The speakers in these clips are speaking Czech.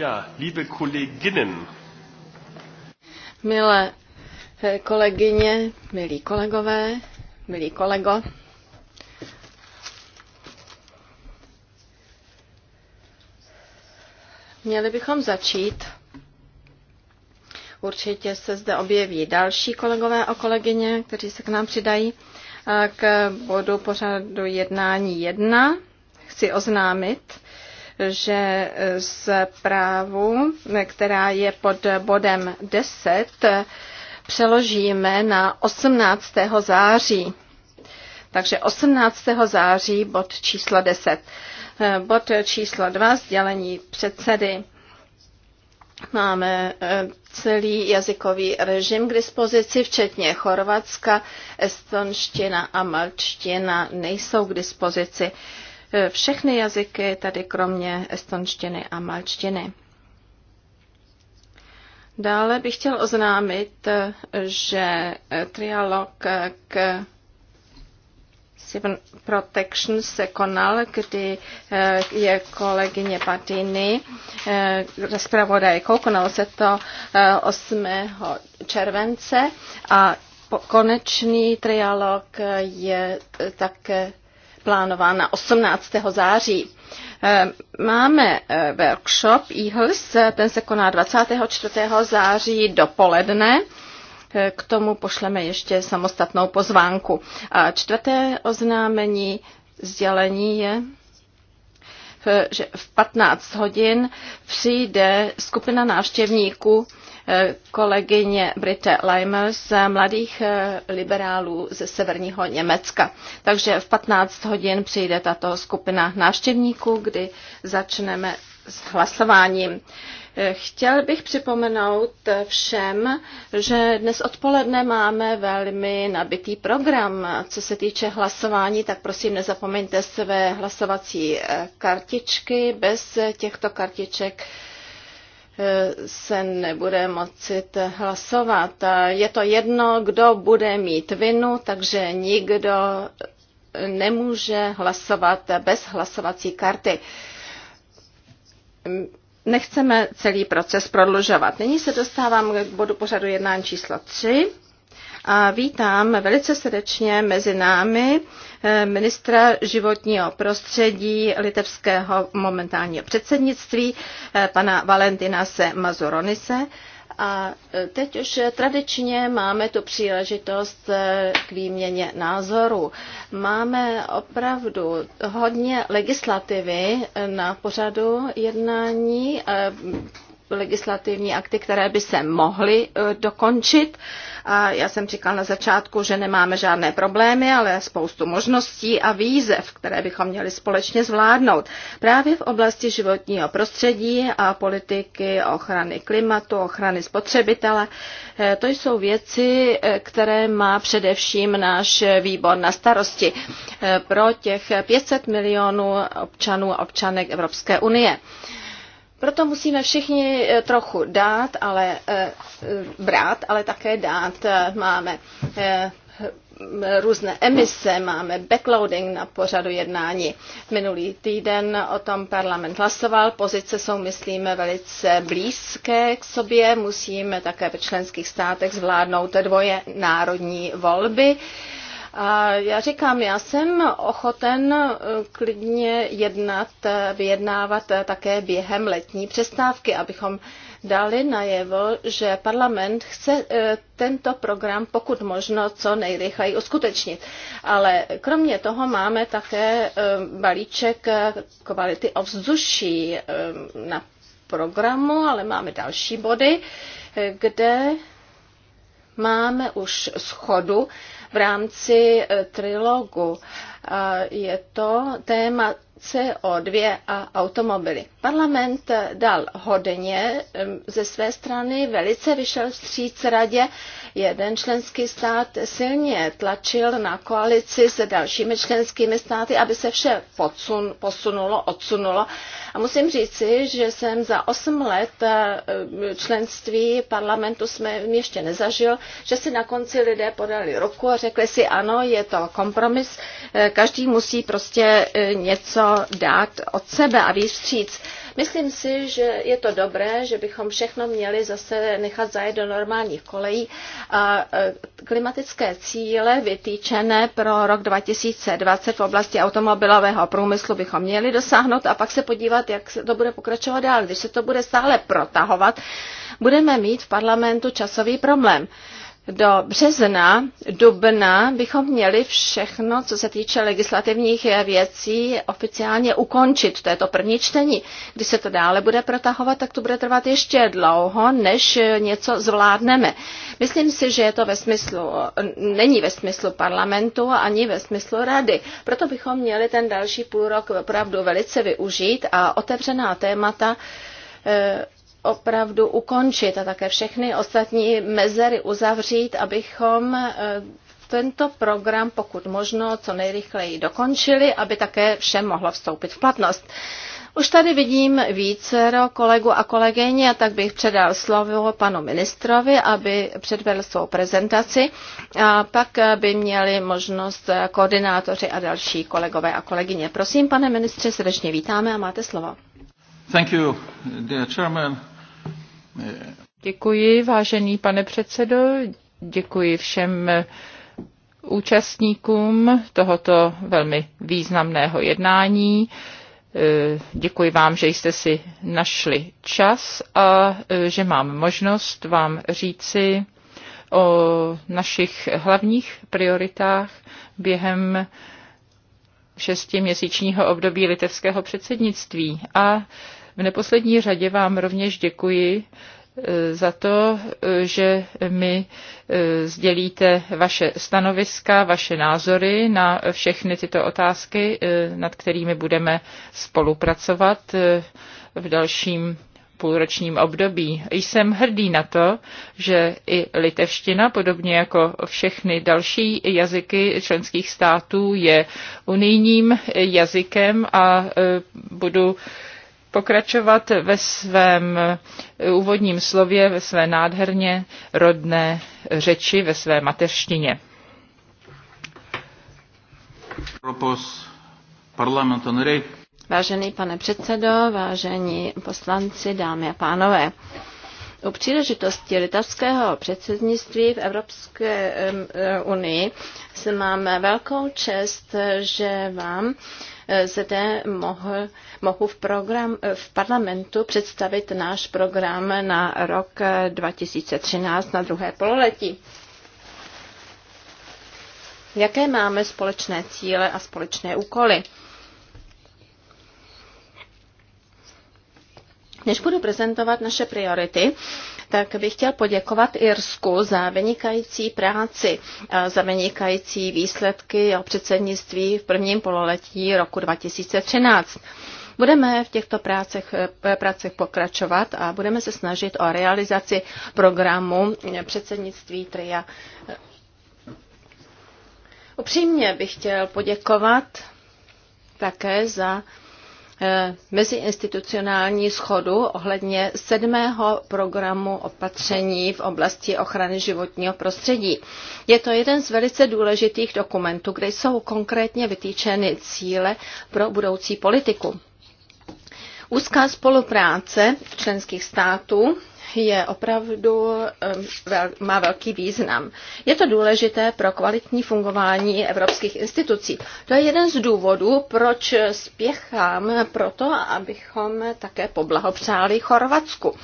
Ja, liebe Kolleginnen. Milé eh, kolegyně, milí kolegové, milí kolego. Měli bychom začít. Určitě se zde objeví další kolegové a kolegyně, kteří se k nám přidají. K bodu pořadu jednání 1 chci oznámit, že zprávu, která je pod bodem 10, přeložíme na 18. září. Takže 18. září bod číslo 10. Bod číslo 2, sdělení předsedy. Máme eh, celý jazykový režim k dispozici, včetně Chorvatska, estonština a malčtina nejsou k dispozici všechny jazyky, tady kromě estonštiny a malčtiny. Dále bych chtěl oznámit, že trialog k Civil Protection se konal, kdy eh, je kolegyně Patiny eh, zpravodajkou. Konalo se to 8. Eh, července a konečný trialog je také na 18. září. Eh, máme eh, workshop EHLS, ten se koná 24. září dopoledne. Eh, k tomu pošleme ještě samostatnou pozvánku. A čtvrté oznámení sdělení je, že v 15 hodin přijde skupina návštěvníků Eh, kolegyně Brite Leimer z Mladých eh, liberálů ze severního Německa. Takže v 15 hodin přijde tato skupina návštěvníků, kdy začneme s hlasováním. Eh, chtěl bych připomenout všem, že dnes odpoledne máme velmi nabitý program. Co se týče hlasování, tak prosím nezapomeňte své hlasovací kartičky. Bez těchto kartiček E, se nebude moci hlasovat. Je to jedno, kdo bude mít vinu, takže nikdo nemůže hlasovat bez hlasovací karty. Nechceme celý proces prodlužovat. Nyní se dostávám k bodu pořadu jednání číslo 3 a vítám velice srdečně mezi námi eh, ministra životního prostředí litevského momentálního předsednictví, eh, pana se Mazuronise. A eh, teď už tradičně máme tu příležitost k výměně názorů. Máme opravdu hodně legislativy na pořadu jednání legislativní akty, které by se mohly e, dokončit. A já jsem říkal na začátku, že nemáme žádné problémy, ale spoustu možností a výzev, které bychom měli společně zvládnout. Právě v oblasti životního prostředí a politiky ochrany klimatu, ochrany spotřebitele, e, to jsou věci, e, které má především náš výbor na starosti pro těch 500 milionů občanů a občanek Evropské unie. Proto musíme všichni eh, trochu dát, ale eh, eh, brát, ale také dát. Máme různé emise, máme backloading na pořadu jednání. Minulý týden o tom parlament hlasoval, pozice jsou, myslím, velice blízké k sobě, musíme také ve členských státech zvládnout dvoje národní volby. A já říkám, já jsem ochoten eh, klidně jednat, eh, vyjednávat eh, také během letní přestávky, abychom dali najevo, že parlament chce tento program pokud možno co nejrychleji uskutečnit. Ale kromě toho máme také balíček kvality ovzduší na programu, ale máme další body, kde máme už schodu v rámci e, trilogu. E, je to téma CO2 a automobily. Parlament e, dal hodně ze své strany, velice vyšel vstříc radě Jeden členský stát silně tlačil na koalici s dalšími členskými státy, aby se vše podsun, posunulo, odsunulo. A musím říci, že jsem za 8 let eh, členství parlamentu jsme ještě nezažil, že si na konci lidé podali ruku a řekli si ano, je to kompromis, eh, každý musí prostě eh, něco dát od sebe a víc Myslím si, že je to dobré, že bychom všechno měli zase nechat zajet do normálních kolejí a e, klimatické cíle vytýčené pro rok 2020 v oblasti automobilového průmyslu bychom měli dosáhnout a pak se podívat, jak se to bude pokračovat dál. Když se to bude stále protahovat, budeme mít v parlamentu časový problém do března, dubna bychom měli všechno, co se týče legislativních věcí, oficiálně ukončit. To je to první čtení. Když se to dále bude protahovat, tak to bude trvat ještě dlouho, než něco zvládneme. Myslím si, že je to ve smyslu, není ve smyslu parlamentu ani ve smyslu rady. Proto bychom měli ten další půl rok opravdu velice využít a otevřená témata eh, opravdu ukončit a také všechny ostatní mezery uzavřít, abychom e, tento program pokud možno co nejrychleji dokončili, aby také všem mohlo vstoupit v platnost. Už tady vidím vícero kolegu a kolegyně, a tak bych předal slovo panu ministrovi, aby předvedl svou prezentaci a pak by měli možnost koordinátoři a další kolegové a kolegyně. Prosím, pane ministře, srdečně vítáme a máte slovo. Thank you, dear chairman. Děkuji, vážený pane předsedo, děkuji všem účastníkům tohoto velmi významného jednání. Děkuji vám, že jste si našli čas a že mám možnost vám říci o našich hlavních prioritách během šestiměsíčního období litevského předsednictví a v neposlední řadě vám rovněž děkuji eh, za to, eh, že mi eh, sdělíte vaše stanoviska, vaše názory na všechny tyto otázky, nad kterými budeme spolupracovat v dalším půlročním období. Jsem hrdý na to, že i litevština, podobně jako všechny další jazyky členských států, je unijním jazykem a budu pokračovat ve svém eh, úvodním slově, ve své nádherně rodné eh, řeči, ve své mateřštině. parlamentu no Vážený pane předsedo, vážení poslanci, dámy a pánové. U příležitosti litavského předsednictví v Evropské eh, unii se mám velkou čest, že vám Eh, zde mohl, mohu v, program, eh, v parlamentu představit náš program na rok 2013 eh, na druhé pololetí. Jaké máme společné cíle a společné úkoly? Než budu prezentovat naše priority, tak bych chtěl poděkovat Irsku za vynikající práci, za vynikající výsledky a předsednictví v prvním pololetí roku 2013. Budeme v těchto prácech, eh, prácech pokračovat a budeme se snažit o realizaci programu předsednictví TRIA. Upřímně bych chtěl poděkovat také za Eh, meziinstitucionální schodu ohledně sedmého programu opatření v oblasti ochrany životního prostředí. Je to jeden z velice důležitých dokumentů, kde jsou konkrétně vytýčeny cíle pro budoucí politiku. Úzká spolupráce členských států je opravdu, má velký význam. Je to důležité pro kvalitní fungování evropských institucí. To je jeden z důvodů, proč spěchám proto, abychom také poblahopřáli Chorvatsku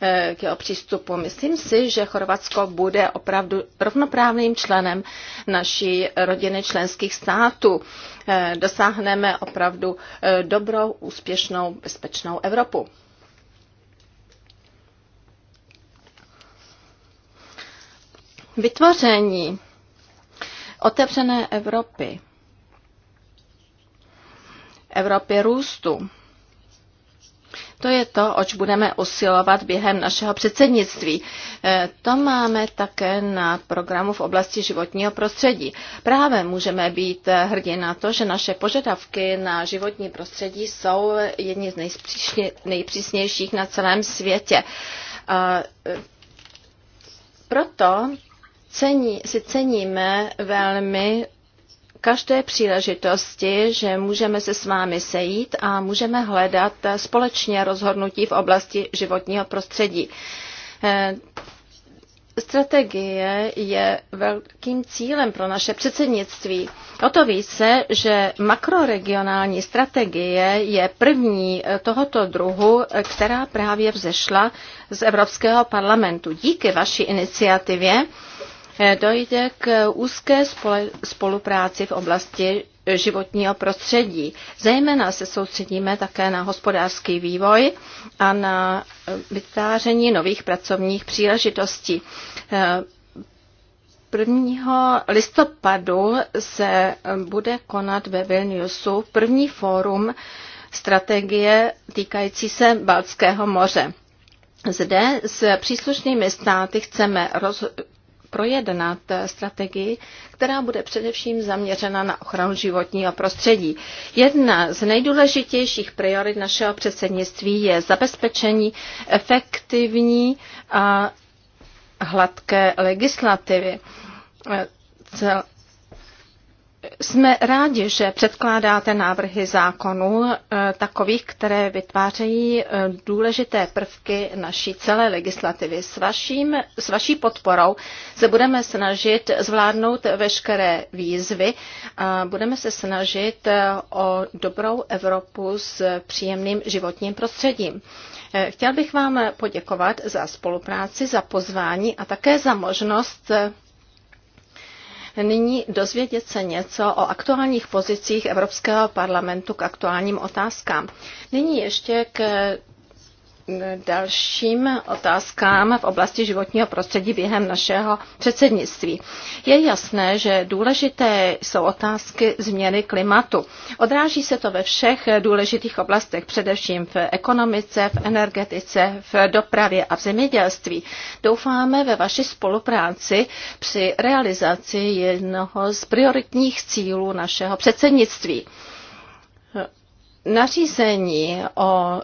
eh, k jeho přístupu. Myslím si, že Chorvatsko bude opravdu rovnoprávným členem naší rodiny členských států. Eh, dosáhneme opravdu eh, dobrou, úspěšnou, bezpečnou Evropu. Vytvoření otevřené Evropy, Evropy růstu, to je to, oč budeme usilovat během našeho předsednictví. Eh, to máme také na programu v oblasti životního prostředí. Právě můžeme být hrdí na to, že naše požadavky na životní prostředí jsou jedni z nejpřísnějších na celém světě. Eh, proto cení, si ceníme velmi každé příležitosti, že můžeme se s vámi sejít a můžeme hledat společně rozhodnutí v oblasti životního prostředí. Eh, strategie je velkým cílem pro naše předsednictví. O to více, že makroregionální strategie je první tohoto druhu, která právě vzešla z Evropského parlamentu. Díky vaší iniciativě Eh, dojde k úzké spolupráci v oblasti životního prostředí. Zejména se soustředíme také na hospodářský vývoj a na eh, vytváření nových pracovních příležitostí. 1. Eh, listopadu se bude konat ve Vilniusu první fórum strategie týkající se Baltského moře. Zde s příslušnými státy chceme roz, projednat strategii, která bude především zaměřena na ochranu životního prostředí. Jedna z nejdůležitějších priorit našeho předsednictví je zabezpečení efektivní a hladké legislativy jsme rádi, že předkládáte návrhy zákonů eh, takových, které vytvářejí eh, důležité prvky naší celé legislativy. S, vaším, s vaší podporou se budeme snažit zvládnout veškeré výzvy a budeme se snažit eh, o dobrou Evropu s příjemným životním prostředím. Chtěl bych vám poděkovat za spolupráci, za pozvání a také za možnost nyní dozvědět se něco o aktuálních pozicích Evropského parlamentu k aktuálním otázkám. Nyní ještě k dalším otázkám v oblasti životního prostředí během našeho předsednictví. Je jasné, že důležité jsou otázky změny klimatu. Odráží se to ve všech důležitých oblastech, především v ekonomice, v energetice, v dopravě a v zemědělství. Doufáme ve vaši spolupráci při realizaci jednoho z prioritních cílů našeho předsednictví. Nařízení o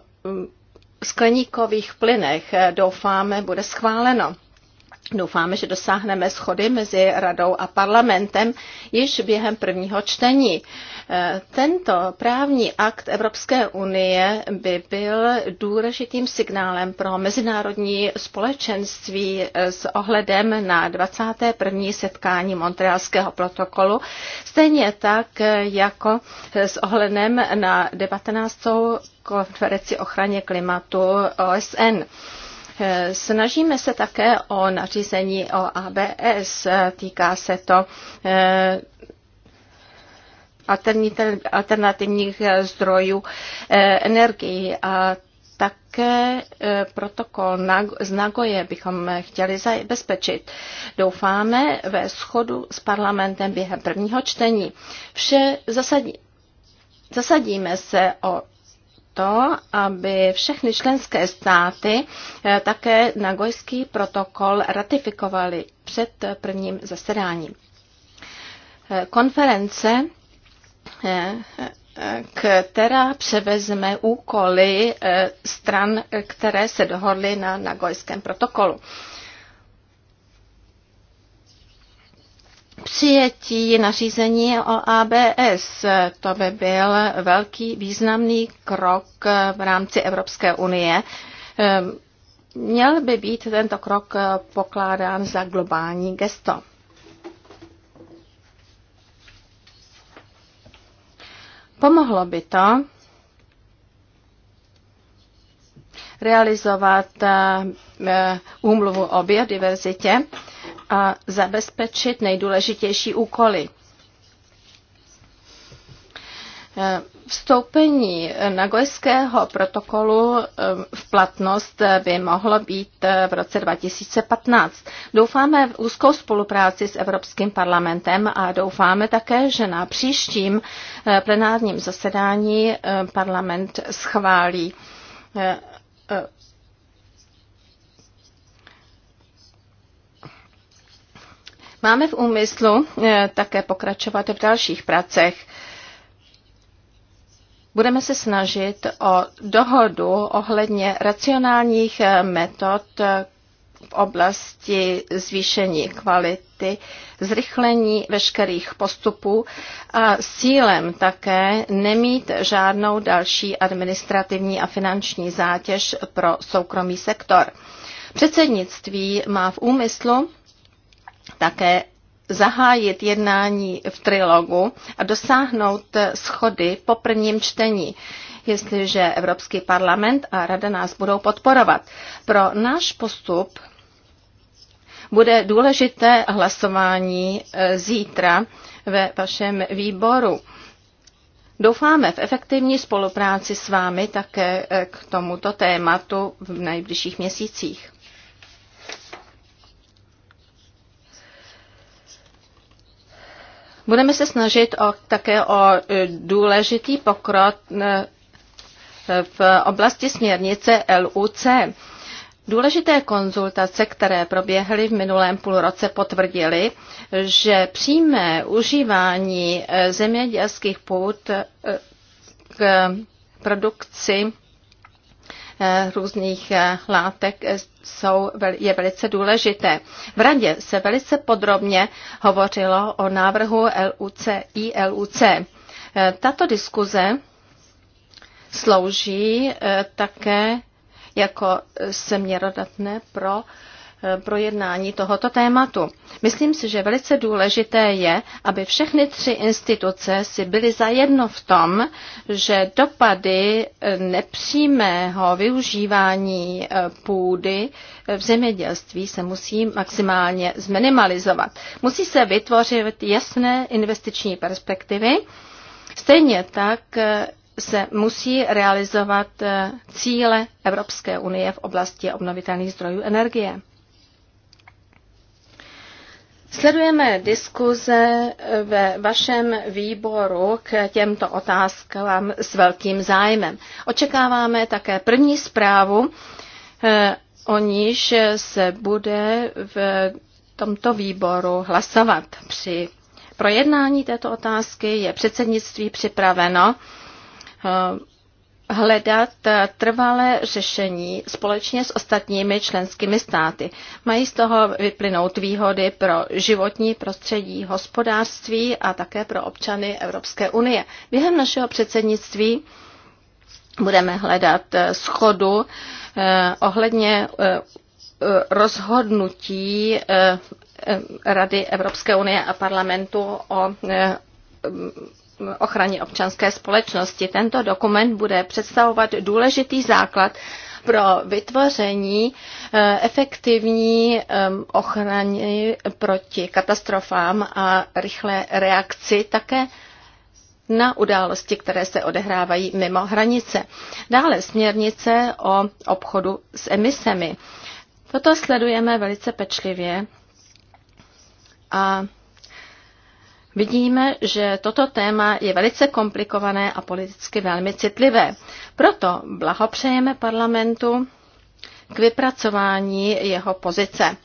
skleníkových plynech, doufáme, bude schváleno. Doufáme, že dosáhneme schody mezi radou a parlamentem již během prvního čtení. Eh, tento právní akt Evropské unie by byl důležitým signálem pro mezinárodní společenství eh, s ohledem na 21. setkání Montrealského protokolu, stejně tak eh, jako s ohledem na 19. konferenci ochraně klimatu OSN. Eh, snažíme se také o nařízení o ABS. Eh, týká se to eh, alternativních zdrojů energii a také protokol z Nagoje bychom chtěli zabezpečit. Doufáme ve schodu s parlamentem během prvního čtení. Vše zasadí, zasadíme se o to, aby všechny členské státy eh, také Nagojský protokol ratifikovali před prvním zasedáním. Eh, konference eh, která převezme úkoly stran, které se dohodly na Nagojském protokolu. přijetí nařízení o ABS. To by byl velký významný krok v rámci Evropské unie. Ehm, měl by být tento krok eh, pokládán za globální gesto. Pomohlo by to realizovat eh, eh, úmluvu o biodiverzitě, a zabezpečit nejdůležitější úkoly. Vstoupení Nagojského protokolu um, v platnost by mohlo být uh, v roce 2015. Doufáme v úzkou spolupráci s Evropským parlamentem a doufáme také, že na příštím uh, plenárním zasedání uh, parlament schválí Máme v úmyslu eh, také pokračovat v dalších pracech. Budeme se snažit o dohodu ohledně racionálních eh, metod eh, v oblasti zvýšení kvality, zrychlení veškerých postupů a s cílem také nemít žádnou další administrativní a finanční zátěž pro soukromý sektor. Předsednictví má v úmyslu také zahájit jednání v trilogu a dosáhnout schody po prvním čtení jestliže Evropský parlament a Rada nás budou podporovat. Pro náš postup bude důležité hlasování e, zítra ve vašem výboru. Doufáme v efektivní spolupráci s vámi také e, k tomuto tématu v nejbližších měsících. Budeme se snažit o, také o e, důležitý pokrok e, v oblasti směrnice LUC. Důležité konzultace, které proběhly v minulém půlroce, potvrdily, že přímé užívání e, zemědělských půd k produkci Eh, různých eh, látek eh, jsou, je velice důležité. V radě se velice podrobně hovořilo o návrhu LUC, LUC. Tato diskuze slouží také jako směrodatné pro Eh, projednání tohoto tématu. Myslím si, že velice důležité je, aby všechny tři instituce si byly zajedno v tom, že dopady eh, nepřímého využívání eh, půdy v zemědělství se musí maximálně zminimalizovat. Musí se vytvořit jasné investiční perspektivy, stejně tak se musí realizovat cíle Evropské unie v oblasti obnovitelných zdrojů energie. Sledujeme diskuze eh, ve vašem výboru k těmto otázkám s velkým zájmem. Očekáváme také první zprávu, eh, o níž se bude v tomto výboru hlasovat. Při projednání této otázky je předsednictví připraveno eh, hledat eh, trvalé řešení společně s ostatními členskými státy. Mají z toho vyplynout výhody pro životní prostředí, hospodářství a také pro občany Evropské unie. Během našeho předsednictví budeme hledat eh, schodu eh, ohledně rozhodnutí Rady Evropské unie a parlamentu o ochraně občanské společnosti. Tento dokument bude představovat důležitý základ pro vytvoření eh, efektivní ochrany proti katastrofám a rychlé reakci také na události, které se odehrávají mimo hranice. Dále směrnice o obchodu s emisemi. Toto sledujeme velice pečlivě a Vidíme, že toto téma je velice komplikované a politicky velmi citlivé. Proto blahopřejeme parlamentu k vypracování jeho pozice.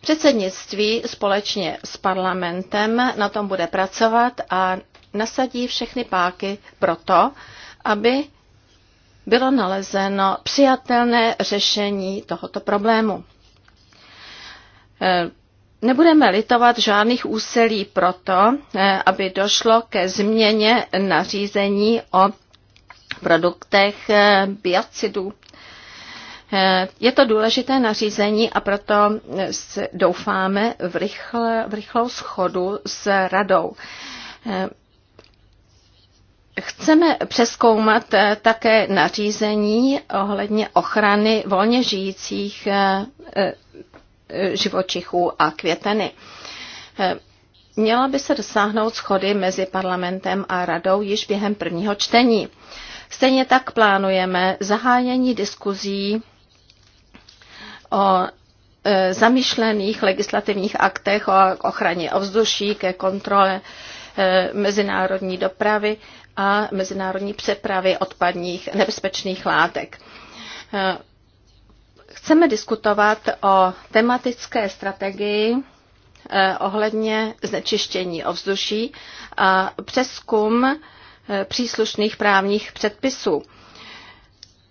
Předsednictví společně s parlamentem na tom bude pracovat a nasadí všechny páky proto, aby bylo nalezeno přijatelné řešení tohoto problému. Nebudeme litovat žádných úsilí proto, eh, aby došlo ke změně nařízení o produktech eh, biocidů. Eh, je to důležité nařízení a proto doufáme v, rychle, v rychlou schodu s radou. Chceme přeskoumat také nařízení ohledně ochrany volně žijících živočichů a květeny. Měla by se dosáhnout schody mezi parlamentem a radou již během prvního čtení. Stejně tak plánujeme zahájení diskuzí o e, zamýšlených legislativních aktech o ochraně ovzduší, ke kontrole e, mezinárodní dopravy a mezinárodní přepravy odpadních nebezpečných látek. E, Chceme diskutovat o tematické strategii eh, ohledně znečištění ovzduší a přeskum eh, příslušných právních předpisů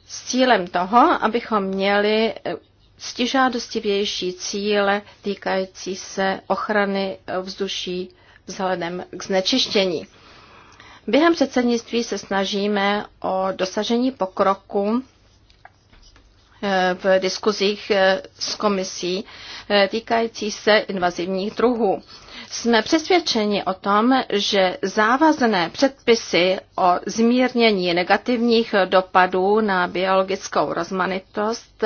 s cílem toho, abychom měli eh, stižádostivější cíle týkající se ochrany ovzduší vzhledem k znečištění. Během předsednictví se snažíme o dosažení pokroku Eh, v diskuzích eh, s komisí eh, týkající se invazivních druhů. Jsme přesvědčeni o tom, že závazné předpisy o zmírnění negativních dopadů na biologickou rozmanitost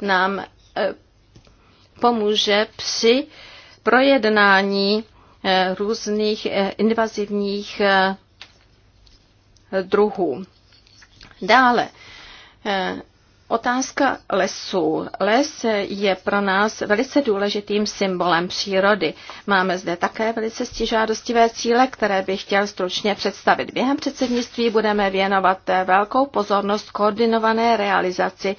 nám pomůže při projednání různých invazivních druhů. Dále, Otázka lesů. Les je pro nás velice důležitým symbolem přírody. Máme zde také velice stižádostivé cíle, které bych chtěl stručně představit. Během předsednictví budeme věnovat velkou pozornost koordinované realizaci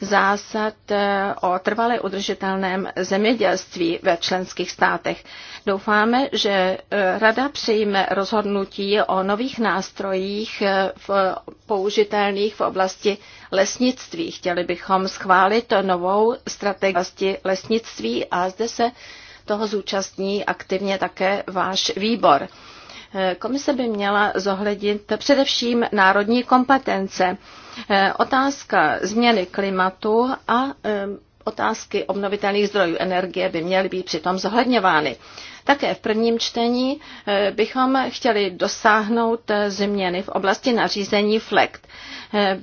zásad eh, o trvale udržitelném zemědělství ve členských státech. Doufáme, že eh, Rada přijme rozhodnutí o nových nástrojích eh, v použitelných v oblasti lesnictví. Chtěli bychom schválit novou strategii lesnictví a zde se toho zúčastní aktivně také váš výbor. Komise by měla zohlednit především národní kompetence Eh, otázka změny klimatu a eh, otázky obnovitelných zdrojů energie by měly být přitom zohledňovány. Také v prvním čtení eh, bychom chtěli dosáhnout změny v oblasti nařízení FLECT.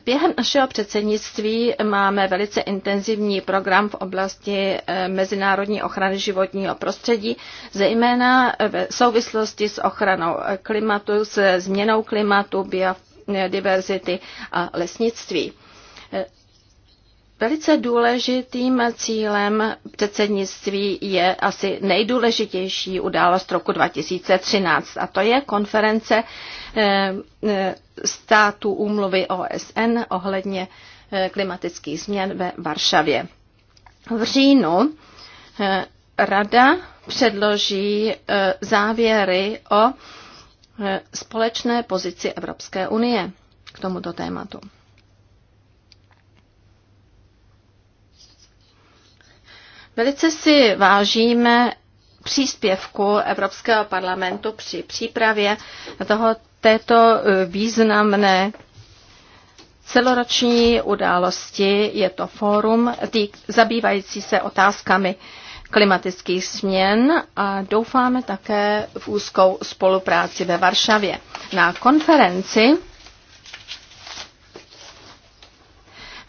Během našeho předsednictví máme velice intenzivní program v oblasti mezinárodní ochrany životního prostředí, zejména v souvislosti s ochranou klimatu, s změnou klimatu, biodiverzity a lesnictví. Velice důležitým cílem předsednictví je asi nejdůležitější událost roku 2013 a to je konference eh, eh, států úmluvy OSN ohledně eh, klimatických změn ve Varšavě. V říjnu Rada předloží závěry o Eh, společné pozici Evropské unie k tomuto tématu. Velice si vážíme příspěvku Evropského parlamentu při přípravě toho, této eh, významné celoroční události. Je to fórum týk, zabývající se otázkami klimatických změn a doufáme také v úzkou spolupráci ve Varšavě. Na konferenci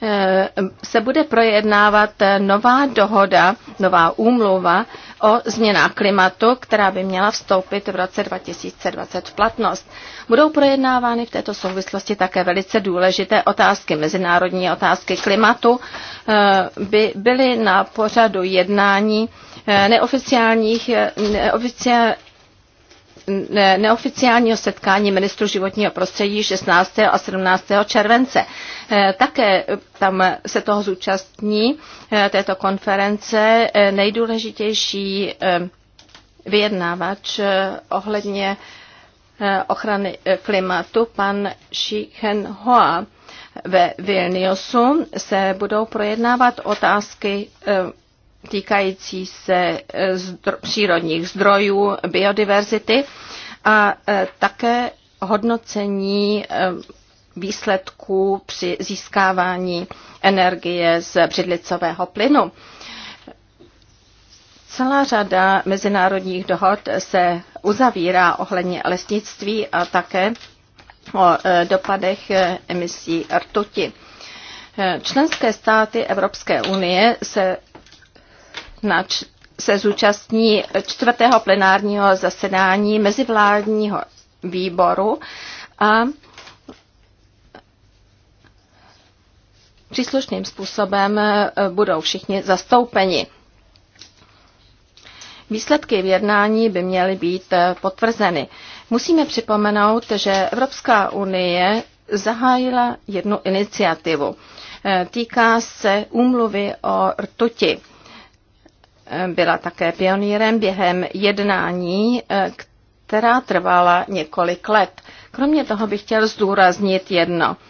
eh, se bude projednávat nová dohoda, nová úmluva o změnách klimatu, která by měla vstoupit v roce 2020 v platnost. Budou projednávány v této souvislosti také velice důležité otázky. Mezinárodní otázky klimatu eh, by byly na pořadu jednání eh, neoficiálních, eh, neoficiálního setkání ministru životního prostředí 16. a 17. července. Eh, také tam se toho zúčastní, eh, této konference. Eh, nejdůležitější vyjednávač ohledně ochrany klimatu, pan Shi Hoa ve Vilniusu, se budou projednávat otázky týkající se zdro, přírodních zdrojů, biodiverzity a také hodnocení výsledků při získávání energie z břidlicového plynu. Celá řada mezinárodních dohod se uzavírá ohledně lesnictví a také o e, dopadech e, emisí rtuti. E, členské státy Evropské unie se, na, se zúčastní čtvrtého plenárního zasedání mezivládního výboru a Příslušným způsobem eh, budou všichni zastoupeni. Výsledky v jednání by měly být eh, potvrzeny. Musíme připomenout, že Evropská unie zahájila jednu iniciativu. Eh, Týká se úmluvy o rtuti. Byla také pionýrem během jednání, která trvala několik let. Kromě toho bych chtěl zdůraznit jedno –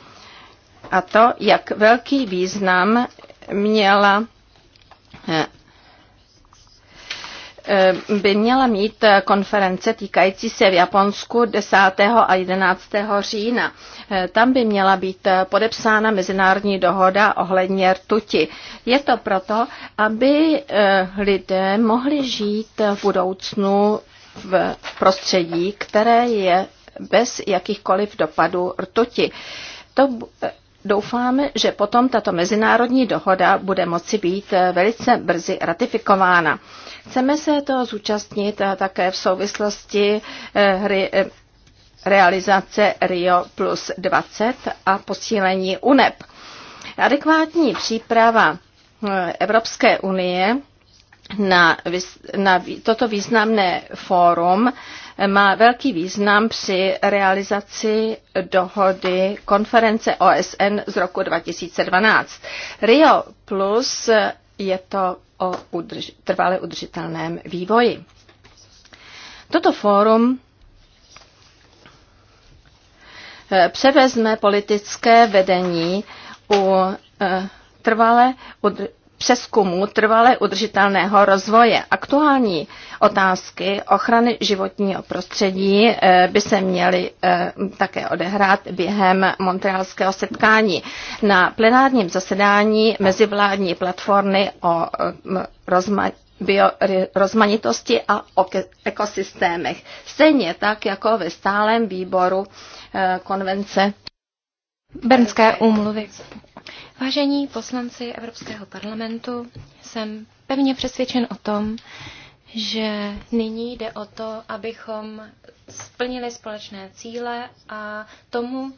a to, jak velký význam měla eh, eh, by měla mít eh, konference týkající se v Japonsku 10. a 11. října. Tam by měla být podepsána mezinárodní dohoda ohledně rtuti. Je to proto, aby lidé mohli žít v budoucnu v prostředí, které je bez jakýchkoliv dopadů rtuti. To doufám, že potom tato mezinárodní dohoda bude moci být eh, velice brzy ratifikována. Chceme se to zúčastnit eh, také v souvislosti eh, hry realizace Rio plus 20 a posílení UNEP. Adekvátní příprava Evropské unie na, na toto významné fórum má velký význam při realizaci dohody konference OSN z roku 2012. Rio Plus je to o udrž- trvale udržitelném vývoji. Toto fórum eh, převezme politické vedení u eh, trvale přeskumu trvalé udržitelného rozvoje. Aktuální otázky ochrany životního prostředí eh, by se měly eh, také odehrát během montrealského setkání. Na plenárním zasedání mezivládní platformy o eh, rozma- rozmanitosti a o ekosystémech. Stejně tak jako ve stálem výboru konvence Bernské úmluvy. Vážení poslanci Evropského parlamentu, jsem pevně přesvědčen o tom, že nyní jde o to, abychom splnili společné cíle a tomu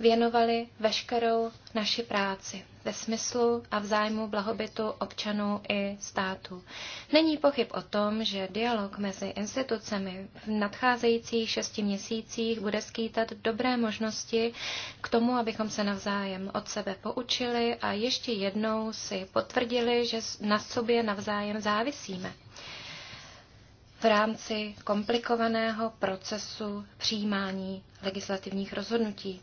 věnovali veškerou naši práci ve smyslu a v zájmu blahobytu občanů i státu. Není pochyb o tom, že dialog mezi institucemi v nadcházejících šesti měsících bude skýtat dobré možnosti k tomu, abychom se navzájem od sebe poučili a ještě jednou si potvrdili, že na sobě navzájem závisíme v rámci komplikovaného procesu přijímání legislativních rozhodnutí.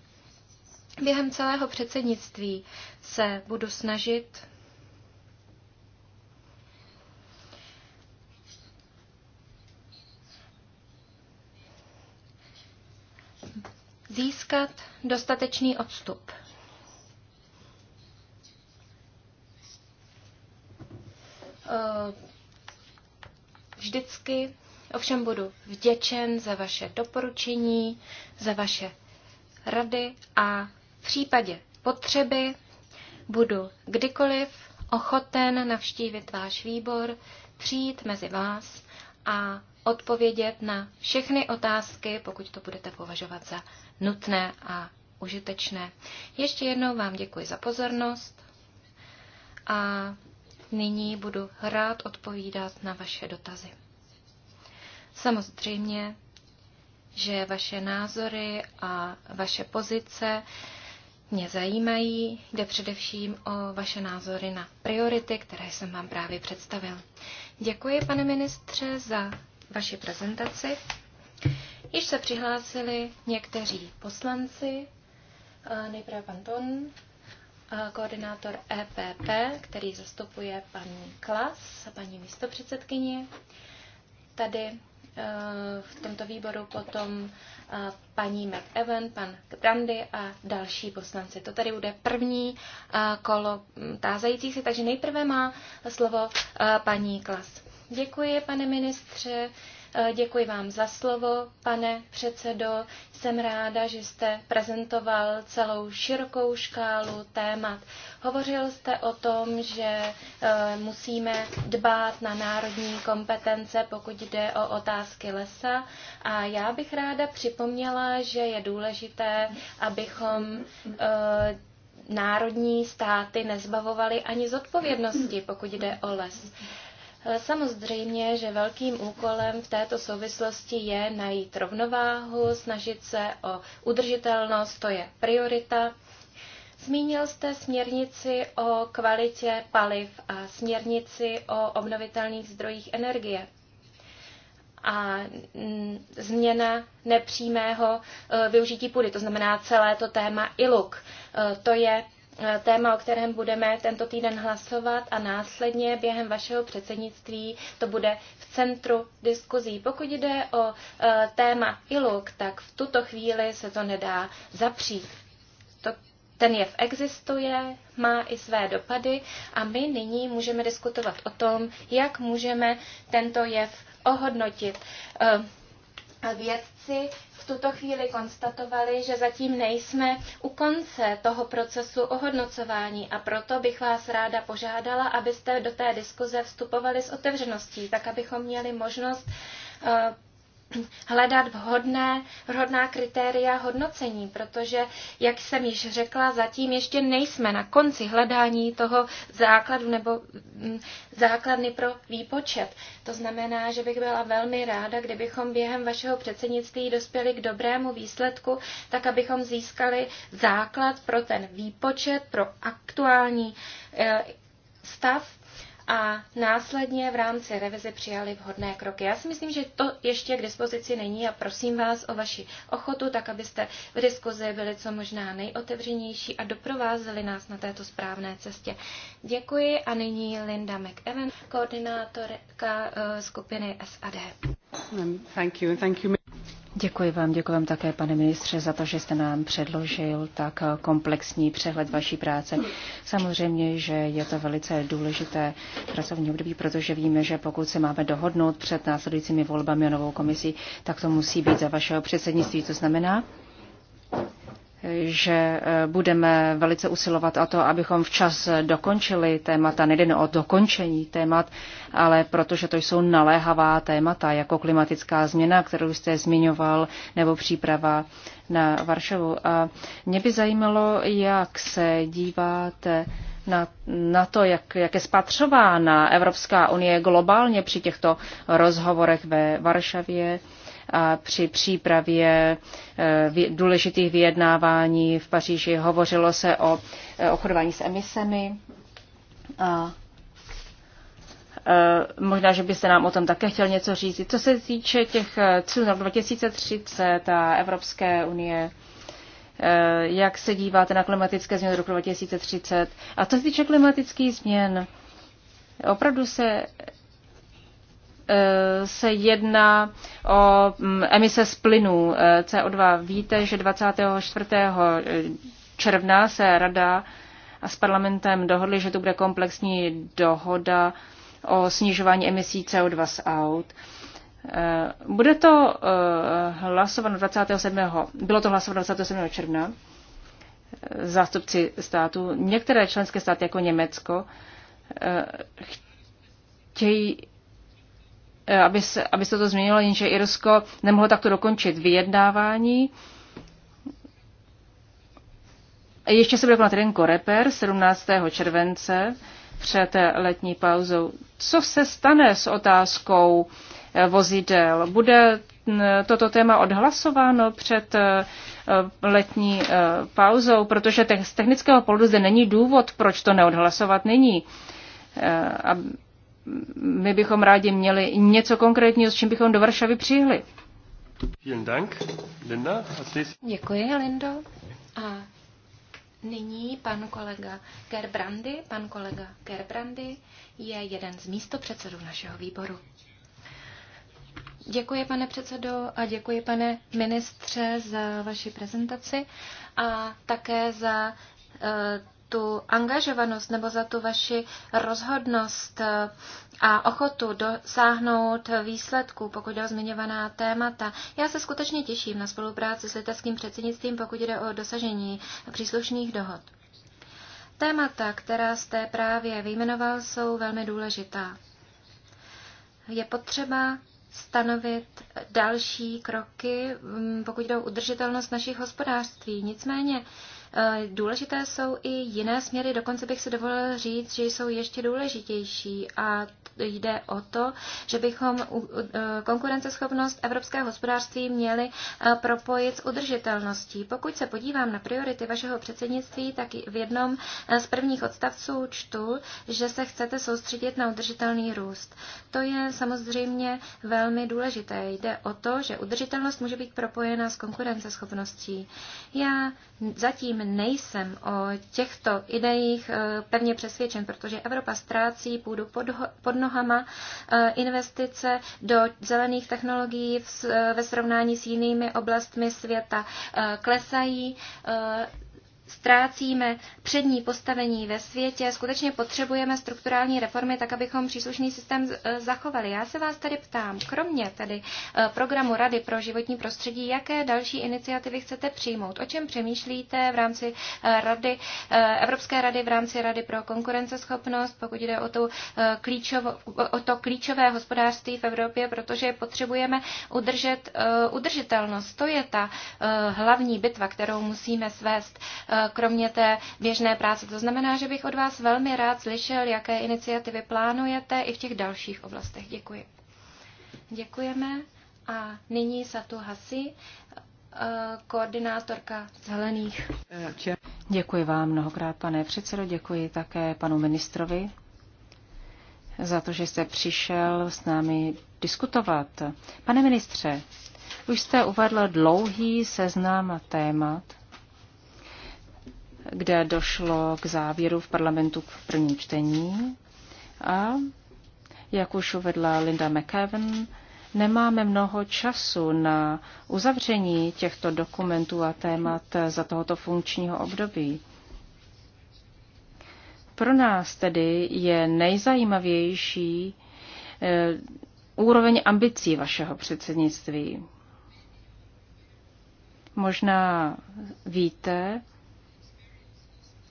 Během celého předsednictví se budu snažit získat dostatečný odstup. Eh, vždycky ovšem budu vděčen za vaše doporučení, za vaše rady a v případě potřeby budu kdykoliv ochoten navštívit váš výbor, přijít mezi vás a odpovědět na všechny otázky, pokud to budete považovat za nutné a užitečné. Ještě jednou vám děkuji za pozornost a nyní budu rád odpovídat na vaše dotazy. Samozřejmě, že vaše názory a vaše pozice mě zajímají. Jde především o vaše názory na priority, které jsem vám právě představil. Děkuji, pane ministře, za vaši prezentaci. Již se přihlásili někteří poslanci, nejprve pan Ton, koordinátor EPP, který zastupuje paní Klas, a paní místopředsedkyni. Tady e, v tomto výboru potom paní McEwen, pan Brandy a další poslanci. To tady bude první kolo tázajících se, takže nejprve má slovo paní Klas. Děkuji, pane ministře. Eh, děkuji vám za slovo, pane předsedo. Jsem ráda, že jste prezentoval celou širokou škálu témat. Hovořil jste o tom, že eh, musíme dbát na národní kompetence, pokud jde o otázky lesa. A já bych ráda připomněla, že je důležité, abychom eh, národní státy nezbavovali ani zodpovědnosti, pokud jde o les. Eh, samozřejmě, že velkým úkolem v této souvislosti je najít rovnováhu, snažit se o udržitelnost, to je priorita. Zmínil jste směrnici o kvalitě paliv a směrnici o obnovitelných zdrojích energie a mm, změna nepřímého eh, využití půdy, to znamená celé to téma ILUK. Eh, to je Eh, téma, o kterém budeme tento týden hlasovat a následně během vašeho předsednictví to bude v centru diskuzí. Pokud jde o eh, téma ILUK, tak v tuto chvíli se to nedá zapřít. ten jev existuje, má i své dopady a my nyní můžeme diskutovat o tom, jak můžeme tento jev ohodnotit. Eh, vědci tuto chvíli konstatovali, že zatím nejsme u konce toho procesu ohodnocování a proto bych vás ráda požádala, abyste do té diskuze vstupovali s otevřeností, tak abychom měli možnost eh, hledat vhodné, vhodná kritéria hodnocení, protože, jak jsem již řekla, zatím ještě nejsme na konci hledání toho základu nebo mm, základny pro výpočet. To znamená, že bych byla velmi ráda, kdybychom během vašeho předsednictví dospěli k dobrému výsledku, tak abychom získali základ pro ten výpočet, pro aktuální eh, stav a následně v rámci revize přijali vhodné kroky. Já si myslím, že to ještě k dispozici není a prosím vás o vaši ochotu, tak abyste v diskuzi byli co možná nejotevřenější a doprovázeli nás na této správné cestě. Děkuji a nyní Linda McEwen, koordinátorka eh, skupiny SAD. Thank you, thank you. Děkuji vám, děkuji vám také, pane ministře, za to, že jste nám předložil tak komplexní přehled vaší práce. Samozřejmě, že je to velice důležité pracovní období, protože víme, že pokud se máme dohodnout před následujícími volbami a novou komisí, tak to musí být za vašeho předsednictví. Co znamená, že eh, budeme velice usilovat o to, abychom včas dokončili témata, nejde o dokončení témat, ale protože to jsou naléhavá témata, jako klimatická změna, kterou jste zmiňoval, nebo příprava na Varšavu. A mě by zajímalo, jak se díváte na, na to, jak, jak je spatřována Evropská unie globálně při těchto rozhovorech ve Varšavě a při přípravě eh, důležitých vyjednávání v Paříži hovořilo se o eh, obchodování s emisemi. A eh, možná, že byste nám o tom také chtěl něco říct. Co se týče těch cílů na 2030 a Evropské unie, jak se díváte na klimatické změny do roku 2030. A co se týče klimatických změn, opravdu se Eh, se jedná o mm, emise z plynů eh, CO2. Víte, že 24. Eh, června se rada a s parlamentem dohodli, že tu bude komplexní dohoda o snižování emisí CO2 z aut. Bude to hlasováno 27. Bylo to hlasováno 27. června zástupci států. Některé členské státy, jako Německo, chtějí Eh, aby se, aby se to změnilo, jenže Irsko nemohlo takto dokončit vyjednávání. Ještě se bude konat jeden koreper 17. července před letní pauzou. Co se stane s otázkou eh, vozidel? Bude mm, toto téma odhlasováno před eh, letní pauzou, protože z technického pohledu zde není důvod, proč to neodhlasovat nyní my bychom rádi měli něco konkrétního, s čím bychom do Varšavy přijeli. Děkuji, Lindo. A nyní pan kolega Gerbrandy. Pan kolega Gerbrandy je jeden z místopředsedů našeho výboru. Děkuji, pane předsedo, a děkuji, pane ministře, za vaši prezentaci a také za eh, tu angažovanost nebo za tu vaši rozhodnost eh, a ochotu dosáhnout výsledků, pokud jde o zmiňovaná témata. Já se skutečně těším na spolupráci s litevským předsednictvím, pokud jde o dosažení příslušných dohod. Témata, která jste právě vyjmenoval, jsou velmi důležitá. Je potřeba stanovit další kroky, mm, pokud jde o udržitelnost našich hospodářství. Nicméně Eh, důležité jsou i jiné směry, dokonce bych si dovolil říct, že jsou ještě důležitější a jde o to, že bychom eh, konkurenceschopnost evropského hospodářství měli eh, propojit s udržitelností. Pokud se podívám na priority vašeho předsednictví, tak v jednom z prvních odstavců čtu, že se chcete soustředit na udržitelný růst. To je samozřejmě velmi důležité. Jde o to, že udržitelnost může být propojena s konkurenceschopností. Já zatím nejsem o těchto ideích eh, pevně přesvědčen, protože Evropa ztrácí půdu pod nohama. Eh, investice do zelených technologií ve srovnání s jinými oblastmi světa eh, klesají ztrácíme přední postavení ve světě. Skutečně potřebujeme strukturální reformy, tak abychom příslušný systém e, zachovali. Já se vás tady ptám, kromě tedy e, programu Rady pro životní prostředí, jaké další iniciativy chcete přijmout? O čem přemýšlíte v rámci e, Rady, Evropské rady, v rámci Rady pro konkurenceschopnost, pokud jde o, to, klíčovo, o to klíčové hospodářství v Evropě, protože potřebujeme udržet udržitelnost. To je ta hlavní bitva, kterou musíme svést kromě té běžné práce. To znamená, že bych od vás velmi rád slyšel, jaké iniciativy plánujete i v těch dalších oblastech. Děkuji. Děkujeme. A nyní Satu Hasi, eh, koordinátorka Zelených. Děkuji vám mnohokrát, pane předsedo. Děkuji také panu ministrovi za to, že jste přišel s námi diskutovat. Pane ministře, už jste uvedl dlouhý seznam témat, kde došlo k závěru v parlamentu k prvním čtení. A jak už uvedla Linda McKeven, nemáme mnoho času na uzavření těchto dokumentů a témat za tohoto funkčního období. Pro nás tedy je nejzajímavější eh, úroveň ambicí vašeho předsednictví. Možná víte,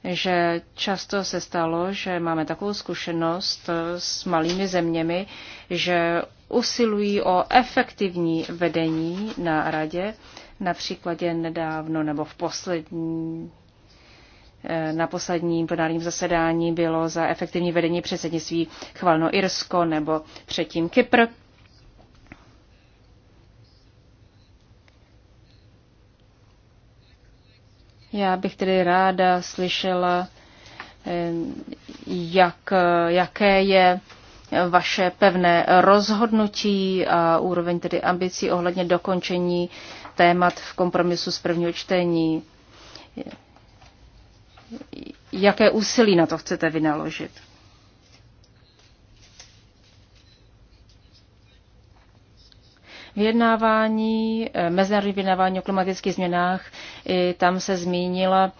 že často se stalo, že máme takovou zkušenost s malými zeměmi, že usilují o efektivní vedení na radě, Například jen nedávno nebo v poslední eh, na posledním plenárním zasedání bylo za efektivní vedení předsednictví chvalno Irsko nebo předtím Kypr. Já bych tedy ráda slyšela, eh, jak, jaké je vaše pevné rozhodnutí a úroveň tedy ambicí ohledně dokončení témat v kompromisu z prvního čtení. Jaké úsilí na to chcete vynaložit? vyjednávání, eh, mezinárodní vyjednávání o klimatických změnách, i tam se zmínila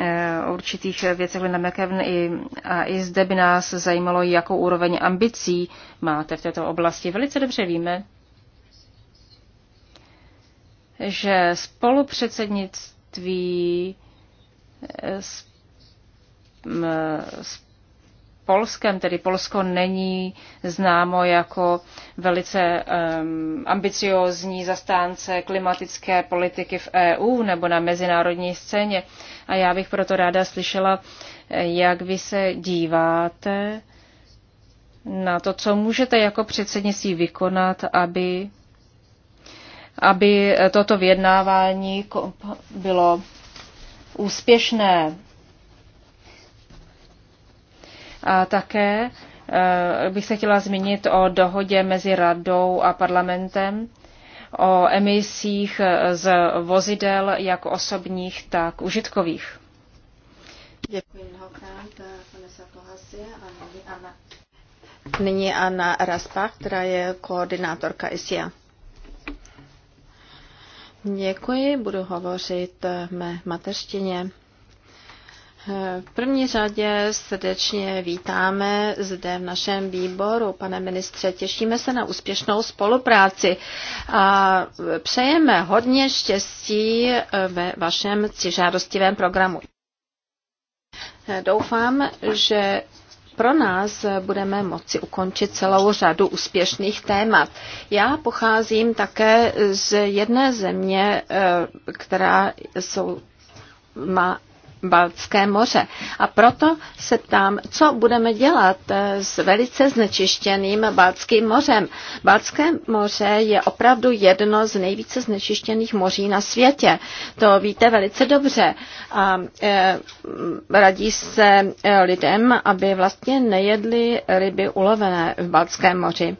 eh, o určitých věcech Linda McKevn i, a i zde by nás zajímalo, jakou úroveň ambicí máte v této oblasti. Velice dobře víme, že spolupředsednictví eh, s, s Polskem, tedy Polsko není známo jako velice um, ambiciózní zastánce klimatické politiky v EU nebo na mezinárodní scéně. A já bych proto ráda slyšela, jak vy se díváte na to, co můžete jako předsednictví vykonat, aby, aby toto vyjednávání bylo úspěšné a také eh, bych se chtěla zmínit o dohodě mezi radou a parlamentem o emisích eh, z vozidel jak osobních, tak užitkových. Děkuji mnohokrát, eh, pane Sakohasi. A nyní Anna. Nyní Anna Raspach, která je koordinátorka ISIA. Děkuji, budu hovořit mé mateřtině. V první řadě srdečně vítáme zde v našem výboru, pane ministře. Těšíme se na úspěšnou spolupráci a přejeme hodně štěstí ve vašem cižádostivém programu. Doufám, že pro nás budeme moci ukončit celou řadu úspěšných témat. Já pocházím také z jedné země, eh, která jsou má Baltské moře. A proto se ptám, co budeme dělat eh, s velice znečištěným Baltským mořem. Baltské moře je opravdu jedno z nejvíce znečištěných moří na světě. To víte velice dobře. A e, radí se eh, lidem, aby vlastně nejedli ryby ulovené v Baltském moři.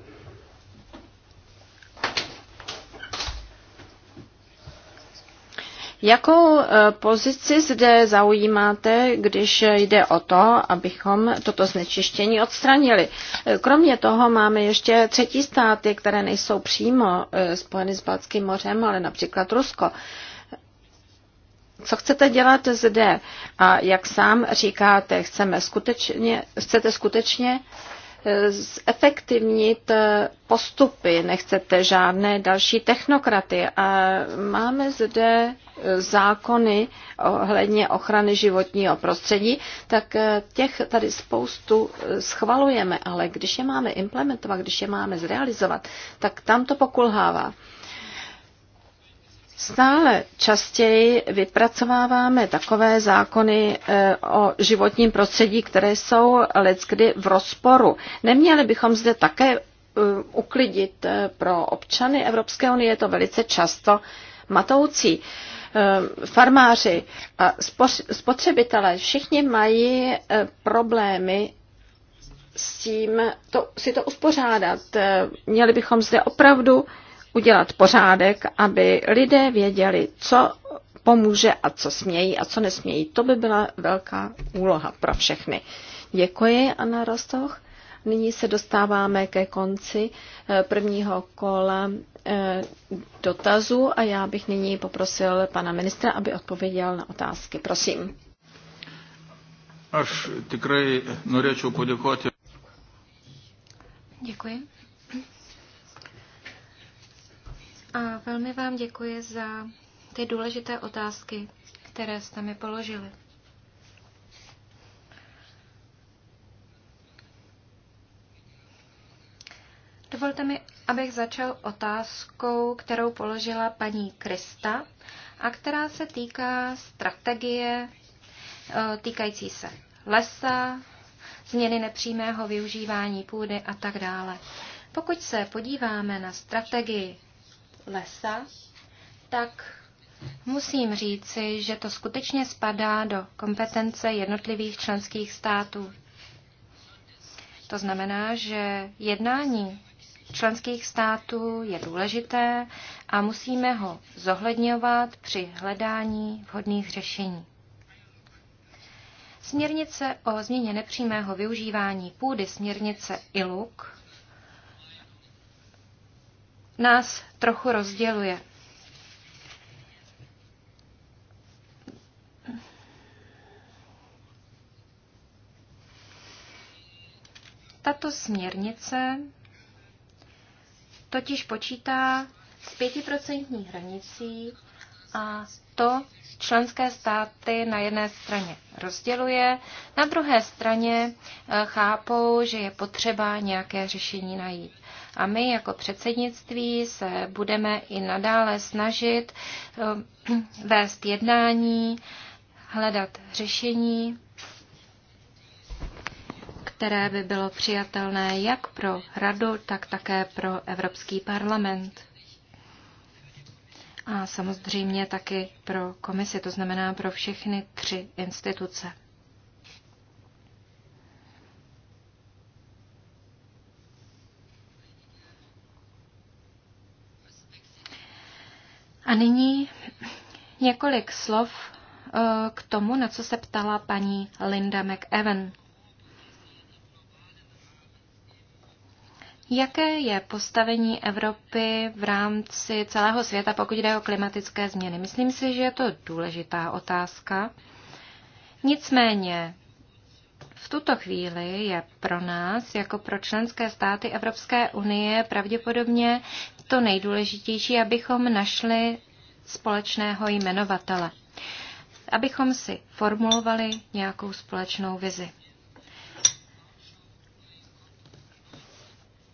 Jakou eh, pozici zde zaujímáte, když jde o to, abychom toto znečištění odstranili? Eh, kromě toho máme ještě třetí státy, které nejsou přímo eh, spojeny s Balckým mořem, ale například Rusko. Co chcete dělat zde? A jak sám říkáte, chceme skutečně, chcete skutečně Eh, zefektivnit eh, postupy, nechcete žádné další technokraty. A máme zde eh, zákony ohledně ochrany životního prostředí, tak těch tady spoustu schvalujeme, ale když je máme implementovat, když je máme zrealizovat, tak tam to pokulhává. Stále častěji vypracováváme takové zákony eh, o životním prostředí, které jsou leckdy v rozporu. Neměli bychom zde také eh, uklidit eh, pro občany Evropské unie, je to velice často matoucí. Farmáři a spotřebitelé všichni mají problémy s tím to, si to uspořádat. Měli bychom zde opravdu udělat pořádek, aby lidé věděli, co pomůže a co smějí a co nesmějí. To by byla velká úloha pro všechny. Děkuji, Anna Rostoch. Nyní se dostáváme ke konci eh, prvního kola eh, dotazu a já bych nyní poprosil pana ministra, aby odpověděl na otázky. Prosím. Až tikrai norėčiau poděkovat. Děkuji. a velmi vám děkuji za ty důležité otázky, které jste mi položili. Dovolte mi, abych začal otázkou, kterou položila paní Krista a která se týká strategie eh, týkající se lesa, změny nepřímého využívání půdy a tak dále. Pokud se podíváme na strategii lesa, tak musím říci, že to skutečně spadá do kompetence jednotlivých členských států. To znamená, že jednání členských států je důležité a musíme ho zohledňovat při hledání vhodných řešení. Směrnice o změně nepřímého využívání půdy směrnice ILUK nás trochu rozděluje. Tato směrnice totiž počítá s pětiprocentní hranicí a to členské státy na jedné straně rozděluje, na druhé straně eh, chápou, že je potřeba nějaké řešení najít. A my jako předsednictví se budeme i nadále snažit eh, vést jednání, hledat řešení, které by bylo přijatelné jak pro Radu, tak také pro Evropský parlament. A samozřejmě taky pro komisi, to znamená pro všechny tři instituce. A nyní několik slov eh, k tomu, na co se ptala paní Linda McEwen. Jaké je postavení Evropy v rámci celého světa, pokud jde o klimatické změny? Myslím si, že je to důležitá otázka. Nicméně v tuto chvíli je pro nás, jako pro členské státy Evropské unie, pravděpodobně to nejdůležitější, abychom našli společného jmenovatele, abychom si formulovali nějakou společnou vizi.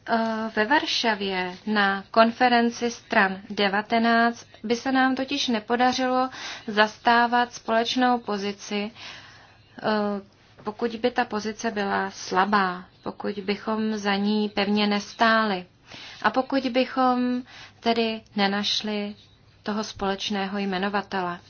Eh, ve Varšavě na konferenci stran 19 by se nám totiž nepodařilo zastávat společnou pozici eh, pokud by ta pozice byla slabá, pokud bychom za ní pevně nestáli a pokud bychom tedy nenašli toho společného jmenovatele.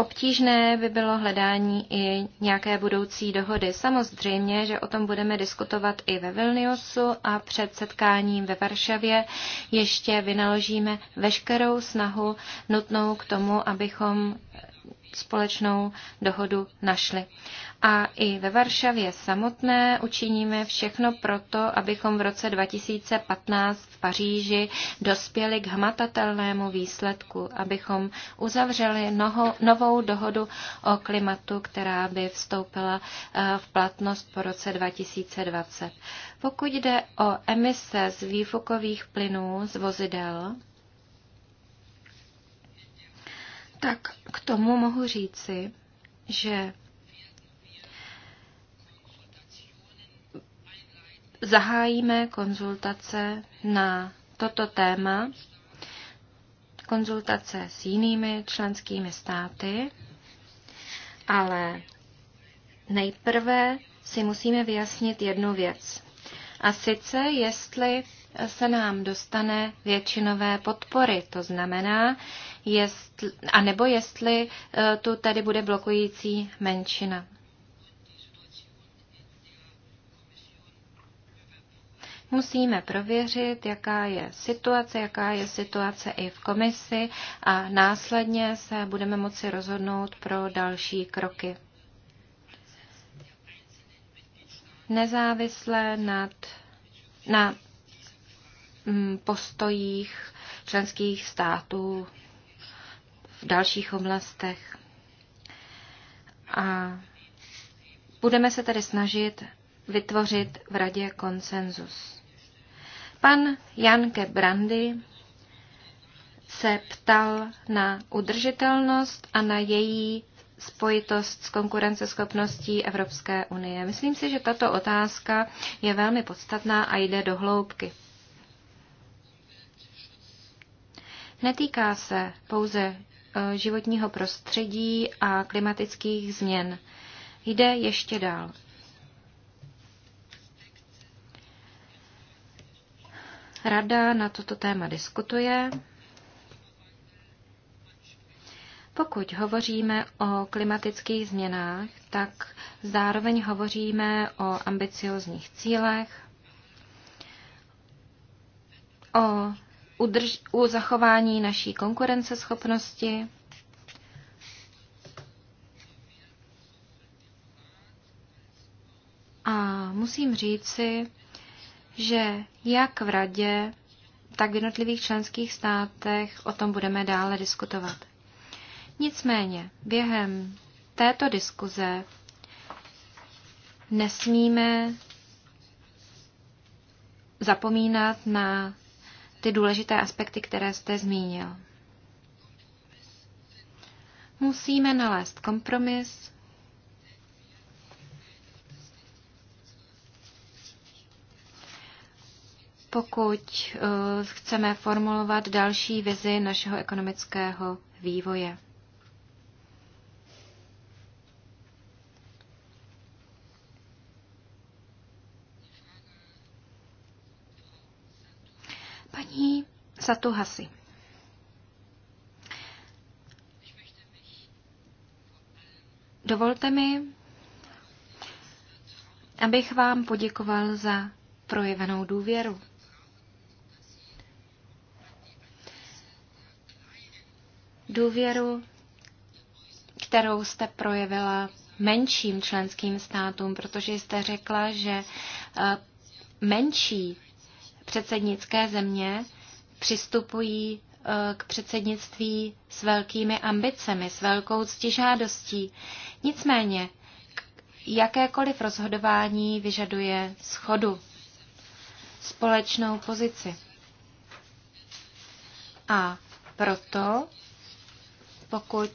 Obtížné by bylo hledání i nějaké budoucí dohody. Samozřejmě, že o tom budeme diskutovat i ve Vilniusu a před setkáním ve Varšavě ještě vynaložíme veškerou snahu nutnou k tomu, abychom společnou dohodu našli. A i ve Varšavě samotné učiníme všechno proto, abychom v roce 2015 v Paříži dospěli k hmatatelnému výsledku, abychom uzavřeli noho, novou dohodu o klimatu, která by vstoupila eh, v platnost po roce 2020. Pokud jde o emise z výfukových plynů z vozidel, tak k tomu mohu říci, že zahájíme konzultace na toto téma, konzultace s jinými členskými státy, ale nejprve si musíme vyjasnit jednu věc. A sice, jestli se nám dostane většinové podpory. To znamená, jestli, a nebo jestli eh, tu tady bude blokující menšina. Musíme prověřit, jaká je situace, jaká je situace i v komisi a následně se budeme moci rozhodnout pro další kroky. Nezávisle nad, na mm, postojích členských států v dalších oblastech. A budeme se tedy snažit vytvořit v radě konsenzus. Pan Janke Brandy se ptal na udržitelnost a na její spojitost s konkurenceschopností Evropské unie. Myslím si, že tato otázka je velmi podstatná a jde do hloubky. Netýká se pouze Eh, životního prostředí a klimatických změn. Jde ještě dál. Rada na toto téma diskutuje. Pokud hovoříme o klimatických změnách, tak zároveň hovoříme o ambiciozních cílech, o udrž, u zachování naší konkurenceschopnosti. A musím říci, že jak v radě, tak v jednotlivých členských státech o tom budeme dále diskutovat. Nicméně během této diskuze nesmíme zapomínat na ty důležité aspekty, které jste zmínil. Musíme nalézt kompromis, pokud eh, chceme formulovat další vizi našeho ekonomického vývoje. Satuhasi. Dovolte mi, abych vám poděkoval za projevenou důvěru. Důvěru, kterou jste projevila menším členským státům, protože jste řekla, že eh, menší předsednické země přistupují eh, k předsednictví s velkými ambicemi, s velkou ctižádostí. Nicméně, jakékoliv rozhodování vyžaduje schodu, společnou pozici. A proto, pokud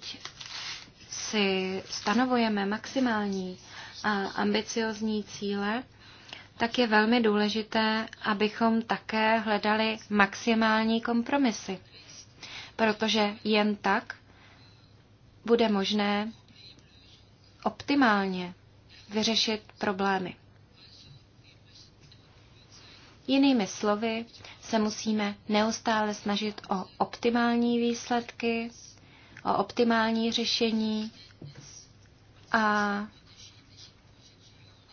si stanovujeme maximální a ambiciozní cíle, tak je velmi důležité, abychom také hledali maximální kompromisy, protože jen tak bude možné optimálně vyřešit problémy. Jinými slovy, se musíme neustále snažit o optimální výsledky, o optimální řešení a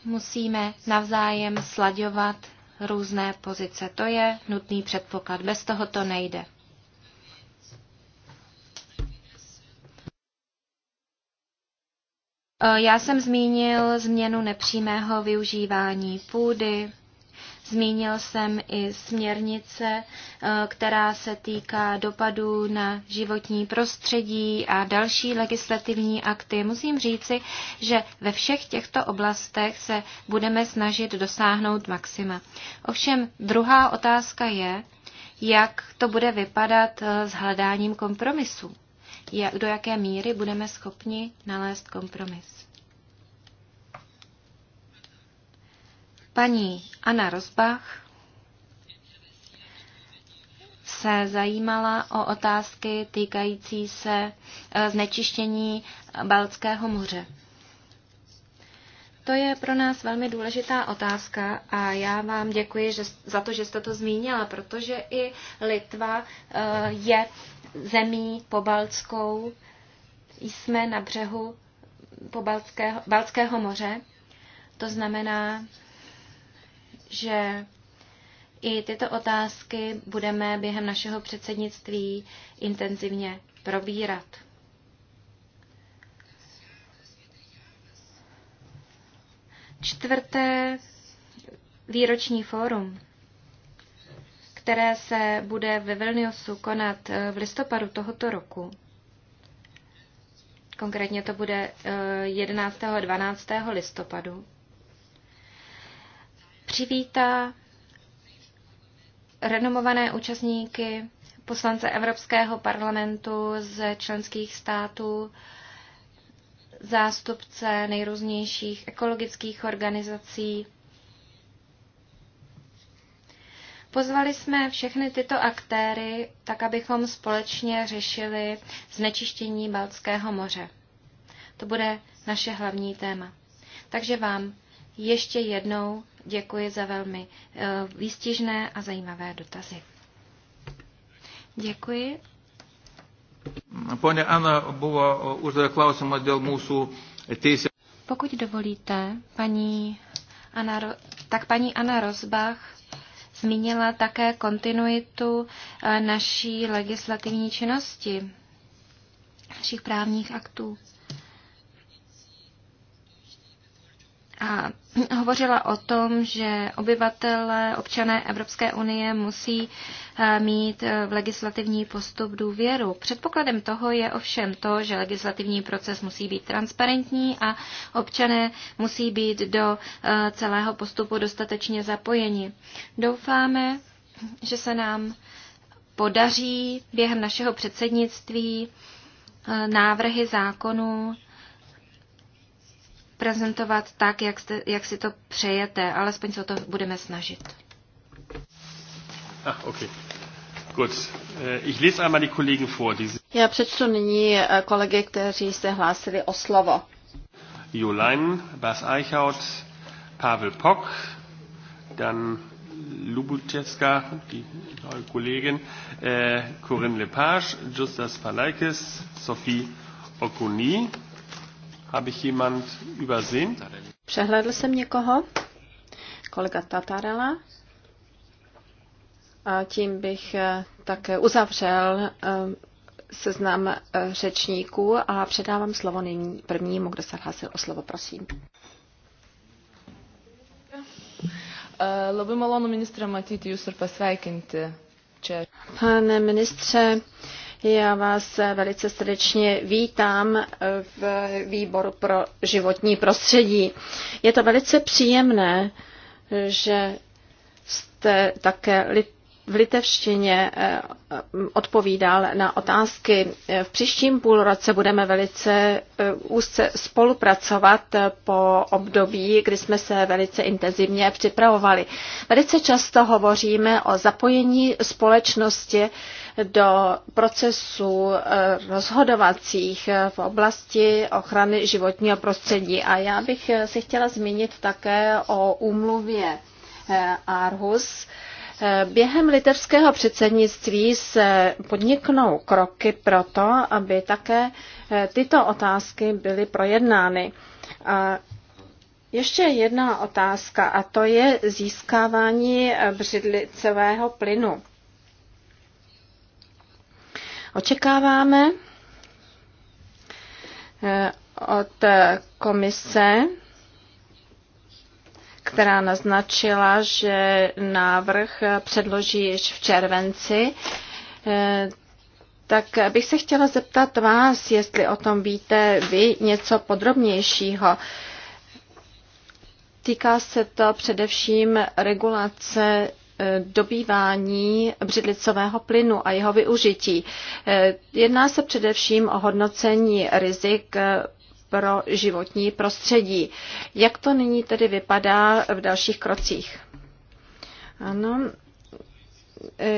musíme navzájem slaďovat různé pozice. To je nutný předpoklad. Bez toho to nejde. Eh, já jsem zmínil změnu nepřímého využívání půdy, Zmínil jsem i směrnice, eh, která se týká dopadů na životní prostředí a další legislativní akty. Musím říci, že ve všech těchto oblastech se budeme snažit dosáhnout maxima. Ovšem druhá otázka je, jak to bude vypadat eh, s hledáním kompromisu. Do jaké míry budeme schopni nalézt kompromis. Paní Anna Rozbach se zajímala o otázky týkající se eh, znečištění Balckého moře. To je pro nás velmi důležitá otázka a já vám děkuji že, za to, že jste to zmínila, protože i Litva eh, je zemí pobaltskou. Jsme na břehu pobaltského, Balckého moře. To znamená, že i tyto otázky budeme během našeho předsednictví intenzivně probírat. Čtvrté výroční fórum, které se bude ve Vilniusu konat eh, v listopadu tohoto roku, konkrétně to bude 11. Eh, a 12. listopadu, přivítá renomované účastníky, poslance Evropského parlamentu z členských států, zástupce nejrůznějších ekologických organizací. Pozvali jsme všechny tyto aktéry, tak abychom společně řešili znečištění Baltského moře. To bude naše hlavní téma. Takže vám ještě jednou děkuji za velmi eh, výstižné a zajímavé dotazy. Děkuji. Pane Anna, buvo eh, uždavė klausimą dėl mūsų teisės. Pokud dovolíte, paní Anna, tak paní Anna Rozbach zmínila také kontinuitu eh, naší legislativní činnosti, našich právních aktů. a hovořila o tom, že obyvatele, občané Evropské unie musí eh, mít eh, v legislativní postup důvěru. Předpokladem toho je ovšem to, že legislativní proces musí být transparentní a občané musí být do eh, celého postupu dostatečně zapojeni. Doufáme, že se nám podaří během našeho předsednictví návrhy zákonů prezentovat tak, jak, jste, jak si to přejete. Alespoň se o to budeme snažit. Ach, okay. Gut. Äh, ich lese einmal die Kollegen vor. Die... Já přečtu nyní äh, kolegy, kteří se hlásili o slovo. Jo Lein, Bas Eichhaut, Pavel Pock, dann Lubutjeska, die neue Kollegin, äh, Corinne Lepage, Justas Palaikis, Sophie Okuni. Přehlédl jsem někoho? Kolega Tatarela? A tím bych eh, také uzavřel eh, seznam eh, řečníků a předávám slovo nyní prvnímu, kdo se hlásil o slovo, prosím. Pane ministře, já vás velice srdečně vítám eh, v výboru pro životní prostředí. Je to velice příjemné, že jste také v litevštině eh, odpovídal na otázky. Eh, v příštím půlroce budeme velice úzce spolupracovat po období, kdy jsme se velice intenzivně připravovali. Velice často hovoříme o zapojení společnosti do procesů eh, rozhodovacích eh, v oblasti ochrany životního prostředí. A já bych eh, se chtěla zmínit také o úmluvě Arhus. Během litevského předsednictví se podniknou kroky pro to, aby také tyto otázky byly projednány. A ještě jedna otázka a to je získávání břidlicového plynu. Očekáváme eh, od komise, která naznačila, že návrh předloží již v červenci, eh, tak bych se chtěla zeptat vás, jestli o tom víte vy něco podrobnějšího. Týká se to především regulace Eh, dobývání břidlicového plynu a jeho využití. Eh, jedná se především o hodnocení rizik eh, pro životní prostředí. Jak to nyní tedy vypadá v dalších krocích? Ano,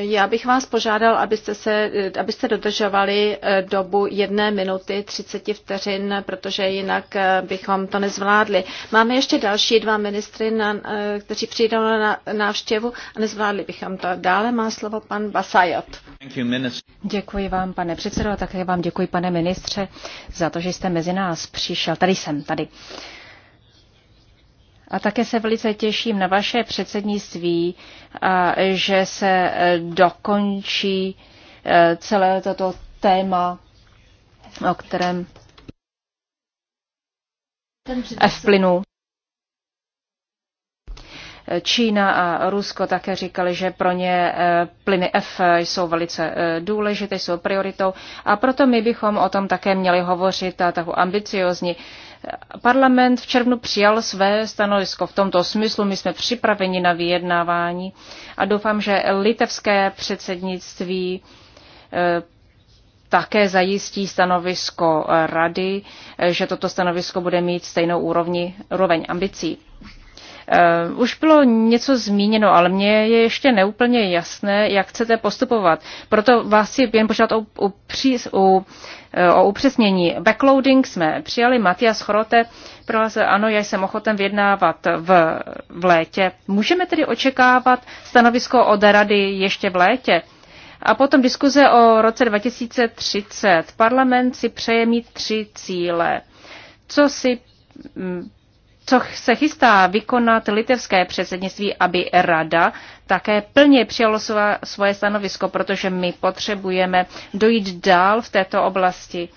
já bych vás požádal, abyste, se, abyste dodržovali eh, dobu jedné minuty 30 vteřin, protože jinak eh, bychom to nezvládli. Máme ještě další dva ministry, na, eh, kteří přijdou na návštěvu a nezvládli bychom to. Dále má slovo pan Basajot. Děkuji vám, pane předsedo, a také vám děkuji, pane ministře, za to, že jste mezi nás přišel. Tady jsem, tady. Uh, a také se velice těším na vaše předsednictví, a že se eh, dokončí eh, celé toto téma, o kterém vplynu. Čína a Rusko také říkali, že pro ně eh, plyny F jsou velice důležité, jsou prioritou a proto my bychom o tom také měli hovořit a takovou ambiciozní Parlament v červnu přijal své stanovisko. V tomto smyslu my jsme připraveni na vyjednávání a doufám, že litevské předsednictví eh, také zajistí stanovisko rady, eh, že toto stanovisko bude mít stejnou úrovni, úroveň ambicí. Eh, už bylo něco zmíněno, ale mně je ještě neúplně jasné, jak chcete postupovat. Proto vás si jen požádat o, o, o, eh, o upřesnění. Backloading jsme přijali, Matias Chorote prohlásil, ano, já jsem ochoten vyjednávat v, v létě. Můžeme tedy očekávat stanovisko od rady ještě v létě? A potom diskuze o roce 2030. Parlament si přeje mít tři cíle. Co si mm, co se chystá vykonat litevské předsednictví, aby Rada také plně přijalo svoje stanovisko, protože my potřebujeme dojít dál v této oblasti.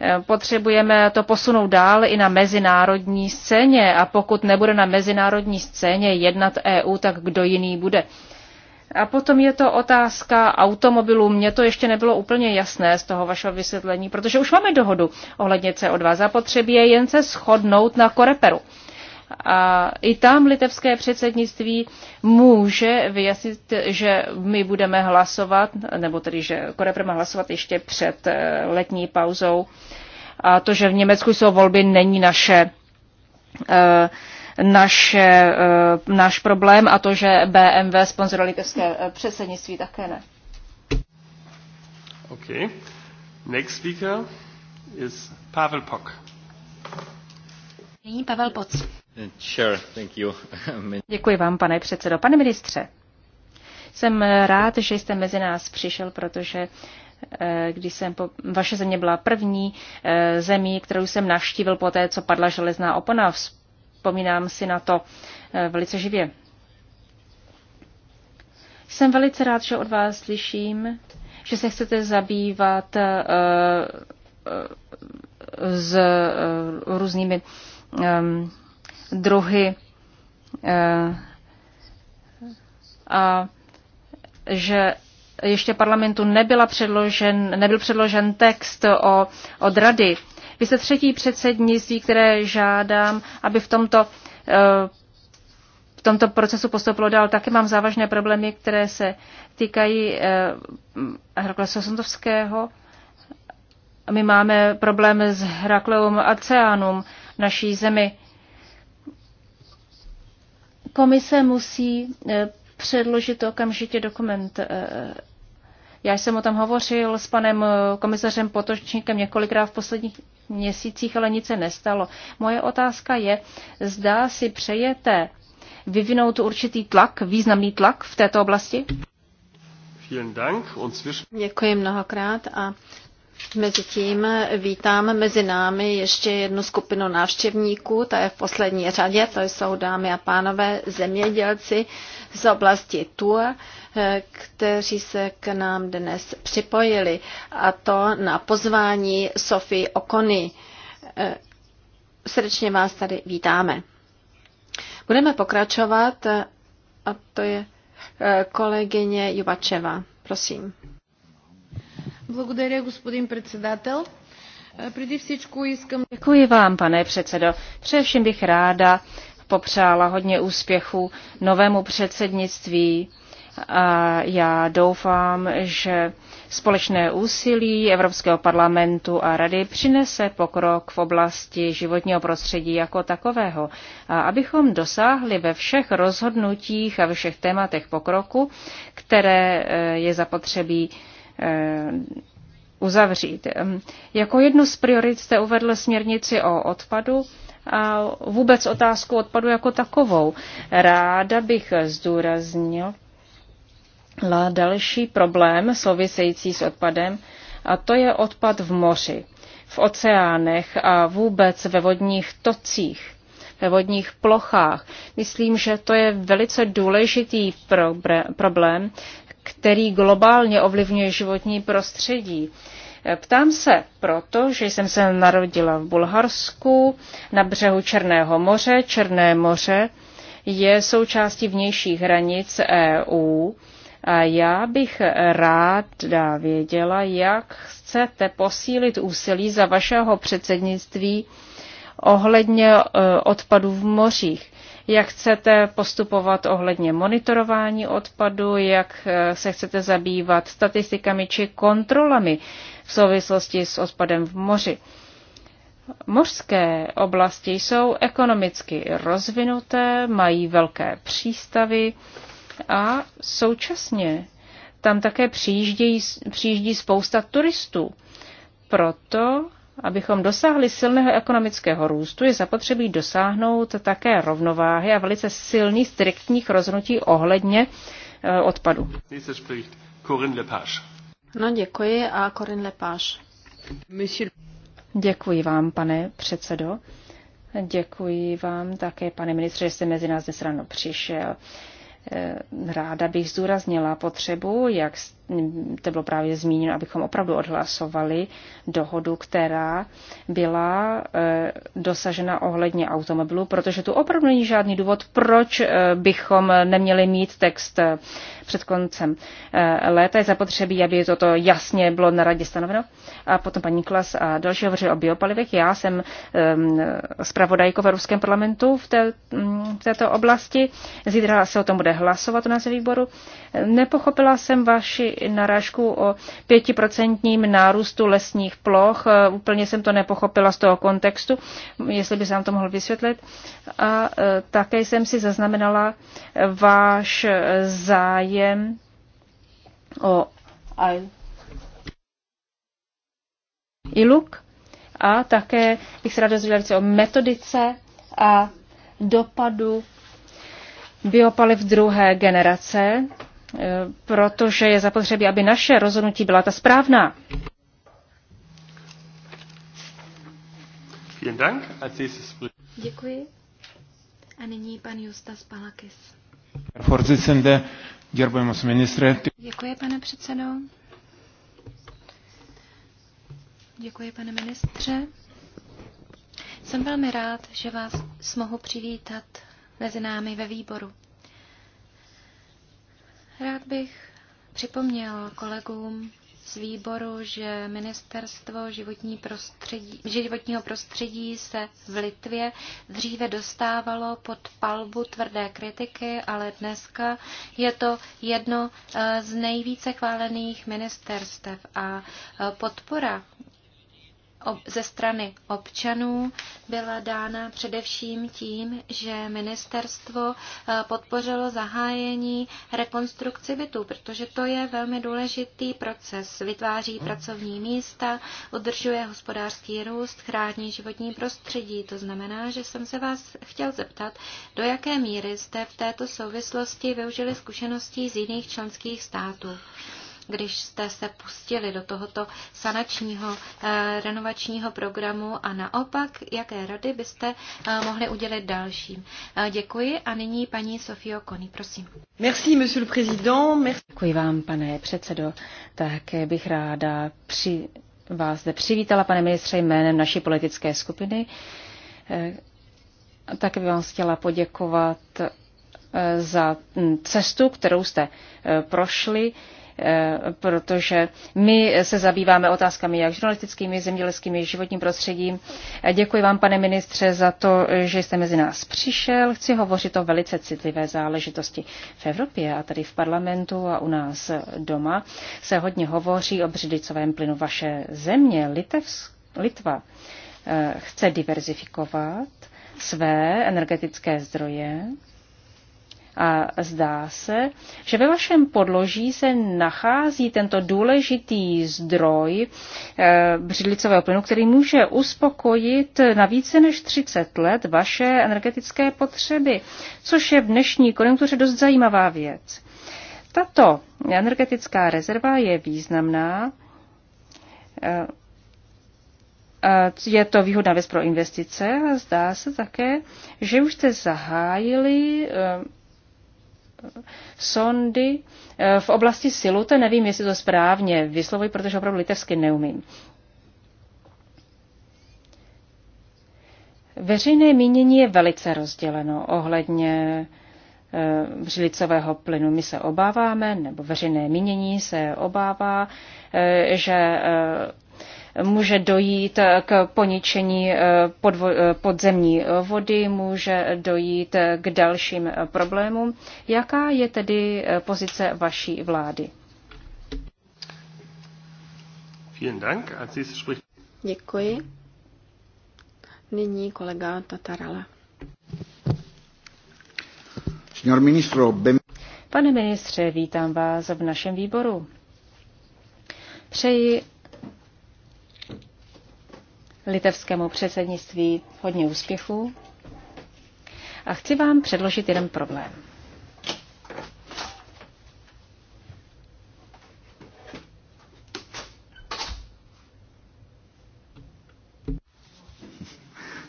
Eh, potřebujeme to posunout dál i na mezinárodní scéně a pokud nebude na mezinárodní scéně jednat EU, tak kdo jiný bude. A potom je to otázka automobilů. Mně to ještě nebylo úplně jasné z toho vašeho vysvětlení, protože už máme dohodu ohledně CO2. Zapotřebí je jen se shodnout na koreperu. A i tam litevské předsednictví může vyjasnit, že my budeme hlasovat, nebo tedy, že Koreper má hlasovat ještě před eh, letní pauzou. A to, že v Německu jsou volby, není naše eh, naše, eh, náš problém a to, že BMW sponzoruje litevské eh, předsednictví, také ne. OK. Next speaker is Pavel Pok. Nyní Pavel Poc. Sure, thank you. Děkuji vám, pane předsedo. Pane ministře, jsem rád, že jste mezi nás přišel, protože eh, když jsem po, vaše země byla první zemí, kterou jsem navštívil po té, co padla železná opona v vzpomínám si na to eh, velice živě. Jsem velice rád, že od vás slyším, že se chcete zabývat eh, eh, s různými ehm, druhy a že ještě parlamentu nebyla předložen, nebyl předložen text o, od rady vy jste třetí předsednictví, které žádám, aby v tomto eh, v tomto procesu postoupilo dál. Také mám závažné problémy, které se týkají Herakla eh, Sosnovského. My máme problém s Herakleum Aceanum, naší zemi. Komise musí eh, předložit okamžitě dokument. Já jsem o tom hovořil s panem komisařem Potočníkem několikrát v posledních měsících, ale nic se nestalo. Moje otázka je, zda si přejete vyvinout určitý tlak, významný tlak v této oblasti? Děkuji mnohokrát a Mezitím vítám mezi námi ještě jednu skupinu návštěvníků, To je v poslední řadě, to jsou dámy a pánové zemědělci z oblasti Tour, eh, kteří se k nám dnes připojili, a to na pozvání Sofie Okony. Eh, srdečně vás tady vítáme. Budeme pokračovat, a to je eh, kolegyně Jubačeva. Prosím. Благодаря, господин председател. Преди всичко искам... Děkuji vám, pane předsedo. Především bych ráda popřála hodně úspěchu novému předsednictví. A já doufám, že společné úsilí Evropského parlamentu a Rady přinese pokrok v oblasti životního prostředí jako takového. A abychom dosáhli ve všech rozhodnutích a ve všech tématech pokroku, které e, je zapotřebí Eh, uzavřít. Jako jednu z priorit jste uvedl směrnici o odpadu a vůbec otázku odpadu jako takovou. Ráda bych zdůraznil další problém související s odpadem a to je odpad v moři, v oceánech a vůbec ve vodních tocích ve vodních plochách. Myslím, že to je velice důležitý problém, který globálně ovlivňuje životní prostředí. Eh, ptám se proto, že jsem se narodila v Bulharsku na břehu Černého moře. Černé moře je součástí vnějších hranic EU a já bych ráda věděla, jak chcete posílit úsilí za vašeho předsednictví ohledně eh, odpadů v mořích jak chcete postupovat ohledně monitorování odpadu, jak eh, se chcete zabývat statistikami či kontrolami v souvislosti s odpadem v moři. Mořské oblasti jsou ekonomicky rozvinuté, mají velké přístavy a současně tam také přijíždí, přijíždí spousta turistů. Proto Abychom dosáhli silného ekonomického růstu, je zapotřebí dosáhnout také rovnováhy a velice silných striktních rozhodnutí ohledně eh, odpadu. No děkuji a Corinne Lepage. Děkuji vám, pane předsedo. Děkuji vám také, pane ministře, že jste mezi nás dnes ráno přišel. Eh, ráda bych zdůraznila potřebu, jak jste to bylo právě zmíněno, abychom opravdu odhlasovali dohodu, která byla eh, dosažena ohledně automobilů, protože tu opravdu není žádný důvod, proč eh, bychom neměli mít text eh, před koncem léta. Je zapotřebí, aby toto jasně bylo na radě stanoveno. A potom paní Klas a další hovoří o biopalivech. Já jsem ehm, zpravodajko v ruském parlamentu v, té, mm, v této oblasti. Zítra se o tom bude hlasovat u nás výboru. Nepochopila jsem vaši narážku o pětiprocentním nárůstu lesních ploch. E, úplně jsem to nepochopila z toho kontextu, jestli by se nám to mohl vysvětlit. A e, také jsem si zaznamenala váš zájem o ILUK a také bych se ráda dozvěděla o metodice a dopadu biopaliv druhé generace protože je zapotřebí, aby naše rozhodnutí byla ta správná. Děkuji. A nyní pan Justas Palakis. Děkuji, pane předsedo. Děkuji, pane ministře. Jsem velmi rád, že vás mohu přivítat mezi námi ve výboru. Rád bych připomněl kolegům z výboru, že ministerstvo životní prostředí, životního prostředí se v Litvě dříve dostávalo pod palbu tvrdé kritiky, ale dneska je to jedno eh, z nejvíce chválených ministerstev a eh, podpora ze strany občanů byla dána především tím, že ministerstvo eh, podpořilo zahájení rekonstrukci bytů, protože to je velmi důležitý proces. Vytváří hmm. pracovní místa, udržuje hospodářský růst, chrání životní prostředí. To znamená, že jsem se vás chtěl zeptat, do jaké míry jste v této souvislosti využili zkušeností z jiných členských států když jste se pustili do tohoto sanačního eh, renovačního programu a naopak, jaké rady byste eh, mohli udělit dalším. Eh, děkuji a nyní paní Sofio Kony, prosím. Merci, monsieur le président. Merci. Děkuji vám, pane předsedo. Také bych ráda při vás zde přivítala, pane ministře, jménem naší politické skupiny. Také bych vám chtěla poděkovat za hm, cestu, kterou jste prošli. Eh, protože my se zabýváme otázkami jak žurnalistickými, zemědělskými, životním prostředím. Eh, děkuji vám, pane ministře, za to, že jste mezi nás přišel. Chci hovořit o velice citlivé záležitosti v Evropě a tady v parlamentu a u nás doma. Se hodně hovoří o břidlicovém plynu vaše země, Litevs, Litva eh, chce diverzifikovat své energetické zdroje a zdá se, že ve vašem podloží se nachází tento důležitý zdroj eh, břidlicového plynu, který může uspokojit na více než 30 let vaše energetické potřeby, což je v dnešní konjunktuře dost zajímavá věc. Tato energetická rezerva je významná. Eh, eh, je to výhodná věc pro investice a zdá se také, že už jste zahájili sondy eh, v oblasti Silute. Nevím, jestli to správně vyslovuji, protože opravdu litevsky neumím. Veřejné mínění je velice rozděleno ohledně eh, břilicového plynu. My se obáváme, nebo veřejné mínění se obává, eh, že může dojít k poničení eh, eh, podzemní vody, může dojít k dalším eh, problémům. Jaká je tedy pozice vaší vlády? Děkuji. Nyní kolega Tatarala. Pane ministře, vítám vás v našem výboru. Přeji litevskému předsednictví hodně úspěchů a chci vám předložit jeden problém.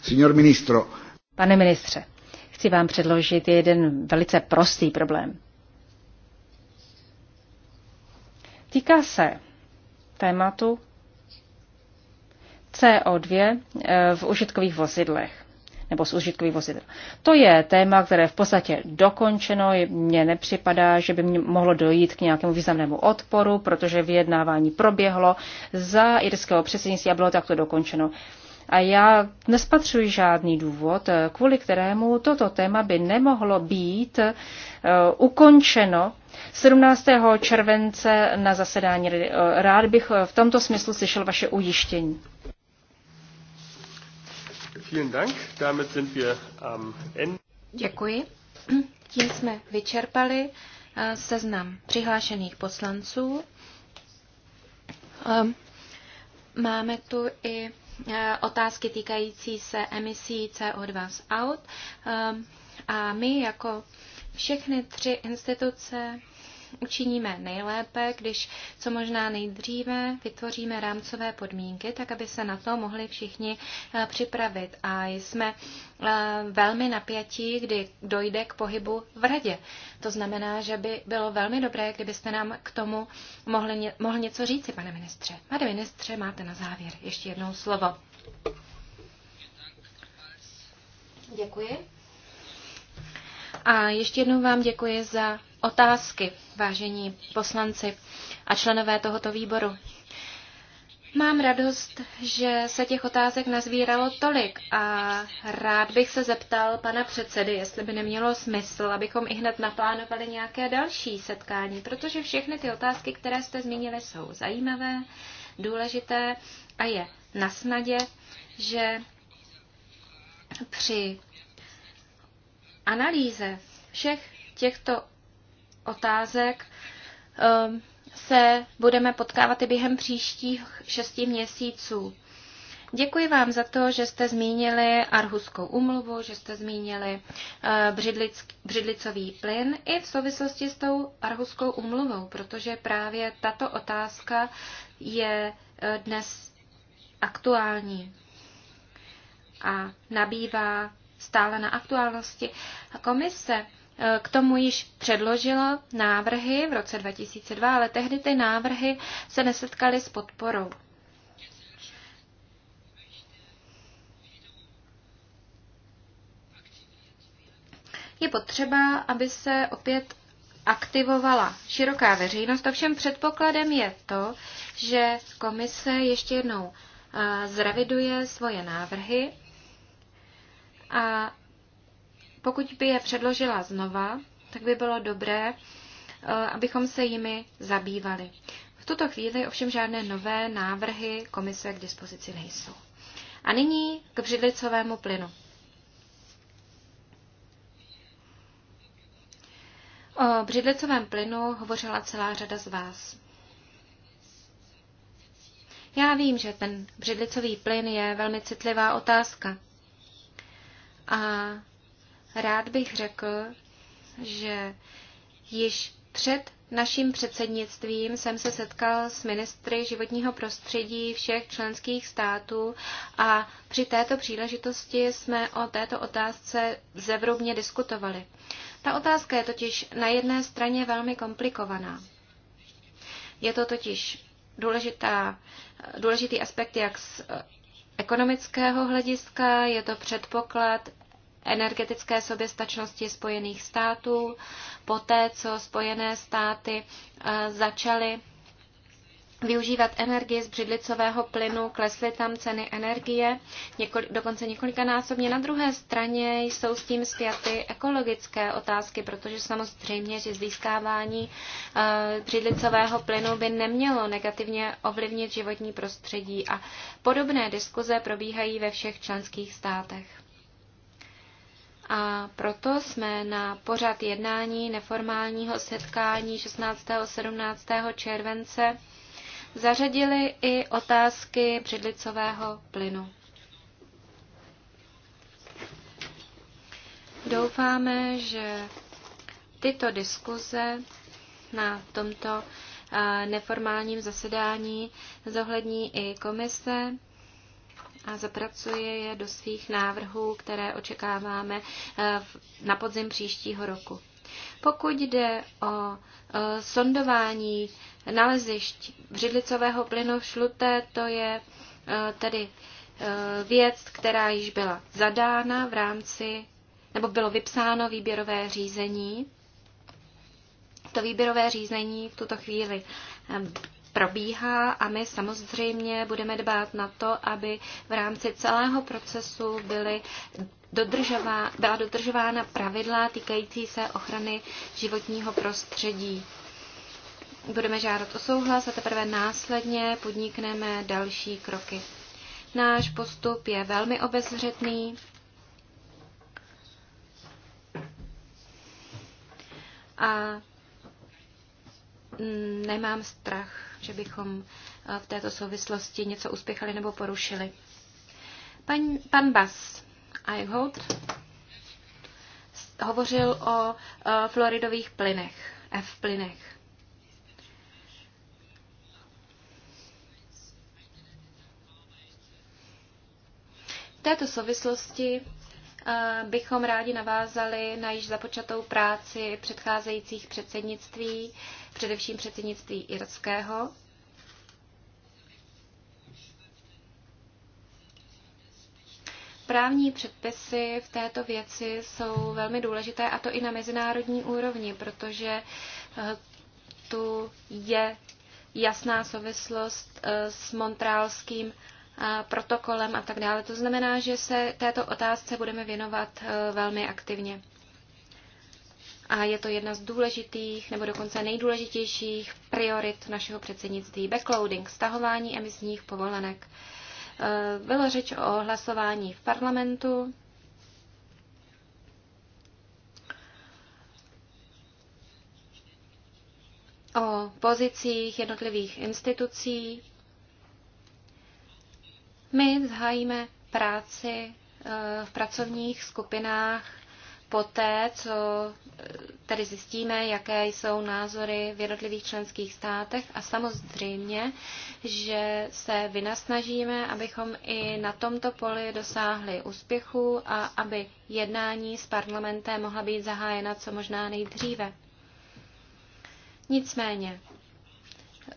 Signor ministro. Pane ministře, chci vám předložit jeden velice prostý problém. Týká se tématu CO2 eh, v užitkových vozidlech nebo z užitkových vozidel. To je téma, které je v podstatě dokončeno. Mně nepřipadá, že by mohlo dojít k nějakému významnému odporu, protože vyjednávání proběhlo za irského předsednictví a bylo takto dokončeno. A já nespatřuji žádný důvod, eh, kvůli kterému toto téma by nemohlo být eh, ukončeno 17. července na zasedání. Rád bych v tomto smyslu slyšel vaše ujištění. Vielen Dank. Damit sind wir am Ende. Děkuji. Tím jsme vyčerpali eh, seznam přihlášených poslanců. Eh, máme tu i eh, otázky týkající se emisí CO2 z aut. A my jako všechny tři instituce učiníme nejlépe, když co možná nejdříve vytvoříme rámcové podmínky, tak aby se na to mohli všichni eh, připravit. A jsme eh, velmi napjatí, kdy dojde k pohybu v radě. To znamená, že by bylo velmi dobré, kdybyste nám k tomu mohli, mohl něco říci, pane ministře. Pane ministře, máte na závěr ještě jednou slovo. Děkuji. A ještě jednou vám děkuji za otázky, vážení poslanci a členové tohoto výboru. Mám radost, že se těch otázek nazvíralo tolik a rád bych se zeptal pana předsedy, jestli by nemělo smysl, abychom i hned naplánovali nějaké další setkání, protože všechny ty otázky, které jste zmínili, jsou zajímavé, důležité a je na snadě, že při analýze všech těchto otázek ehm, se budeme potkávat i během příštích šesti měsíců. Děkuji vám za to, že jste zmínili Arhuskou umluvu, že jste zmínili eh, břidlicový plyn i v souvislosti s tou Arhuskou umluvou, protože právě tato otázka je eh, dnes aktuální a nabývá stále na aktuálnosti. Komise k tomu již předložilo návrhy v roce 2002, ale tehdy ty návrhy se nesetkaly s podporou. Je potřeba, aby se opět aktivovala široká veřejnost, ovšem předpokladem je to, že komise ještě jednou eh, zraviduje svoje návrhy a pokud by je předložila znova, tak by bylo dobré, eh, abychom se jimi zabývali. V tuto chvíli ovšem žádné nové návrhy komise k dispozici nejsou. A nyní k břidlicovému plynu. O břidlicovém plynu hovořila celá řada z vás. Já vím, že ten břidlicový plyn je velmi citlivá otázka. A rád bych řekl, že již před naším předsednictvím jsem se setkal s ministry životního prostředí všech členských států a při této příležitosti jsme o této otázce zevrubně diskutovali. Ta otázka je totiž na jedné straně velmi komplikovaná. Je to totiž důležitá, důležitý aspekt jak z eh, ekonomického hlediska, je to předpoklad energetické soběstačnosti Spojených států, poté co Spojené státy eh, začaly využívat energie z břidlicového plynu, klesly tam ceny energie několik, dokonce několikanásobně. Na druhé straně jsou s tím zpěty ekologické otázky, protože samozřejmě, že získávání uh, břidlicového plynu by nemělo negativně ovlivnit životní prostředí a podobné diskuze probíhají ve všech členských státech a proto jsme na pořad jednání neformálního setkání 16. a 17. července zařadili i otázky břidlicového plynu. Doufáme, že tyto diskuze na tomto neformálním zasedání zohlední i komise a zapracuje je do svých návrhů, které očekáváme eh, na podzim příštího roku. Pokud jde o eh, sondování nalezišť břidlicového plynu v šluté, to je eh, tedy věc, která již byla zadána v rámci, nebo bylo vypsáno výběrové řízení. To výběrové řízení v tuto chvíli probíhá a my samozřejmě budeme dbát na to, aby v rámci celého procesu byly dodržová, byla dodržována pravidla týkající se ochrany životního prostředí. Budeme žádat o souhlas a teprve následně podnikneme další kroky. Náš postup je velmi obezřetný. A mm, nemám strach že bychom eh, v této souvislosti něco uspěchali nebo porušili. Pan, pan Bas Eichhout hovořil o eh, floridových plynech, F-plynech. V této souvislosti bychom rádi navázali na již započatou práci předcházejících předsednictví, především předsednictví irského. Právní předpisy v této věci jsou velmi důležité, a to i na mezinárodní úrovni, protože eh, tu je jasná souvislost eh, s montrálským protokolem a tak dále. To znamená, že se této otázce budeme věnovat e, velmi aktivně. A je to jedna z důležitých, nebo dokonce nejdůležitějších priorit našeho předsednictví. Backloading, stahování emisních povolenek. E, Bylo řeč o hlasování v parlamentu. o pozicích jednotlivých institucí, my zhájíme práci eh, v pracovních skupinách poté, co eh, tedy zjistíme, jaké jsou názory v jednotlivých členských státech a samozřejmě, že se vynasnažíme, abychom i na tomto poli dosáhli úspěchu a aby jednání s parlamentem mohla být zahájena co možná nejdříve. Nicméně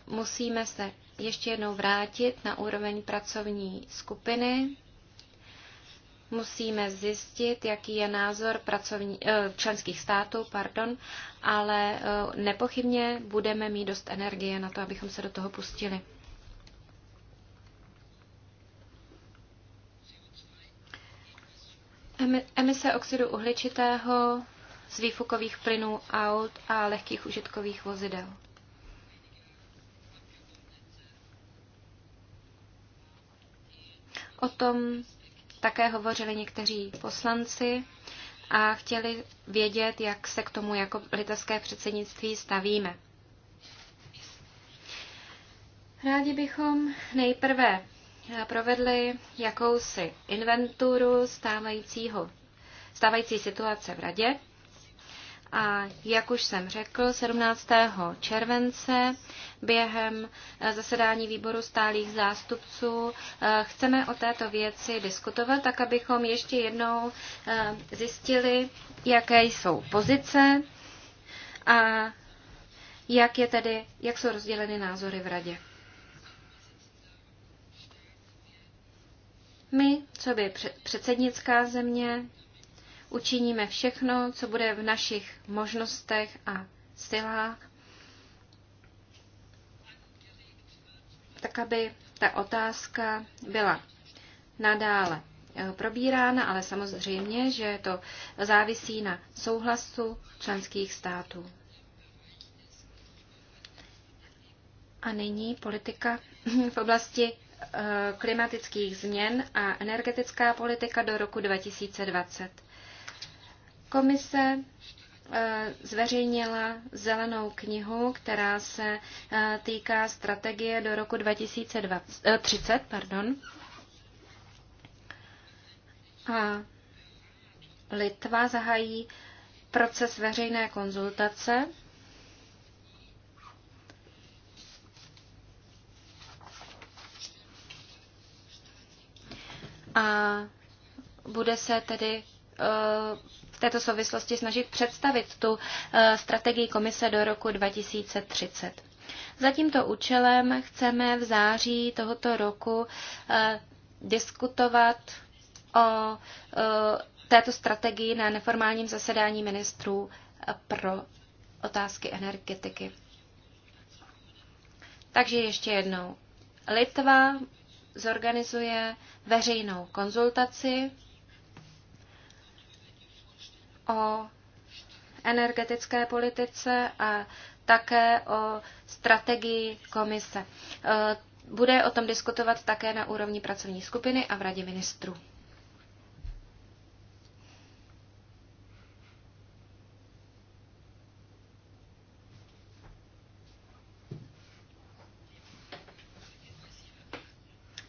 musíme se ještě jednou vrátit na úroveň pracovní skupiny. Musíme zjistit, jaký je názor pracovní, eh, členských států, pardon, ale eh, nepochybně budeme mít dost energie na to, abychom se do toho pustili. Emise oxidu uhličitého z výfukových plynů aut a lehkých užitkových vozidel. O tom také hovořili někteří poslanci a chtěli vědět, jak se k tomu jako litevské předsednictví stavíme. Rádi bychom nejprve provedli jakousi inventuru stávajícího, stávající situace v Radě a jak už jsem řekl, 17. července během eh, zasedání výboru stálých zástupců eh, chceme o této věci diskutovat, tak abychom ještě jednou eh, zjistili, jaké jsou pozice a jak, je tedy, jak jsou rozděleny názory v radě. My, co by předsednická země, učiníme všechno, co bude v našich možnostech a silách, tak aby ta otázka byla nadále eh, probírána, ale samozřejmě, že to závisí na souhlasu členských států. A nyní politika v oblasti eh, klimatických změn a energetická politika do roku 2020. Komise eh, zveřejnila zelenou knihu, která se eh, týká strategie do roku 2030. Eh, pardon. A Litva zahají proces veřejné konzultace. A bude se tedy této souvislosti snažit představit tu eh, strategii komise do roku 2030. Za tímto účelem chceme v září tohoto roku eh, diskutovat o eh, této strategii na neformálním zasedání ministrů pro otázky energetiky. Takže ještě jednou. Litva zorganizuje veřejnou konzultaci o energetické politice a také o strategii komise. E, bude o tom diskutovat také na úrovni pracovní skupiny a v Radě ministrů.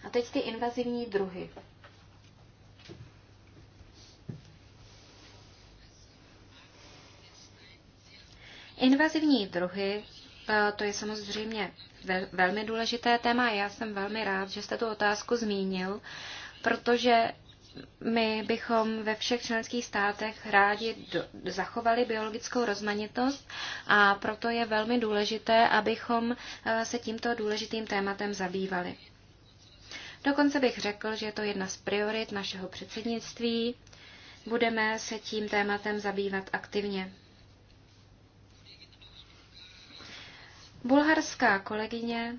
A teď ty invazivní druhy. Invazivní druhy, eh, to je samozřejmě velmi důležité téma. Já jsem velmi rád, že jste tu otázku zmínil, protože my bychom ve všech členských státech rádi do, zachovali biologickou rozmanitost a proto je velmi důležité, abychom eh, se tímto důležitým tématem zabývali. Dokonce bych řekl, že je to jedna z priorit našeho předsednictví. Budeme se tím tématem zabývat aktivně. Bulharská kolegyně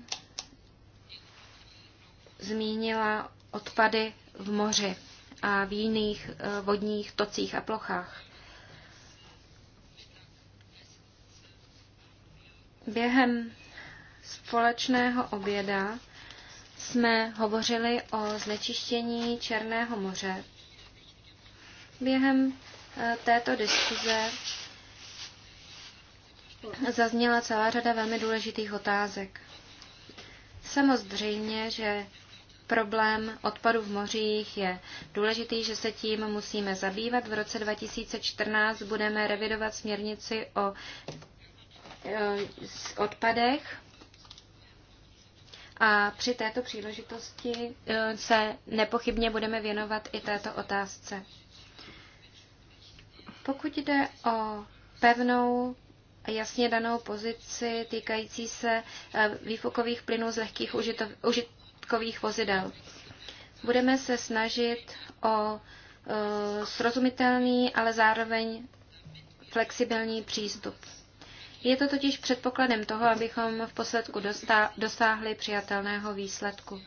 zmínila odpady v moři a v jiných e, vodních tocích a plochách. Během společného oběda jsme hovořili o znečištění Černého moře. Během e, této diskuze zazněla celá řada velmi důležitých otázek. Samozřejmě, že problém odpadu v mořích je důležitý, že se tím musíme zabývat. V roce 2014 budeme revidovat směrnici o e, odpadech. A při této příležitosti e, se nepochybně budeme věnovat i této otázce. Pokud jde o pevnou jasně danou pozici týkající se eh, výfukových plynů z lehkých užitkových vozidel. Budeme se snažit o eh, srozumitelný, ale zároveň flexibilní přístup. Je to totiž předpokladem toho, abychom v posledku dosáhli přijatelného výsledku.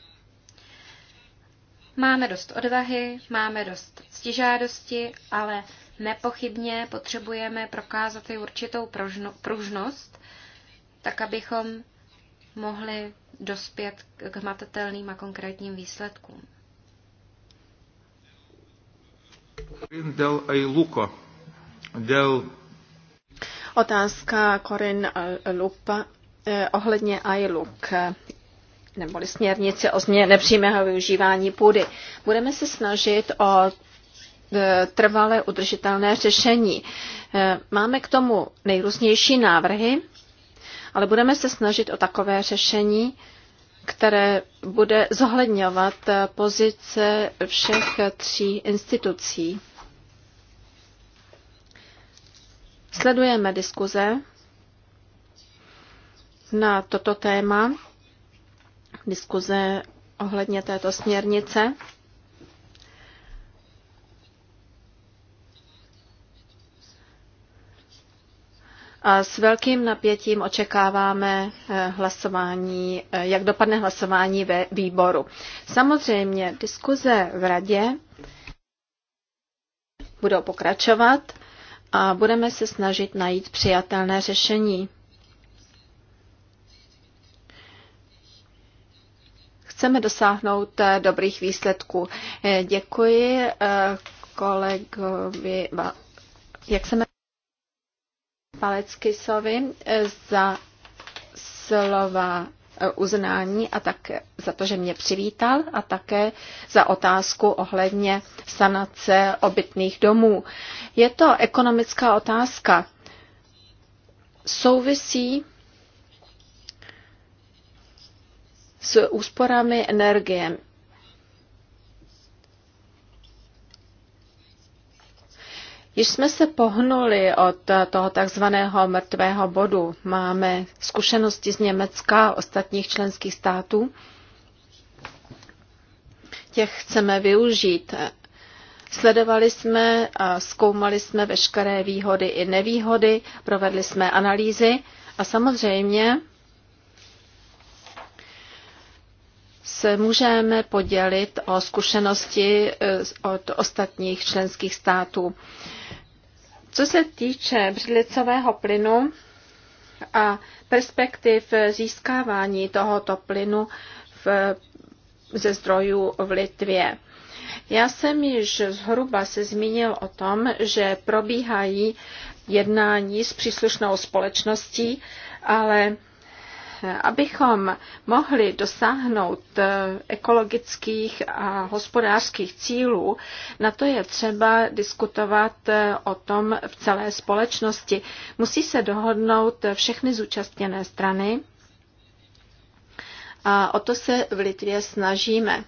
Máme dost odvahy, máme dost stižádosti, ale Nepochybně potřebujeme prokázat i určitou pružnost, tak abychom mohli dospět k hmatatelným a konkrétním výsledkům. Del Ailuko. Del... Otázka Korin eh, Lupa eh, ohledně Ailuk eh, neboli směrnice o změně nepřímého využívání půdy. Budeme se snažit o E, trvalé udržitelné řešení. E, máme k tomu nejrůznější návrhy, ale budeme se snažit o takové řešení, které bude zohledňovat pozice všech tří institucí. Sledujeme diskuze na toto téma, diskuze ohledně této směrnice. A s velkým napětím očekáváme eh, hlasování, eh, jak dopadne hlasování ve výboru. Samozřejmě diskuze v radě budou pokračovat a budeme se snažit najít přijatelné řešení. Chceme dosáhnout eh, dobrých výsledků. Děkuji kolegovi, jak se jmenuje? Paleckisovi e, za slova e, uznání a také e, za to, že mě přivítal a také za otázku ohledně sanace obytných domů. Je to ekonomická otázka. Souvisí s úsporami energie. Již jsme se pohnuli od toho takzvaného mrtvého bodu. Máme zkušenosti z Německa a ostatních členských států. Těch chceme využít. Sledovali jsme a zkoumali jsme veškeré výhody i nevýhody, provedli jsme analýzy a samozřejmě se můžeme podělit o zkušenosti e, od ostatních členských států. Co se týče břidlicového plynu a perspektiv získávání tohoto plynu v, ze zdrojů v Litvě. Já jsem již zhruba se zmínil o tom, že probíhají jednání s příslušnou společností, ale abychom mohli dosáhnout eh, ekologických a hospodářských cílů, na to je třeba diskutovat eh, o tom v celé společnosti. Musí se dohodnout eh, všechny zúčastněné strany a o to se v Litvě snažíme.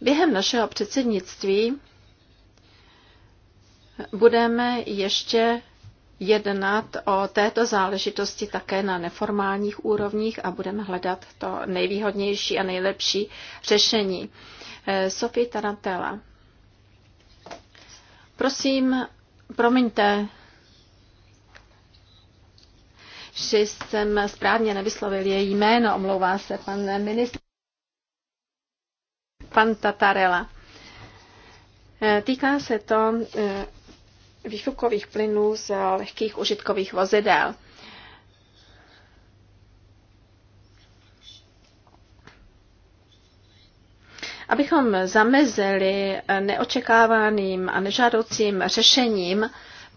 Během našeho předsednictví budeme ještě jednat o této záležitosti také na neformálních úrovních a budeme hledat to nejvýhodnější a nejlepší řešení. Eh, Sofie Tarantella. Prosím, promiňte, že jsem správně nevyslovil její jméno, omlouvá se pan ministr. Pan Tatarela. Eh, týká se to eh, výfukových plynů z lehkých užitkových vozidel. Abychom zamezili neočekávaným a nežádoucím řešením,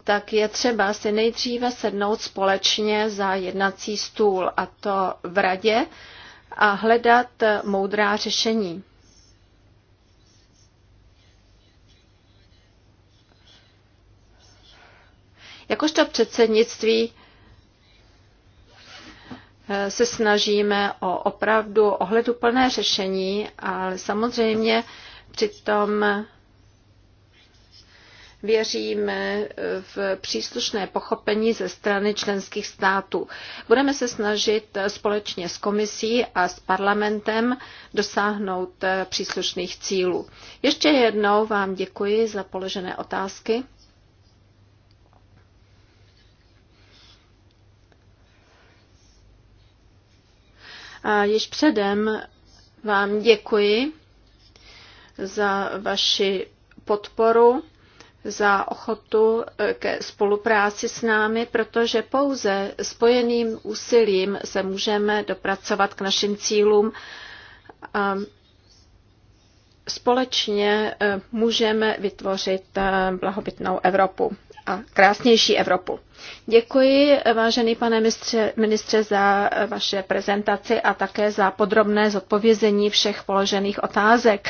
tak je třeba si nejdříve sednout společně za jednací stůl, a to v radě, a hledat moudrá řešení. Jakožto předsednictví eh, se snažíme o opravdu ohleduplné řešení, ale samozřejmě přitom věříme eh, v příslušné pochopení ze strany členských států. Budeme se snažit eh, společně s komisí a s parlamentem dosáhnout příslušných cílů. Ještě jednou vám děkuji za položené otázky. A již předem vám děkuji za vaši podporu, za ochotu eh, ke spolupráci s námi, protože pouze spojeným úsilím se můžeme dopracovat k našim cílům. A společně eh, můžeme vytvořit eh, blahobytnou Evropu a krásnější Evropu. Děkuji, vážený pane ministře, ministře, za vaše prezentaci a také za podrobné zodpovězení všech položených otázek.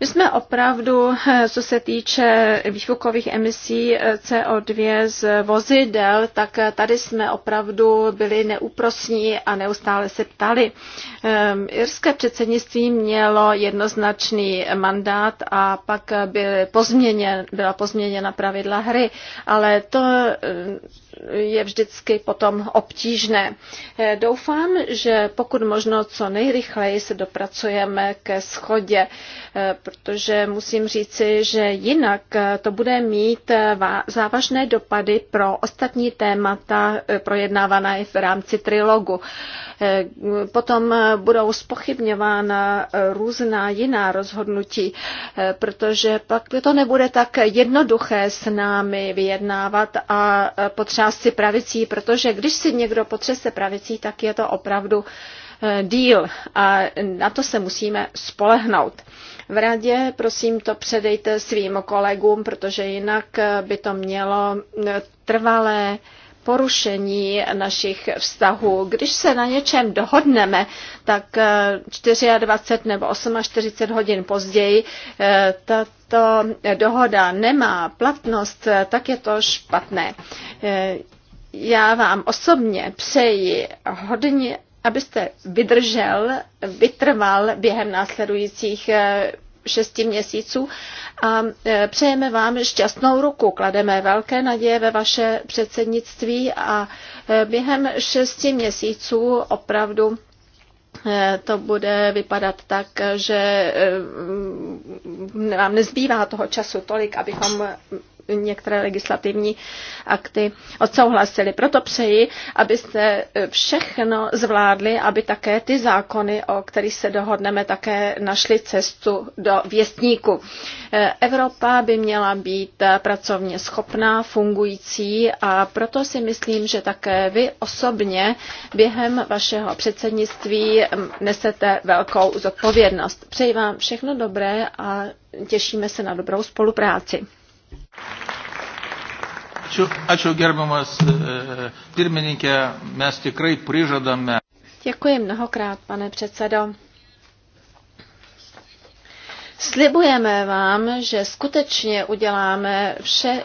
My jsme opravdu, eh, co se týče výfukových emisí eh, CO2 z vozidel, tak eh, tady jsme opravdu byli neúprosní a neustále se ptali. Irské předsednictví mělo jednoznačný mandát a pak pozměněn, byla pozměněna pravidla hry, ale to je vždycky potom obtížné. Eh, doufám, že pokud možno co nejrychleji se dopracujeme ke schodě, eh, protože musím říci, že jinak eh, to bude mít závažné dopady pro ostatní témata projednávané v rámci trilogu. Potom budou spochybňována různá jiná rozhodnutí, protože pak to nebude tak jednoduché s námi vyjednávat a potřeba částci pravicí, protože když si někdo potřese pravicí, tak je to opravdu eh, díl a na to se musíme spolehnout. V radě prosím to předejte svým kolegům, protože jinak eh, by to mělo eh, trvalé porušení našich vztahů. Když se na něčem dohodneme, tak 24 eh, nebo 48 hodin později eh, tato dohoda nemá platnost, eh, tak je to špatné. Já vám osobně přeji hodně abyste vydržel, vytrval během následujících šesti měsíců a e, přejeme vám šťastnou ruku. Klademe velké naděje ve vaše předsednictví a e, během šesti měsíců opravdu e, to bude vypadat tak, že vám nezbývá toho času tolik, abychom některé legislativní akty odsouhlasili. Proto přeji, abyste e, všechno zvládli, aby také ty zákony, o kterých se dohodneme, také našli cestu do věstníku. E, Evropa by měla být e, pracovně schopná, fungující a proto si myslím, že také vy osobně během vašeho předsednictví nesete velkou zodpovědnost. Přeji vám všechno dobré a těšíme se na dobrou spolupráci. Ačiū, gerbiamas e, pirmininkė, mes tikrai prižadame. Děkuji mnohokrát, pane předsedo. Slibujeme vám, že skutečně uděláme vše,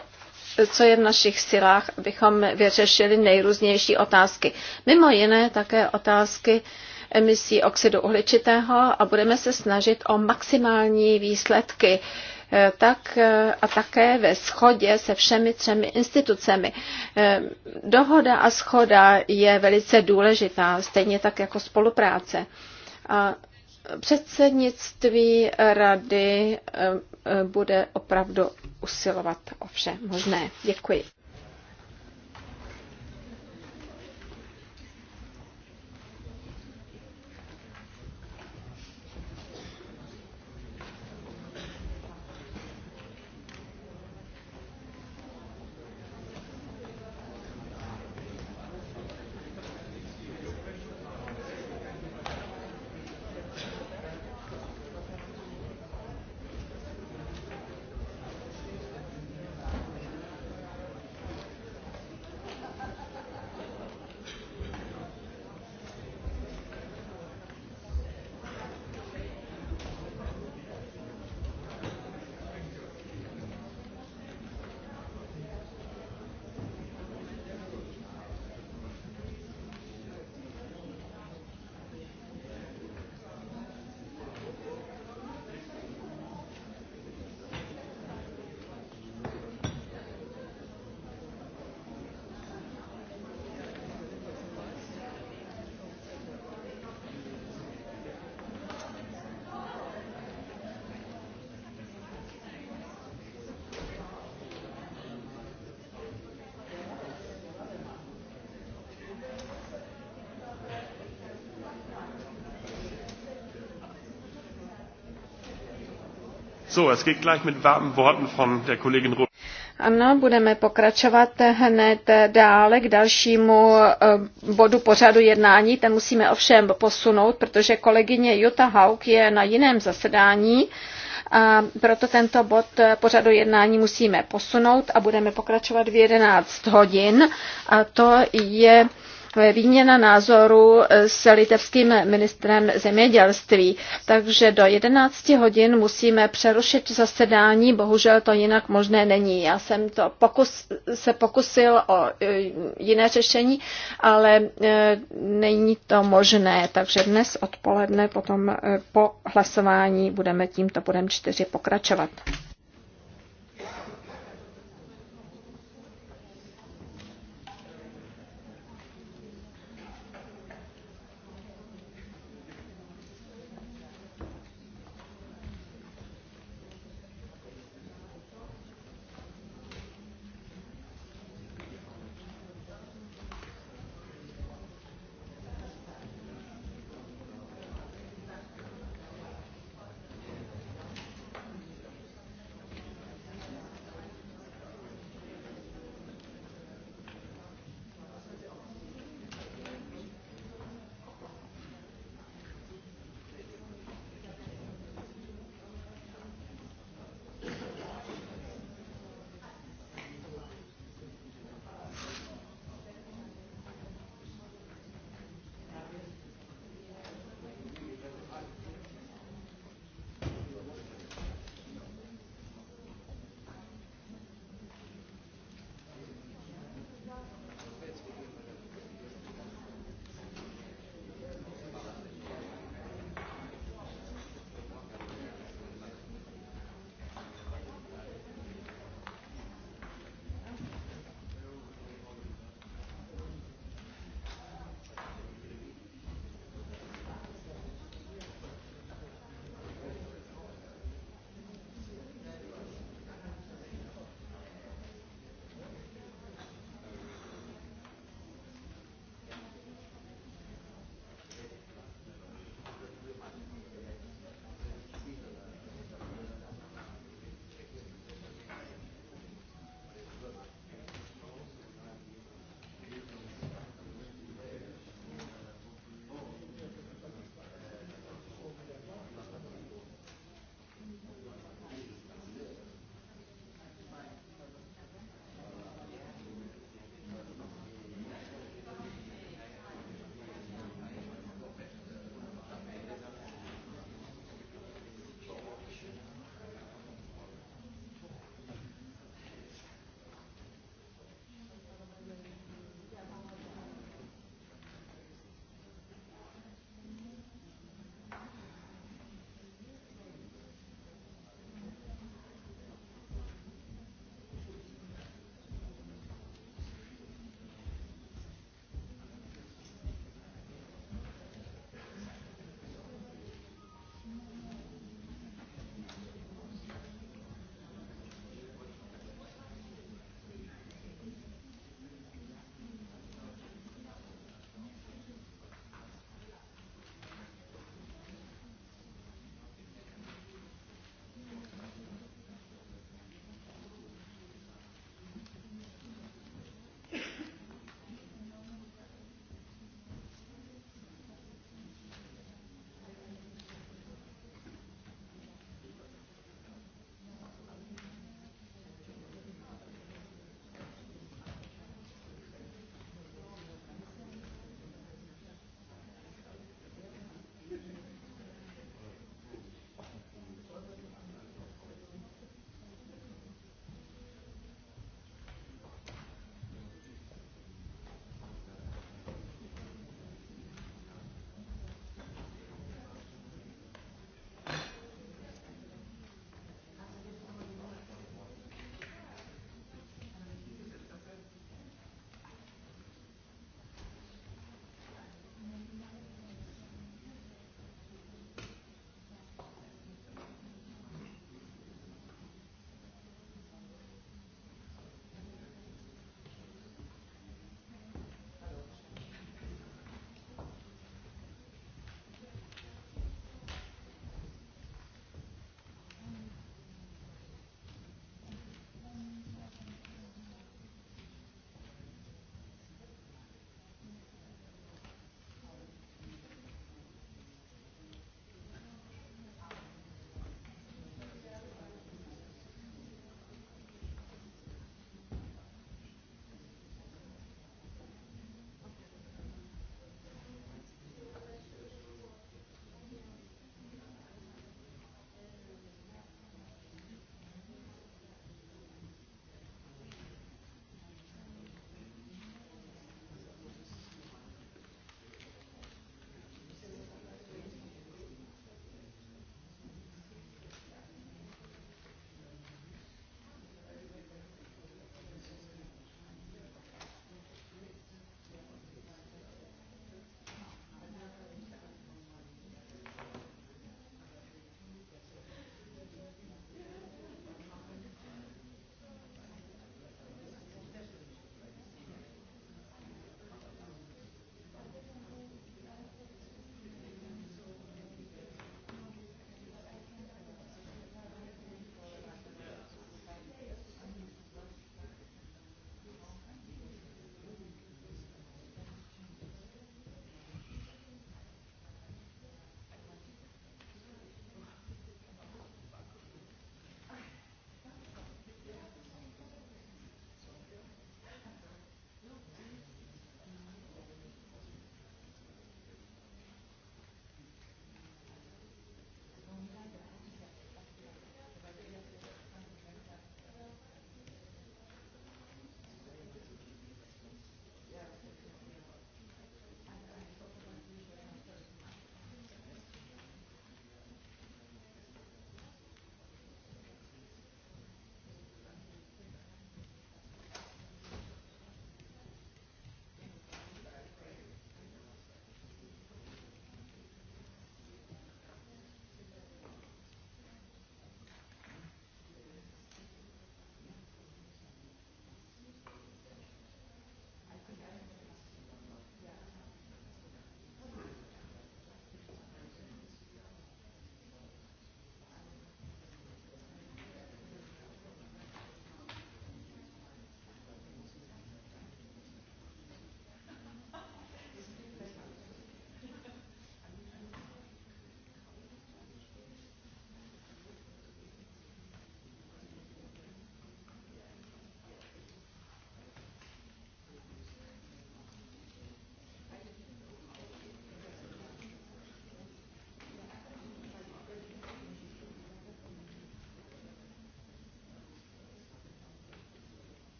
co je v našich silách, abychom vyřešili nejrůznější otázky. Mimo jiné také otázky emisí oxidu uhličitého a budeme se snažit o maximální výsledky tak e, a také ve shodě se všemi třemi institucemi. E, dohoda a schoda je velice důležitá, stejně tak jako spolupráce. A předsednictví rady e, bude opravdu usilovat o vše možné. Děkuji. So, es geht gleich mit warmen Worten von der Kollegin Roth. Ano, budeme pokračovat hned dále k dalšímu eh, bodu pořadu jednání. Ten musíme ovšem posunout, protože kolegyně Jutta Hauk je na jiném zasedání. A proto tento bod pořadu jednání musíme posunout a budeme pokračovat v 11 hodin. A to je výměna názoru eh, s litevským ministrem zemědělství. Takže do 11 hodin musíme přerušit zasedání, bohužel to jinak možné není. Já jsem to pokus, se pokusil o eh, jiné řešení, ale eh, není to možné. Takže dnes odpoledne potom po hlasování budeme tímto bodem 4 pokračovat.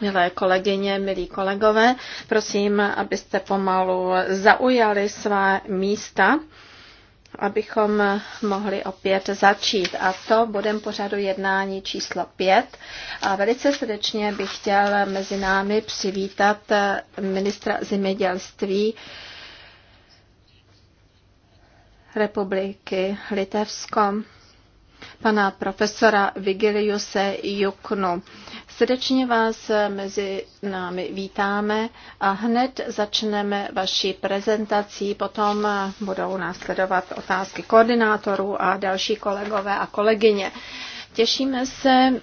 Milé kolegyně, milí kolegové, prosím, abyste pomalu zaujali svá místa, abychom mohli opět začít. A to budem pořadu jednání číslo 5. A velice srdečně bych chtěl mezi námi přivítat ministra zemědělství republiky Litevsko pana profesora Vigiliuse Juknu. Srdečně vás mezi námi vítáme a hned začneme vaší prezentací, potom budou následovat otázky koordinátorů a další kolegové a kolegyně. Těšíme se e,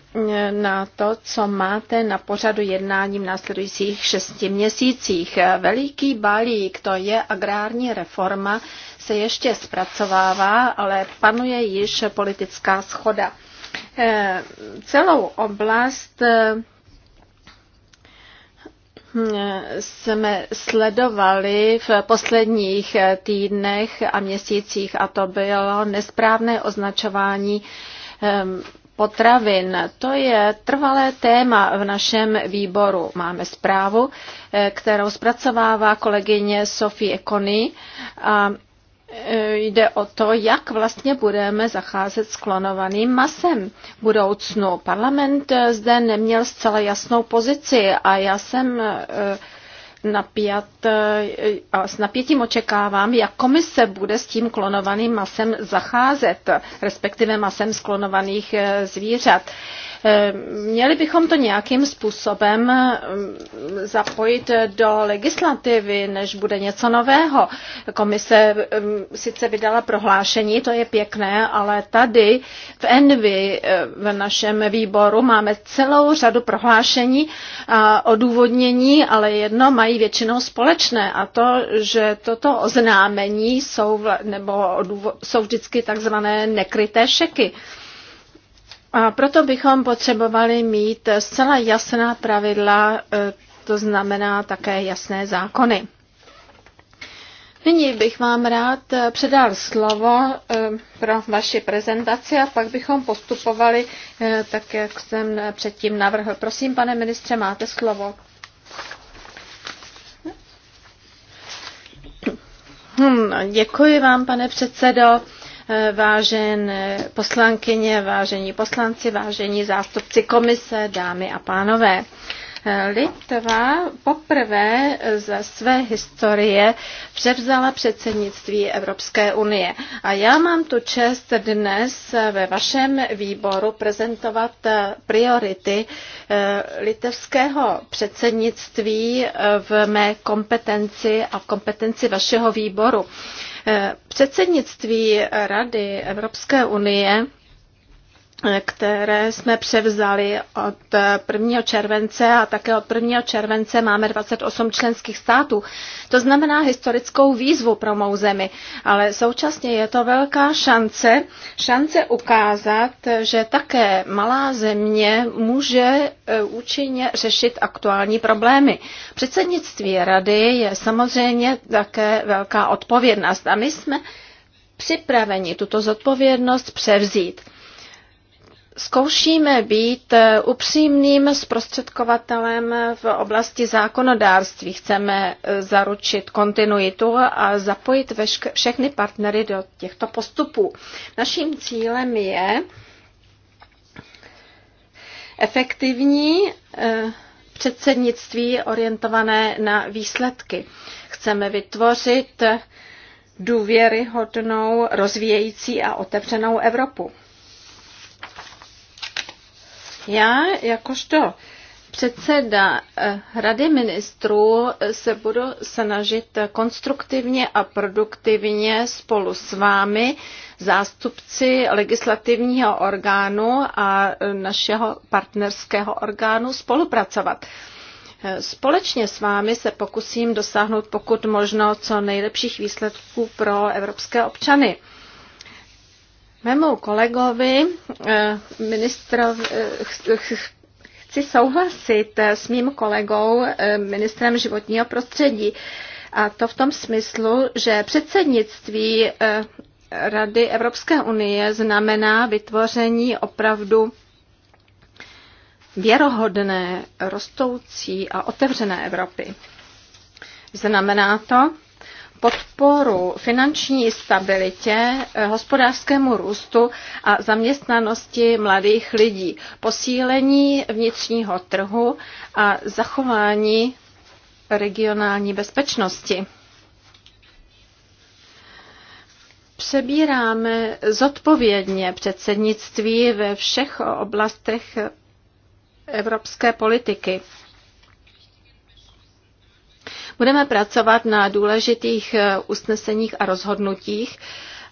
na to, co máte na pořadu jednání v následujících šesti měsících. E, Veliký balík, to je agrární reforma, se ještě zpracovává, ale panuje již politická schoda. E, Celou oblast jsme sledovali v posledních týdnech a měsících a to bylo nesprávné označování potravin. To je trvalé téma v našem výboru. Máme zprávu, eh, kterou zpracovává kolegyně Sofie Kony a eh, jde o to, jak vlastně budeme zacházet s klonovaným masem v budoucnu. Parlament eh, zde neměl zcela jasnou pozici a já jsem napět, eh, a s napětím očekávám, jak komise bude s tím klonovaným masem zacházet, respektive masem sklonovaných eh, zvířat. Eh, měli bychom to nějakým způsobem mm, zapojit do legislativy, než bude něco nového. Komise mm, sice vydala prohlášení, to je pěkné, ale tady v Envy, eh, v našem výboru, máme celou řadu prohlášení a odůvodnění, ale jedno mají většinou společné a to, že toto oznámení jsou, nebo jsou vždycky takzvané nekryté šeky. A proto bychom potřebovali mít zcela jasná pravidla, e, to znamená také jasné zákony. Nyní bych vám rád e, předal slovo e, pro vaši prezentaci a pak bychom postupovali tak, jak jsem předtím navrhl. Prosím, pane ministře, máte slovo. Hmm, děkuji vám, pane předsedo vážené poslankyně, vážení poslanci, vážení zástupci komise, dámy a pánové. Litva poprvé ze své historie převzala předsednictví Evropské unie. A já mám tu čest dnes ve vašem výboru prezentovat priority eh, litevského předsednictví v mé kompetenci a v kompetenci vašeho výboru. Eh, předsednictví Rady Evropské unie které jsme převzali od 1. července a také od 1. července máme 28 členských států. To znamená historickou výzvu pro mou zemi, ale současně je to velká šance, šance ukázat, že také malá země může e, účinně řešit aktuální problémy. Předsednictví rady je samozřejmě také velká odpovědnost a my jsme připraveni tuto zodpovědnost převzít. Zkoušíme být eh, upřímným zprostředkovatelem v oblasti zákonodárství. Chceme eh, zaručit kontinuitu a zapojit všechny partnery do těchto postupů. Naším cílem je efektivní eh, předsednictví orientované na výsledky. Chceme vytvořit důvěryhodnou, rozvíjející a otevřenou Evropu. Já jakožto předseda eh, Rady ministrů se budu snažit konstruktivně a produktivně spolu s vámi, zástupci legislativního orgánu a eh, našeho partnerského orgánu spolupracovat. Eh, společně s vámi se pokusím dosáhnout pokud možno co nejlepších výsledků pro evropské občany. Mému kolegovi, eh, ministrovi, eh, chci souhlasit eh, s mým kolegou, ministrem životního prostředí. A to v tom smyslu, že předsednictví Rady Evropské unie znamená vytvoření opravdu věrohodné, rostoucí a otevřené Evropy. Znamená to, podporu finanční stabilitě, eh, hospodářskému růstu a zaměstnanosti mladých lidí, posílení vnitřního trhu a zachování regionální bezpečnosti. Přebíráme zodpovědně předsednictví ve všech oblastech evropské politiky. Budeme pracovat na důležitých eh, usneseních a rozhodnutích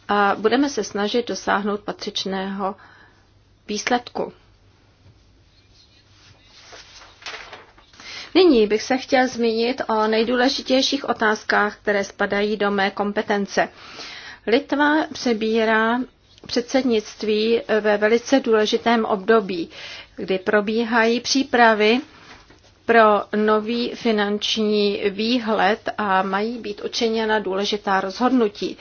a budeme se snažit dosáhnout patřičného výsledku. Nyní bych se chtěl zmínit o nejdůležitějších otázkách, které spadají do mé kompetence. Litva přebírá předsednictví ve velice důležitém období, kdy probíhají přípravy pro nový finanční výhled a mají být učiněna důležitá rozhodnutí.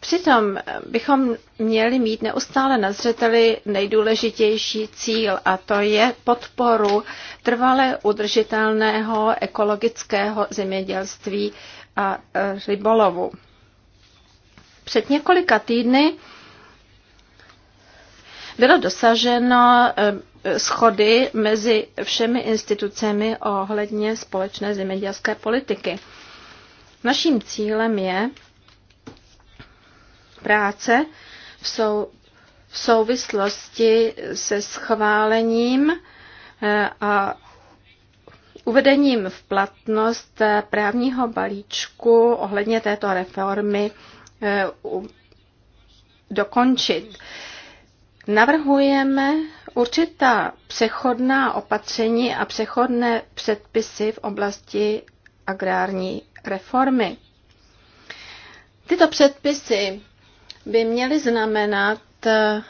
Přitom bychom měli mít neustále na zřeteli nejdůležitější cíl a to je podporu trvale udržitelného ekologického zemědělství a e, rybolovu. Před několika týdny bylo dosaženo e, Eh, schody mezi všemi institucemi ohledně společné zemědělské politiky. Naším cílem je práce v, sou, v souvislosti se schválením eh, a uvedením v platnost právního balíčku ohledně této reformy eh, dokončit. Navrhujeme určitá přechodná opatření a přechodné předpisy v oblasti agrární reformy. Tyto předpisy by měly znamenat eh,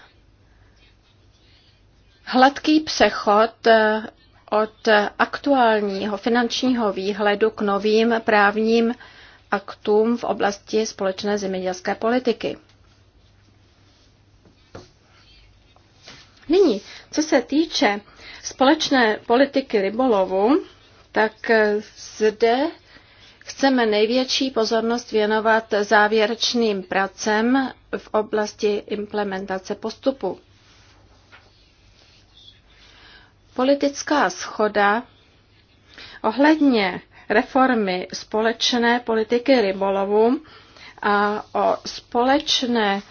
hladký přechod eh, od aktuálního finančního výhledu k novým právním aktům v oblasti společné zemědělské politiky. Nyní, co se týče společné politiky rybolovu, tak eh, zde chceme největší pozornost věnovat závěrečným pracem v oblasti implementace postupu. Politická schoda ohledně reformy společné politiky rybolovu a o společné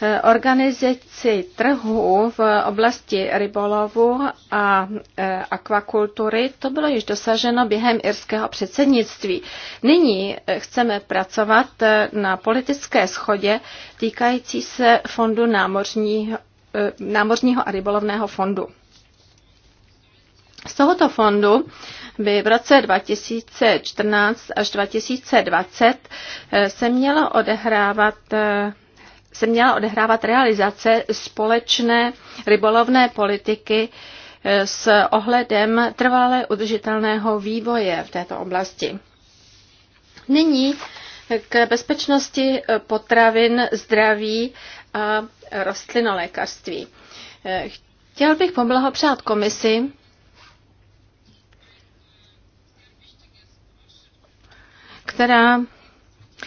Eh, organizaci trhu v oblasti rybolovu a eh, akvakultury, to bylo již dosaženo během irského předsednictví. Nyní eh, chceme pracovat na politické schodě týkající se fondu námořního, námořního a rybolovného fondu. Z tohoto fondu by v roce 2014 až 2020 se mělo odehrávat se měla odehrávat realizace společné rybolovné politiky eh, s ohledem trvalé udržitelného vývoje v této oblasti. Nyní k bezpečnosti potravin, zdraví a rostlinolékařství. Eh, chtěl bych poblahopřát komisi která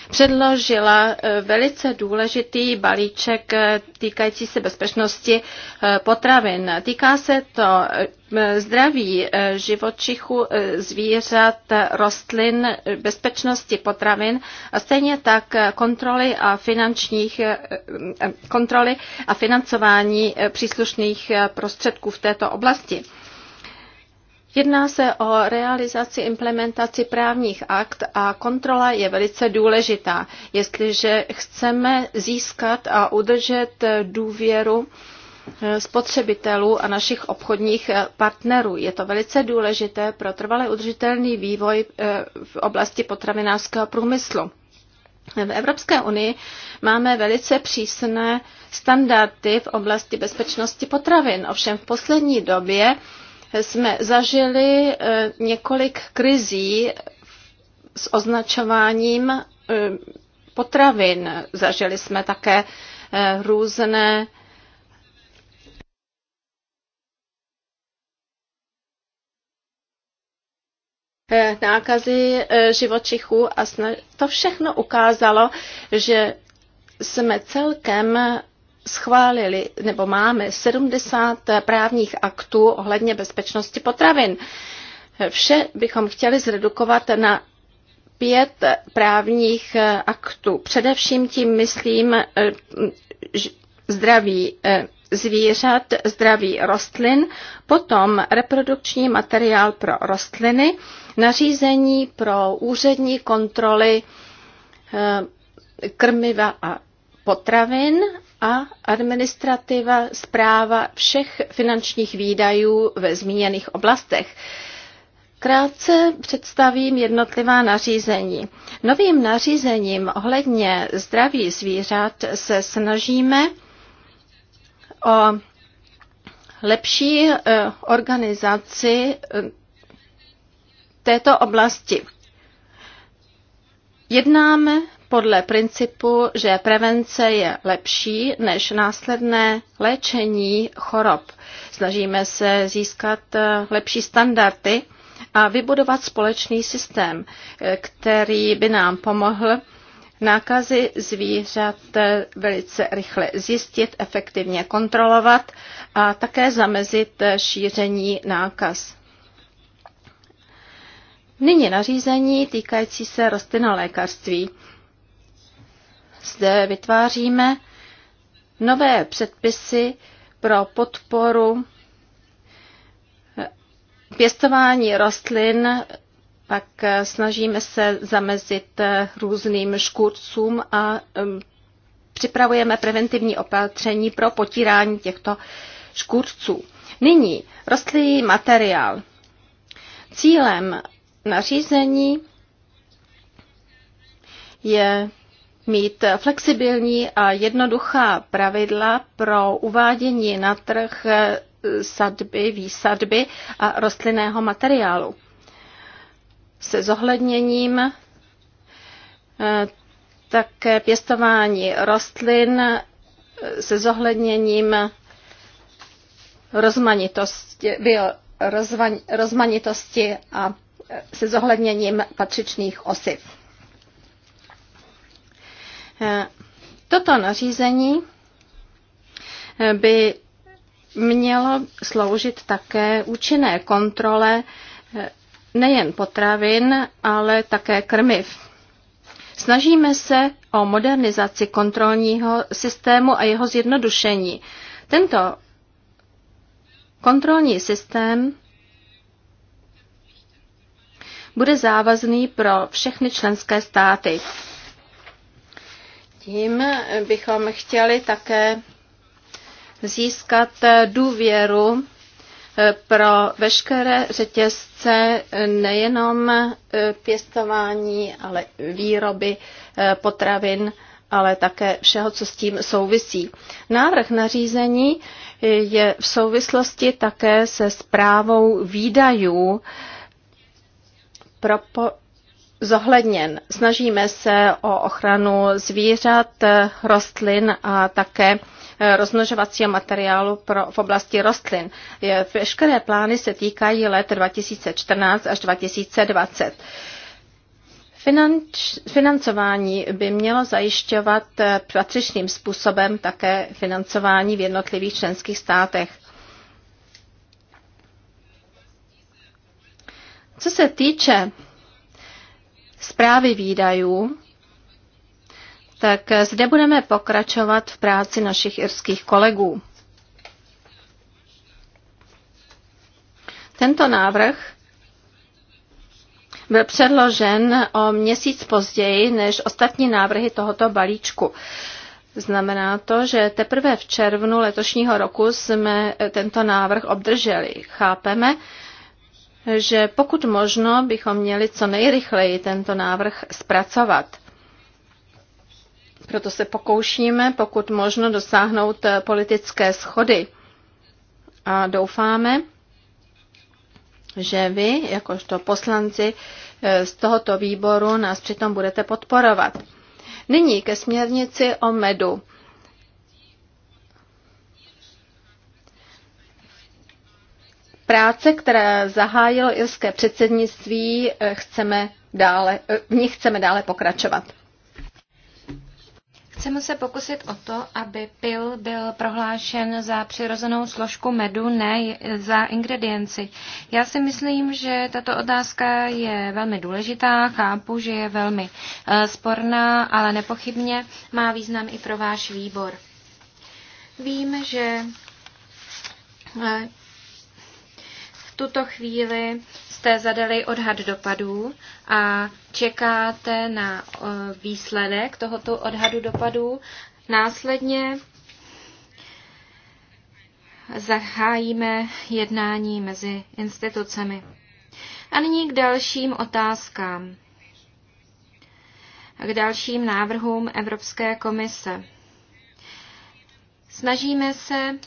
předložila eh, velice důležitý balíček eh, týkající se bezpečnosti eh, potravin. Týká se to zdraví živočichů, zvířat, rostlin, bezpečnosti potravin a stejně tak kontroly a finančních kontroly a financování příslušných prostředků v této oblasti. Jedná se o realizaci implementaci právních akt a kontrola je velice důležitá, jestliže chceme získat a udržet důvěru eh, spotřebitelů a našich obchodních eh, partnerů. Je to velice důležité pro trvalý udržitelný vývoj eh, v oblasti potravinářského průmyslu. V Evropské unii máme velice přísné standardy v oblasti bezpečnosti potravin. Ovšem v poslední době jsme zažili eh, několik krizí s označováním eh, potravin. Zažili jsme také eh, různé nákazy živočichů a to všechno ukázalo, že jsme celkem schválili nebo máme 70 právních aktů ohledně bezpečnosti potravin. Vše bychom chtěli zredukovat na pět právních aktů. Především tím myslím eh, zdraví eh, zvířat, zdraví rostlin, potom reprodukční materiál pro rostliny, nařízení pro úřední kontroly eh, krmiva a potravin a administrativa zpráva všech finančních výdajů ve zmíněných oblastech. Krátce představím jednotlivá nařízení. Novým nařízením ohledně zdraví zvířat se snažíme o lepší eh, organizaci eh, této oblasti. Jednáme podle principu, že prevence je lepší než následné léčení chorob. Snažíme se získat eh, lepší standardy a vybudovat společný systém, eh, který by nám pomohl nákazy zvířat eh, velice rychle zjistit, efektivně kontrolovat a také zamezit šíření nákaz. Nyní nařízení týkající se rostlinolékařství zde vytváříme nové předpisy pro podporu eh, pěstování rostlin, pak eh, snažíme se zamezit eh, různým škůdcům a připravujeme preventivní opatření pro potírání těchto škůdců. Nyní rostlinný materiál. Cílem nařízení je mít flexibilní a jednoduchá pravidla pro uvádění na trh sadby, výsadby a rostlinného materiálu. Se zohledněním eh, také pěstování rostlin eh, se zohledněním rozmanitosti, bio, rozvan, rozmanitosti a eh, se zohledněním patřičných osiv. Toto nařízení by mělo sloužit také účinné kontrole eh, nejen potravin, ale také krmiv. Snažíme se o modernizaci kontrolního systému a jeho zjednodušení. Tento kontrolní systém bude závazný pro všechny členské státy tím bychom chtěli také získat důvěru eh, pro veškeré řetězce eh, nejenom eh, pěstování, ale výroby potravin, ale také všeho, co s tím souvisí. Návrh nařízení je v souvislosti také se zprávou výdajů propo- zohledněn. Snažíme se o ochranu zvířat, rostlin a také eh, roznožovacího materiálu pro, v oblasti rostlin. Veškeré plány se týkají let 2014 až 2020. Finanč, financování by mělo zajišťovat eh, patřičným způsobem také financování v jednotlivých členských státech. Co se týče zprávy výdajů, tak zde budeme pokračovat v práci našich irských kolegů. Tento návrh byl předložen o měsíc později než ostatní návrhy tohoto balíčku. Znamená to, že teprve v červnu letošního roku jsme tento návrh obdrželi. Chápeme, že pokud možno bychom měli co nejrychleji tento návrh zpracovat. Proto se pokoušíme, pokud možno, dosáhnout eh, politické schody. A doufáme, že vy, jakožto poslanci eh, z tohoto výboru, nás přitom budete podporovat. Nyní ke směrnici o medu. práce, které zahájilo irské předsednictví, eh, chceme dále, eh, v nich chceme dále pokračovat. Chceme se pokusit o to, aby pil byl prohlášen za přirozenou složku medu, ne za ingredienci. Já si myslím, že tato otázka je velmi důležitá, chápu, že je velmi eh, sporná, ale nepochybně má význam i pro váš výbor. Vím, že tuto chvíli jste zadali odhad dopadů a čekáte na eh, výsledek tohoto odhadu dopadů. Následně zahájíme jednání mezi institucemi. A nyní k dalším otázkám, k dalším návrhům Evropské komise. Snažíme se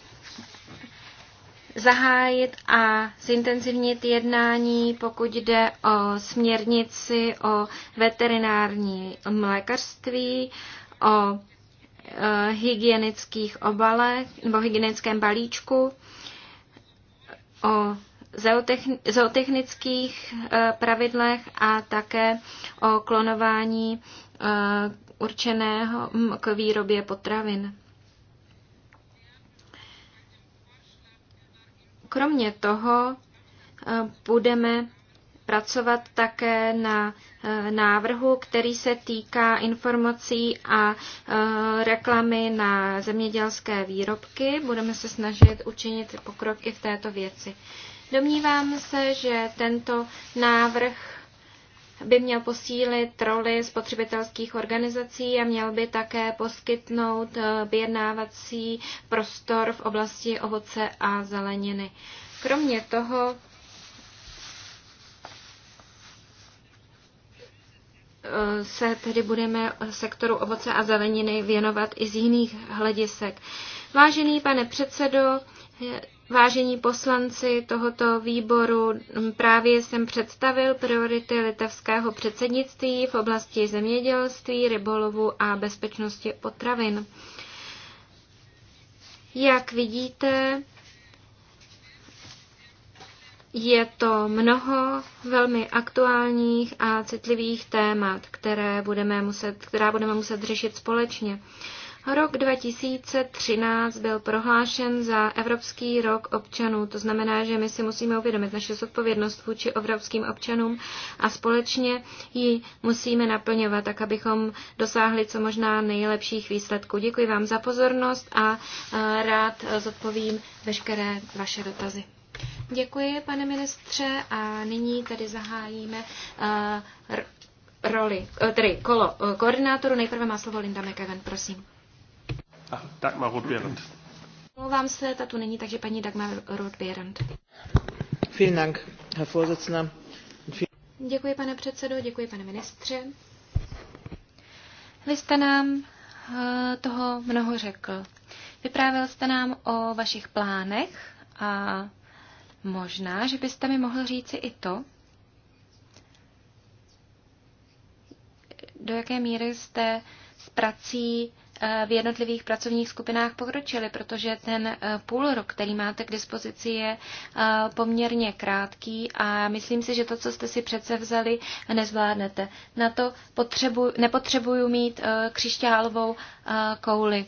zahájit a zintenzivnit jednání, pokud jde o směrnici o veterinární mlékařství, o eh, hygienických obalech nebo hygienickém balíčku, o zootechnických eh, pravidlech a také o klonování eh, určeného mm, k výrobě potravin. Kromě toho eh, budeme pracovat také na eh, návrhu, který se týká informací a eh, reklamy na zemědělské výrobky. Budeme se snažit učinit pokrok i v této věci. Domnívám se, že tento návrh by měl posílit roli spotřebitelských organizací a měl by také poskytnout eh, vyjednávací prostor v oblasti ovoce a zeleniny. Kromě toho eh, se tedy budeme sektoru ovoce a zeleniny věnovat i z jiných hledisek. Vážený pane předsedo, eh, Vážení poslanci tohoto výboru, právě jsem představil priority litevského předsednictví v oblasti zemědělství, rybolovu a bezpečnosti potravin. Jak vidíte, je to mnoho velmi aktuálních a citlivých témat, které budeme muset, která budeme muset řešit společně. Rok 2013 byl prohlášen za Evropský rok občanů. To znamená, že my si musíme uvědomit naše zodpovědnost vůči evropským občanům a společně ji musíme naplňovat, tak abychom dosáhli co možná nejlepších výsledků. Děkuji vám za pozornost a rád zodpovím veškeré vaše dotazy. Děkuji, pane ministře, a nyní tedy zahájíme roli, tedy kolo koordinátoru. Nejprve má slovo Linda McEwen, prosím. Ach, Dagmar Roth-Behrendt. se, ta tu není, takže paní Dagmar Roth-Behrendt. Vielen Dank, Herr Vorsitzender. Děkuji, pane předsedo, děkuji, pane ministře. Vy jste nám eh, toho mnoho řekl. Vyprávěl jste nám o vašich plánech a možná, že byste mi mohl říci i to, do jaké míry jste s prací Eh, v jednotlivých pracovních skupinách pokročili, protože ten eh, půl rok, který máte k dispozici, je eh, poměrně krátký a myslím si, že to, co jste si přece vzali, nezvládnete. Na to potřebuji, nepotřebuju mít křišťálovou kouli.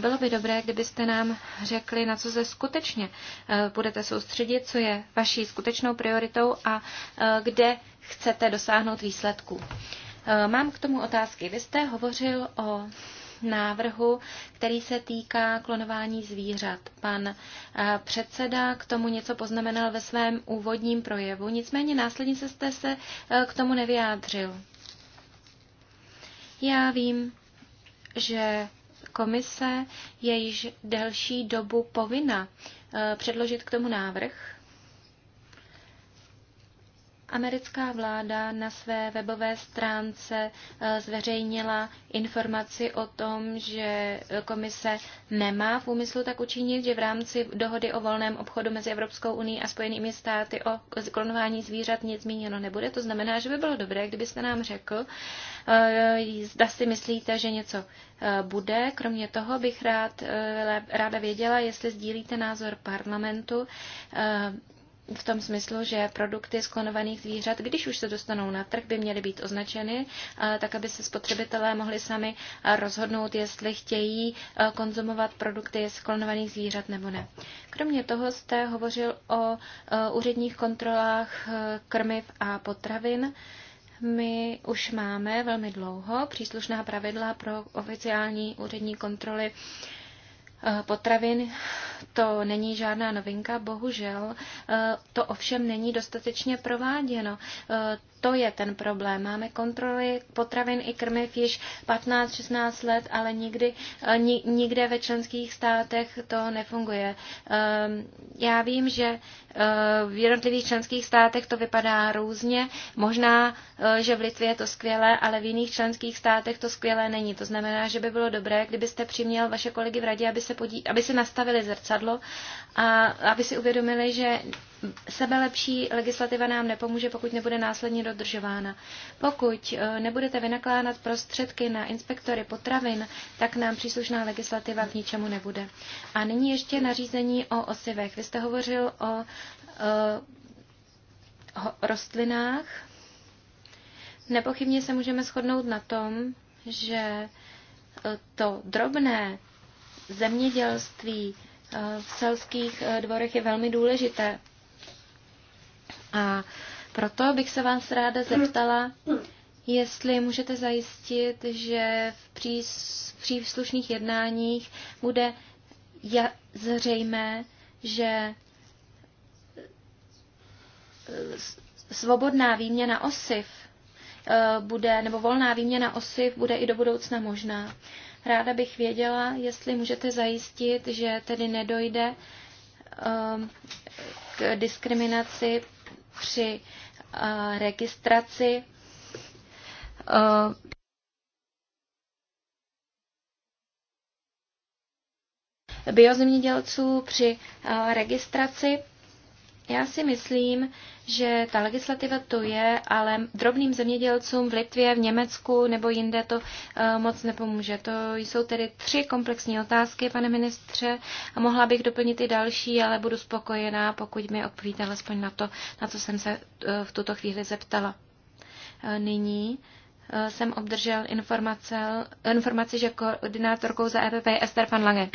Bylo by dobré, kdybyste nám řekli, na co se skutečně budete soustředit, co je vaší skutečnou prioritou a kde chcete dosáhnout výsledků. Mám k tomu otázky. Vy jste hovořil o návrhu, který se týká klonování zvířat. Pan eh, předseda k tomu něco poznamenal ve svém úvodním projevu, nicméně následně se jste se eh, k tomu nevyjádřil. Já vím, že komise je již delší dobu povinna eh, předložit k tomu návrh Americká vláda na své webové stránce eh, zveřejnila informaci o tom, že eh, komise nemá v úmyslu tak učinit, že v rámci dohody o volném obchodu mezi Evropskou unii a Spojenými státy o klonování zvířat nic zmíněno nebude. To znamená, že by bylo dobré, kdybyste nám řekl, eh, zda si myslíte, že něco bude. Kromě toho bych rád, ráda věděla, jestli sdílíte názor parlamentu v tom smyslu, že produkty z klonovaných zvířat, když už se dostanou na trh, by měly být označeny, tak aby se spotřebitelé mohli sami rozhodnout, jestli chtějí konzumovat produkty z klonovaných zvířat nebo ne. Kromě toho jste hovořil o úředních kontrolách krmiv a potravin. My už máme velmi dlouho příslušná pravidla pro oficiální úřední kontroly uh, Eh, potravin to není žádná novinka, bohužel eh, to ovšem není dostatečně prováděno. Eh, to je ten problém. Máme kontroly potravin i krmiv již 15-16 let, ale nikdy, eh, nikde ve členských státech to nefunguje. Eh, já vím, že eh, v jednotlivých členských státech to vypadá různě. Možná, že v Litvě je to skvělé, ale v jiných členských státech to skvělé není. To znamená, že by bylo dobré, kdybyste přiměl vaše kolegy v radě, aby se, podí, aby se nastavili zrcadlo a aby si uvědomili, že sebelepší legislativa nám nepomůže, pokud nebude následně dodržována. Pokud eh, nebudete vynakládat prostředky na inspektory potravin, tak nám příslušná legislativa k ničemu nebude. A nyní ještě nařízení o osivech. Vy jste hovořil o, eh, o rostlinách. Nepochybně se můžeme shodnout na tom, že eh, to drobné zemědělství v selských dvorech je velmi důležité. A proto bych se vás ráda zeptala, jestli můžete zajistit, že v příslušných jednáních bude zřejmé, že e, svobodná výměna osiv e, bude, nebo volná výměna osiv bude i do budoucna možná. Ráda bych věděla, jestli můžete zajistit, že tedy nedojde e, k diskriminaci při eh, registraci eh, biozemědělců při eh, registraci. Já si myslím, že ta legislativa tu je, ale drobným zemědělcům v Litvě, v Německu nebo jinde to eh, moc nepomůže. To jsou tedy tři komplexní otázky, pane ministře. Mohla bych doplnit i další, ale budu spokojená, pokud mi odpovíte alespoň na to, na co jsem se eh, v tuto chvíli zeptala. Eh, nyní jsem obdržel informace, informaci, že koordinátorkou za EPP je Ester van Lange.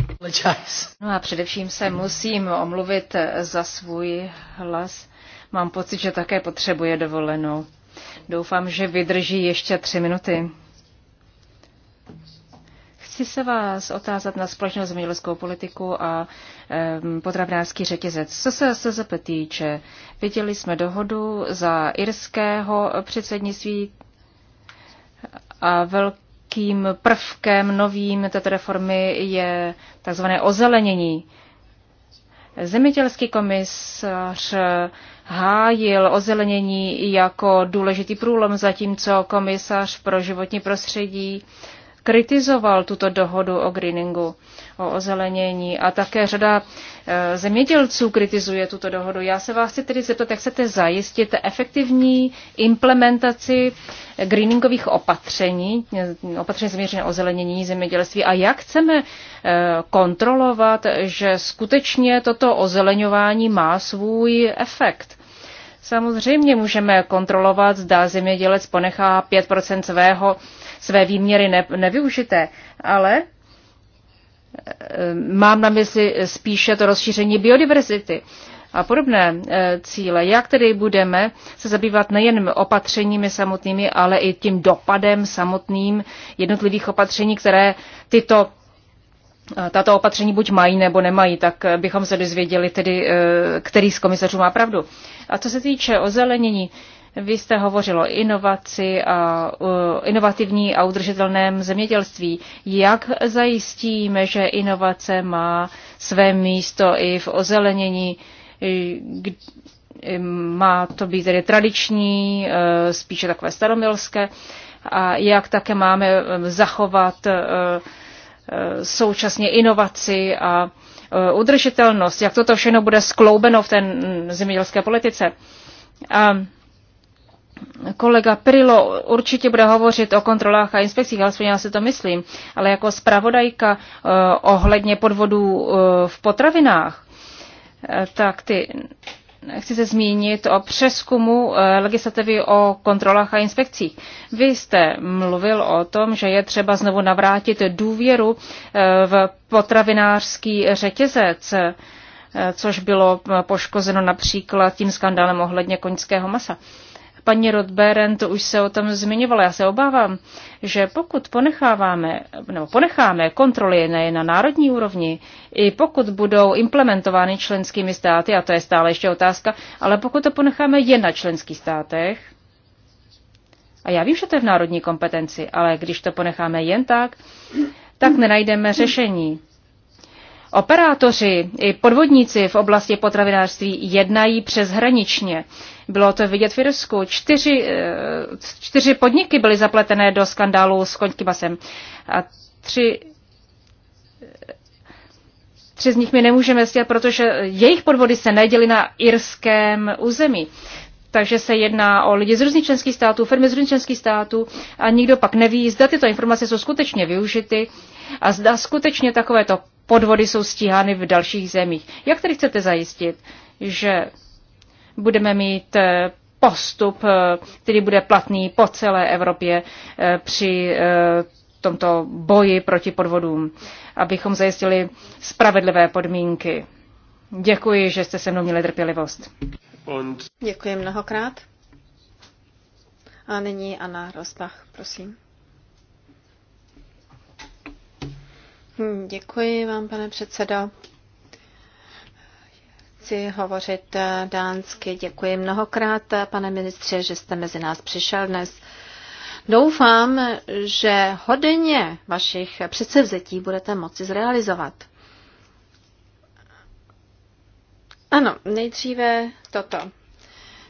No a především se musím omluvit za svůj hlas. Mám pocit, že také potřebuje dovolenou. Doufám, že vydrží ještě tři minuty. Chci se vás otázat na společnou zemědělskou politiku a um, potravinářský řetězec. Co se SZP týče, viděli jsme dohodu za irského předsednictví a velkým prvkem novým této reformy je tzv. ozelenění Zemědělský komisař hájil ozelenění jako důležitý průlom, zatímco komisař pro životní prostředí kritizoval tuto dohodu o greeningu, o ozelenění a také řada e, zemědělců kritizuje tuto dohodu. Já se vás chci tedy zeptat, jak chcete zajistit efektivní implementaci greeningových opatření, opatření zaměřené ozelenění zemědělství a jak chceme e, kontrolovat, že skutečně toto ozeleňování má svůj efekt. Samozřejmě můžeme kontrolovat, zda zemědělec ponechá 5% svého své výměry ne, nevyužité, ale eh, mám na mysli spíše to rozšíření biodiverzity a podobné eh, cíle. Jak tedy budeme se zabývat nejen opatřeními samotnými, ale i tím dopadem samotným jednotlivých opatření, které tyto eh, tato opatření buď mají nebo nemají, tak bychom se dozvěděli tedy, který z komisařů má pravdu. A co se týče ozelenění, vy jste hovořil o inovaci a o inovativní a udržitelném zemědělství. Jak zajistíme, že inovace má své místo i v ozelenění? Má to být tedy tradiční, e, spíše takové staromilské? A jak také máme e, zachovat e, současně inovaci a udržitelnost? Jak toto všechno bude skloubeno v té zemědělské politice? A kolega Prilo určitě bude hovořit o kontrolách a inspekcích, alespoň já si to myslím, ale jako zpravodajka eh, ohledně podvodů eh, v potravinách, eh, tak ty chci se zmínit o přeskumu legislativy o kontrolách a inspekcích. Vy jste mluvil o tom, že je třeba znovu navrátit důvěru v potravinářský řetězec, což bylo poškozeno například tím skandálem ohledně koňského masa. Paní to už se o tom zmiňovala. Já se obávám, že pokud ponecháváme, nebo ponecháme kontroly nejen na národní úrovni, i pokud budou implementovány členskými státy, a to je stále ještě otázka, ale pokud to ponecháme jen na členských státech, a já vím, že to je v národní kompetenci, ale když to ponecháme jen tak, tak nenajdeme řešení. Operátoři i podvodníci v oblasti potravinářství jednají přeshraničně. Bylo to vidět v Irsku. Čtyři, eh, čtyři podniky byly zapletené do skandálu s koňským masem. A tři Tři z nich my nemůžeme stěhat, protože jejich podvody se neděly na irském území. Takže se jedná o lidi z různých členských států, firmy z různých členských států a nikdo pak neví, zda tyto informace jsou skutečně využity a zda skutečně takovéto podvody jsou stíhány v dalších zemích. Jak tedy chcete zajistit, že budeme mít eh, postup, eh, který bude platný po celé Evropě eh, při tomto boji proti podvodům, abychom zajistili spravedlivé podmínky. Děkuji, že jste se mnou měli trpělivost. Děkuji mnohokrát. A nyní Anna Rosbach, prosím. Hm, děkuji vám, pane předsedo chci hovořit eh, dánsky. Děkuji mnohokrát, eh, pane ministře, že jste mezi nás přišel dnes. Doufám, že hodně vašich předsevzetí budete moci zrealizovat. Ano, nejdříve toto.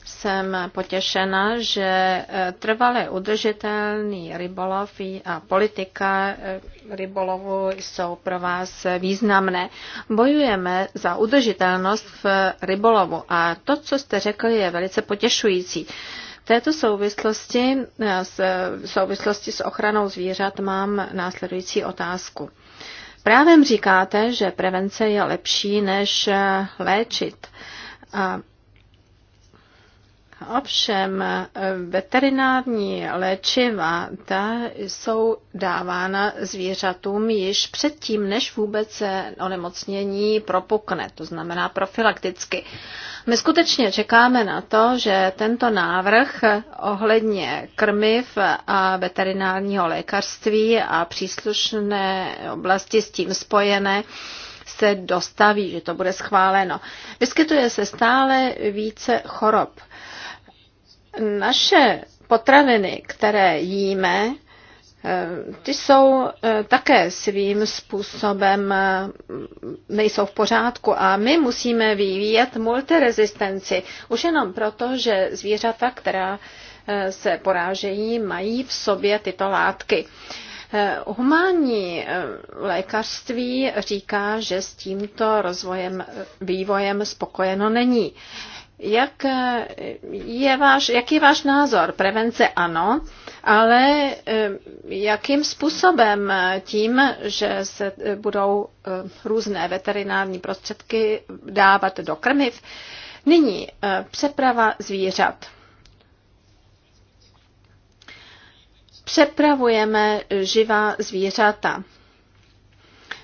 Jsem potěšena, že eh, trvale udržitelný rybolov a politika eh, rybolovu jsou pro vás významné. Bojujeme za udržitelnost v rybolovu a to, co jste řekl, je velice potěšující této souvislosti, eh, v souvislosti s ochranou zvířat mám následující otázku. Právem říkáte, že prevence je lepší než léčit. A Ovšem eh, veterinární léčiva ta jsou dávána zvířatům již předtím, než vůbec se onemocnění propukne, to znamená profilakticky. My skutečně čekáme na to, že tento návrh ohledně krmiv a veterinárního lékařství a příslušné oblasti s tím spojené se dostaví, že to bude schváleno. Vyskytuje se stále více chorob naše potraviny, které jíme, eh, ty jsou eh, také svým způsobem eh, nejsou v pořádku a my musíme vyvíjet multirezistenci. Už jenom proto, že zvířata, která se porážejí, mají v sobě tyto látky. Humánní lékařství říká, že s tímto rozvojem, vývojem spokojeno není. Jak eh, je váš, jaký je váš názor? Prevence ano, ale eh, jakým způsobem eh, tím, že se budou různé veterinární prostředky dávat do krmiv? Nyní přeprava zvířat. Přepravujeme živá zvířata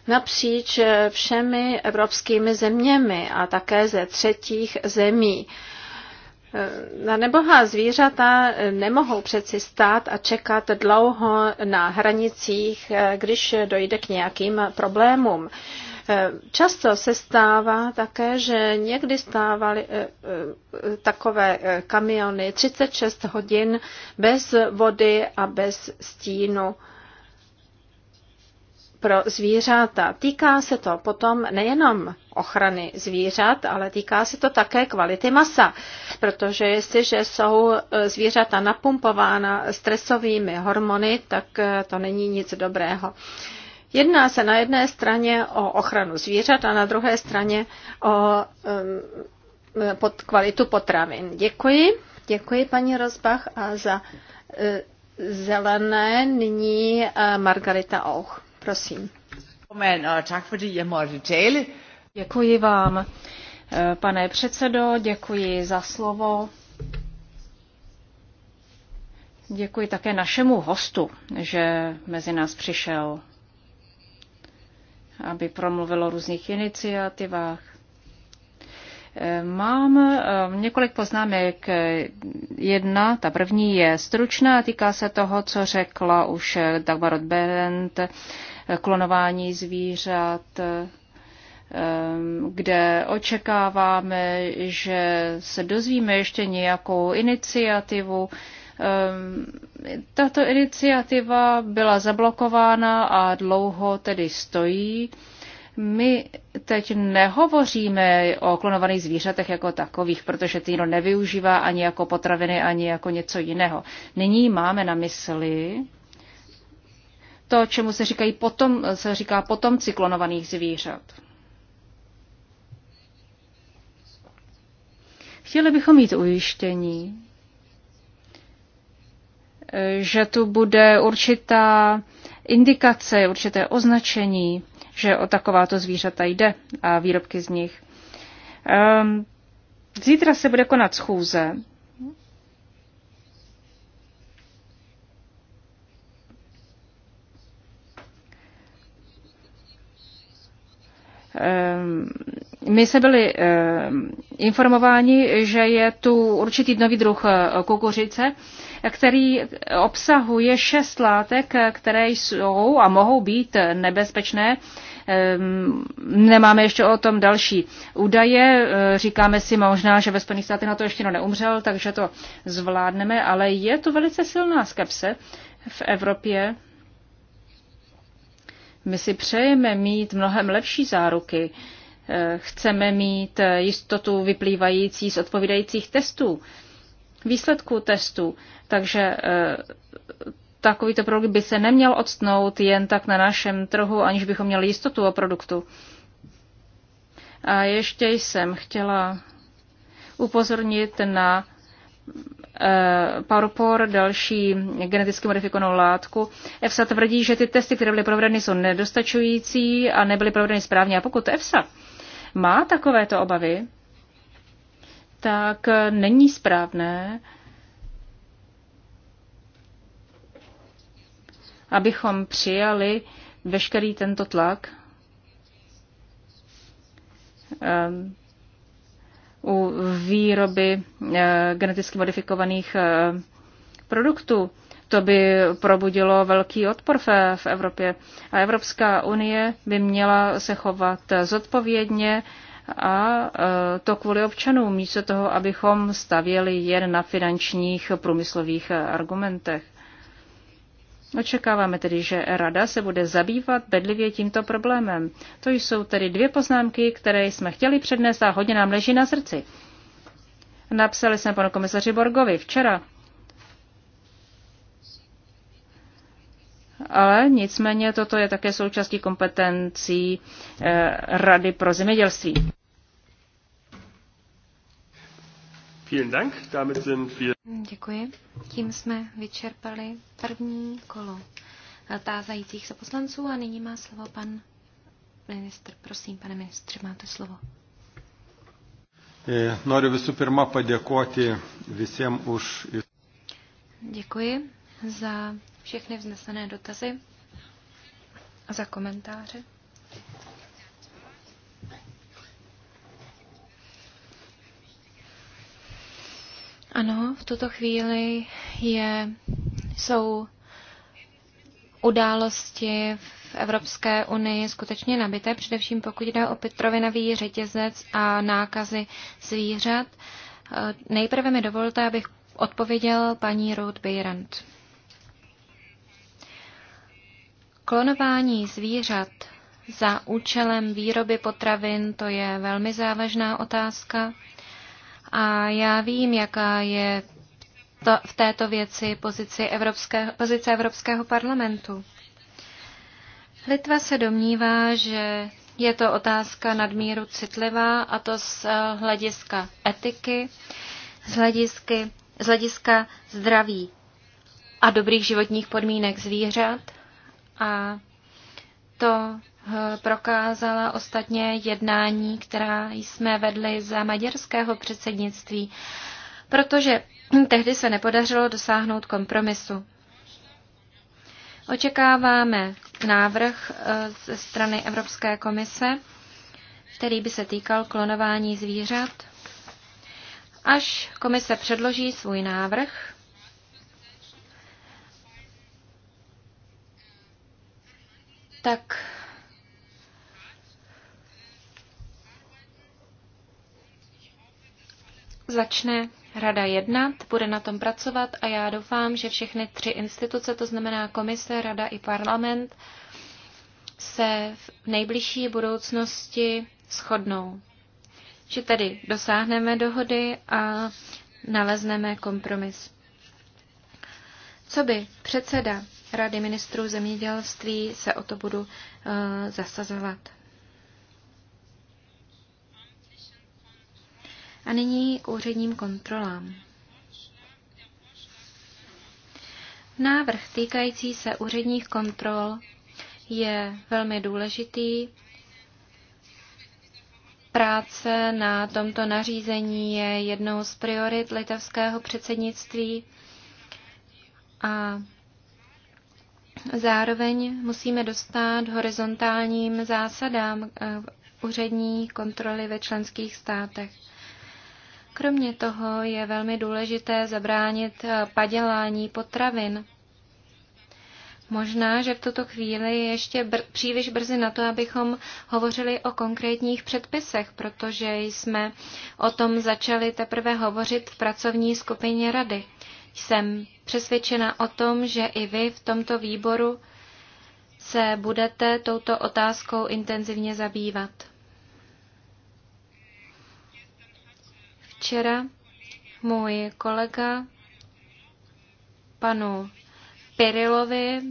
napříč eh, všemi evropskými zeměmi a také ze třetích zemí. Eh, na nebohá zvířata eh, nemohou přeci stát a čekat dlouho na hranicích, když dojde k nějakým problémům. Často se stává také, že někdy stávaly takové kamiony 36 hodin bez vody a bez stínu pro zvířata. Týká se to potom nejenom ochrany zvířat, ale týká se to také kvality masa, protože jestliže jsou e, zvířata napumpována stresovými hormony, tak e, to není nic dobrého. Jedná se na jedné straně o ochranu zvířat a na druhé straně o um, pod kvalitu potravin. Děkuji. Děkuji paní Rozbach a za uh, zelené nyní uh, Margarita Auch. Prosím. Děkuji vám, eh, pane předsedo, děkuji za slovo. Děkuji také našemu hostu, že mezi nás přišel, aby promluvil o různých iniciativách. Eh, mám eh, několik poznámek. Jedna, ta první je stručná, týká se toho, co řekla už Dagmarot Berendt klonování zvířat, ehm, kde očekáváme, že se dozvíme ještě nějakou iniciativu. Ehm, tato iniciativa byla zablokována a dlouho tedy stojí. My teď nehovoříme o klonovaných zvířatech jako takových, protože ty nevyužívá ani jako potraviny, ani jako něco jiného. Nyní máme na mysli to, čemu se, říkají potom, se říká potom cyklonovaných zvířat. Chtěli bychom mít ujištění, že tu bude určitá indikace, určité označení, že o takováto zvířata jde a výrobky z nich. Ehm, zítra se bude konat schůze Ehm, my jsme byli ehm, informováni, že je tu určitý nový druh eh, kukuřice, který obsahuje šest látek, které jsou a mohou být nebezpečné. Ehm, nemáme ještě o tom další údaje. Eh, říkáme si možná, že ve Spojených státech na to ještě neumřel, takže to zvládneme, ale je to velice silná skepse v Evropě my si přejeme mít mnohem lepší záruky. Eh, chceme mít eh, jistotu vyplývající z odpovídajících testů, výsledků testů. Takže eh, takovýto produkt by se neměl odstnout jen tak na našem trhu, aniž bychom měli jistotu o produktu. A ještě jsem chtěla upozornit na Eh, Parpor, další geneticky modifikovanou látku. EFSA tvrdí, že ty testy, které byly provedeny, jsou nedostačující a nebyly provedeny správně. A pokud EFSA má takovéto obavy, tak není správné, abychom přijali veškerý tento tlak ehm, u výroby eh, geneticky modifikovaných eh, produktů. To by probudilo velký odpor v Evropě. A Evropská unie by měla se chovat zodpovědně a eh, to kvůli občanům, místo toho, abychom stavěli jen na finančních průmyslových argumentech. Očekáváme tedy, že Rada se bude zabývat bedlivě tímto problémem. To jsou tedy dvě poznámky, které jsme chtěli přednést a hodně nám leží na srdci. Napsali jsme panu komisaři Borgovi včera. Ale nicméně toto je také součástí kompetencí eh, Rady pro zemědělství. Vielen Dank. Damit sind wir Děkuji. Tím jsme vyčerpali první kolo tázajících se poslanců a nyní má slovo pan ministr. Prosím, pane ministře, máte slovo. E, noriu visų pirma padėkoti visiems už. Děkuji za všechny vznesené dotazy a za komentáře. Ano, v tuto chvíli je, jsou události v Evropské unii skutečně nabité, především pokud jde o pitrovinový řetězec a nákazy zvířat. Nejprve mi dovolte, abych odpověděl paní Ruth Beirant. Klonování zvířat za účelem výroby potravin, to je velmi závažná otázka. A já vím, jaká je to, v této věci pozici Evropské, pozice Evropského parlamentu. Litva se domnívá, že je to otázka nadmíru citlivá, a to z eh, hlediska etiky, z, hledisky, z hlediska zdraví a dobrých životních podmínek zvířat. A to Eh, prokázala ostatně jednání, která jsme vedli za maďarského předsednictví, protože tehdy se nepodařilo dosáhnout kompromisu. Očekáváme návrh eh, ze strany Evropské komise, který by se týkal klonování zvířat. Až komise předloží svůj návrh, tak začne Rada jednat, bude na tom pracovat a já doufám, že všechny tři instituce, to znamená komise, Rada i parlament, se v nejbližší budoucnosti shodnou. Že tedy dosáhneme dohody a nalezneme kompromis. Co by předseda Rady ministrů zemědělství se o to budu uh, zasazovat. A nyní k úředním kontrolám. Návrh týkající se úředních kontrol je velmi důležitý. Práce na tomto nařízení je jednou z priorit litevského předsednictví a zároveň musíme dostat horizontálním zásadám eh, úřední kontroly ve členských státech. Kromě toho je velmi důležité zabránit eh, padělání potravin. Možná, že v tuto chvíli je ještě br- příliš brzy na to, abychom hovořili o konkrétních předpisech, protože jsme o tom začali teprve hovořit v pracovní skupině rady. Jsem přesvědčena o tom, že i vy v tomto výboru se budete touto otázkou intenzivně zabývat. Včera můj kolega panu Pirilovi,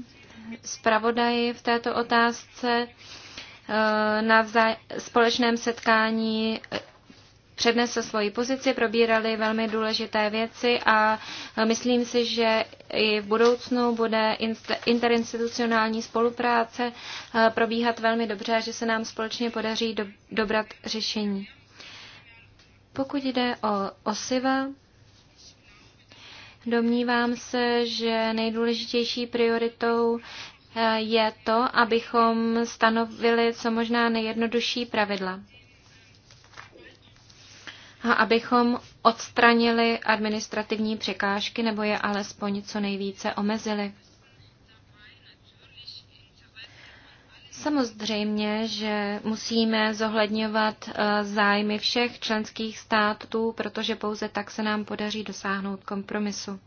zpravodaji v této otázce, eh, na společném setkání eh, přednesl svoji pozici, probírali velmi důležité věci a eh, myslím si, že i v budoucnu bude interinstitucionální spolupráce probíhat velmi dobře a že se nám společně podaří dobrat řešení. Pokud jde o osiva, domnívám se, že nejdůležitější prioritou eh, je to, abychom stanovili co možná nejjednodušší pravidla a abychom odstranili administrativní překážky nebo je alespoň co nejvíce omezili. Samozřejmě, že musíme zohledňovat eh, zájmy všech členských států, protože pouze tak se nám podaří dosáhnout kompromisu.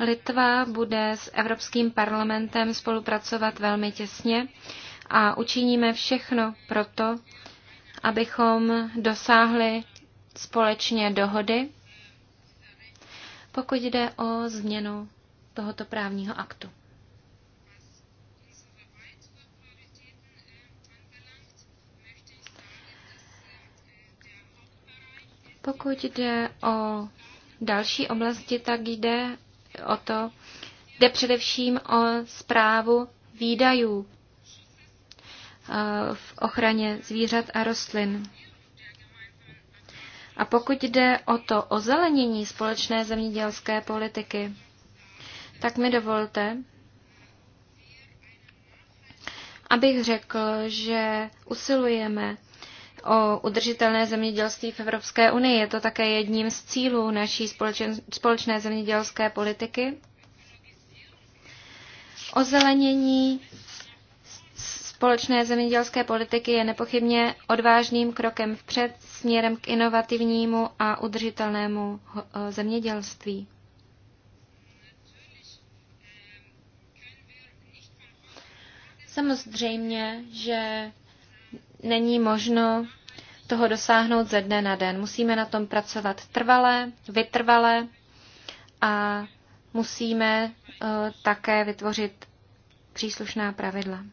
Litva bude s Evropským parlamentem spolupracovat velmi těsně a učiníme všechno proto, abychom dosáhli společně dohody, pokud jde o změnu tohoto právního aktu. Pokud jde o další oblasti, tak jde o to, jde především o zprávu výdajů eh, v ochraně zvířat a rostlin. A pokud jde o to ozelenění společné zemědělské politiky, tak mi dovolte, abych řekl, že usilujeme o udržitelné zemědělství v Evropské unii. Je to také jedním z cílů naší společné zemědělské politiky. Ozelenění společné zemědělské politiky je nepochybně odvážným krokem vpřed směrem k inovativnímu a udržitelnému eh, zemědělství. Samozřejmě, že není možno toho dosáhnout ze dne na den. Musíme na tom pracovat trvale, vytrvale a musíme eh, také vytvořit příslušná pravidla.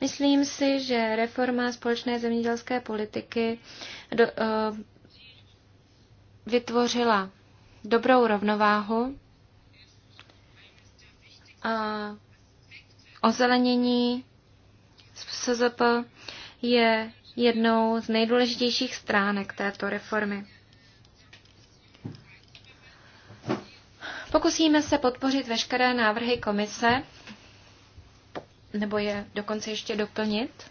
Myslím si, že reforma společné zemědělské politiky do, uh, vytvořila dobrou rovnováhu a ozelenění SZP je jednou z nejdůležitějších stránek této reformy. Pokusíme se podpořit veškeré návrhy komise, nebo je dokonce ještě doplnit.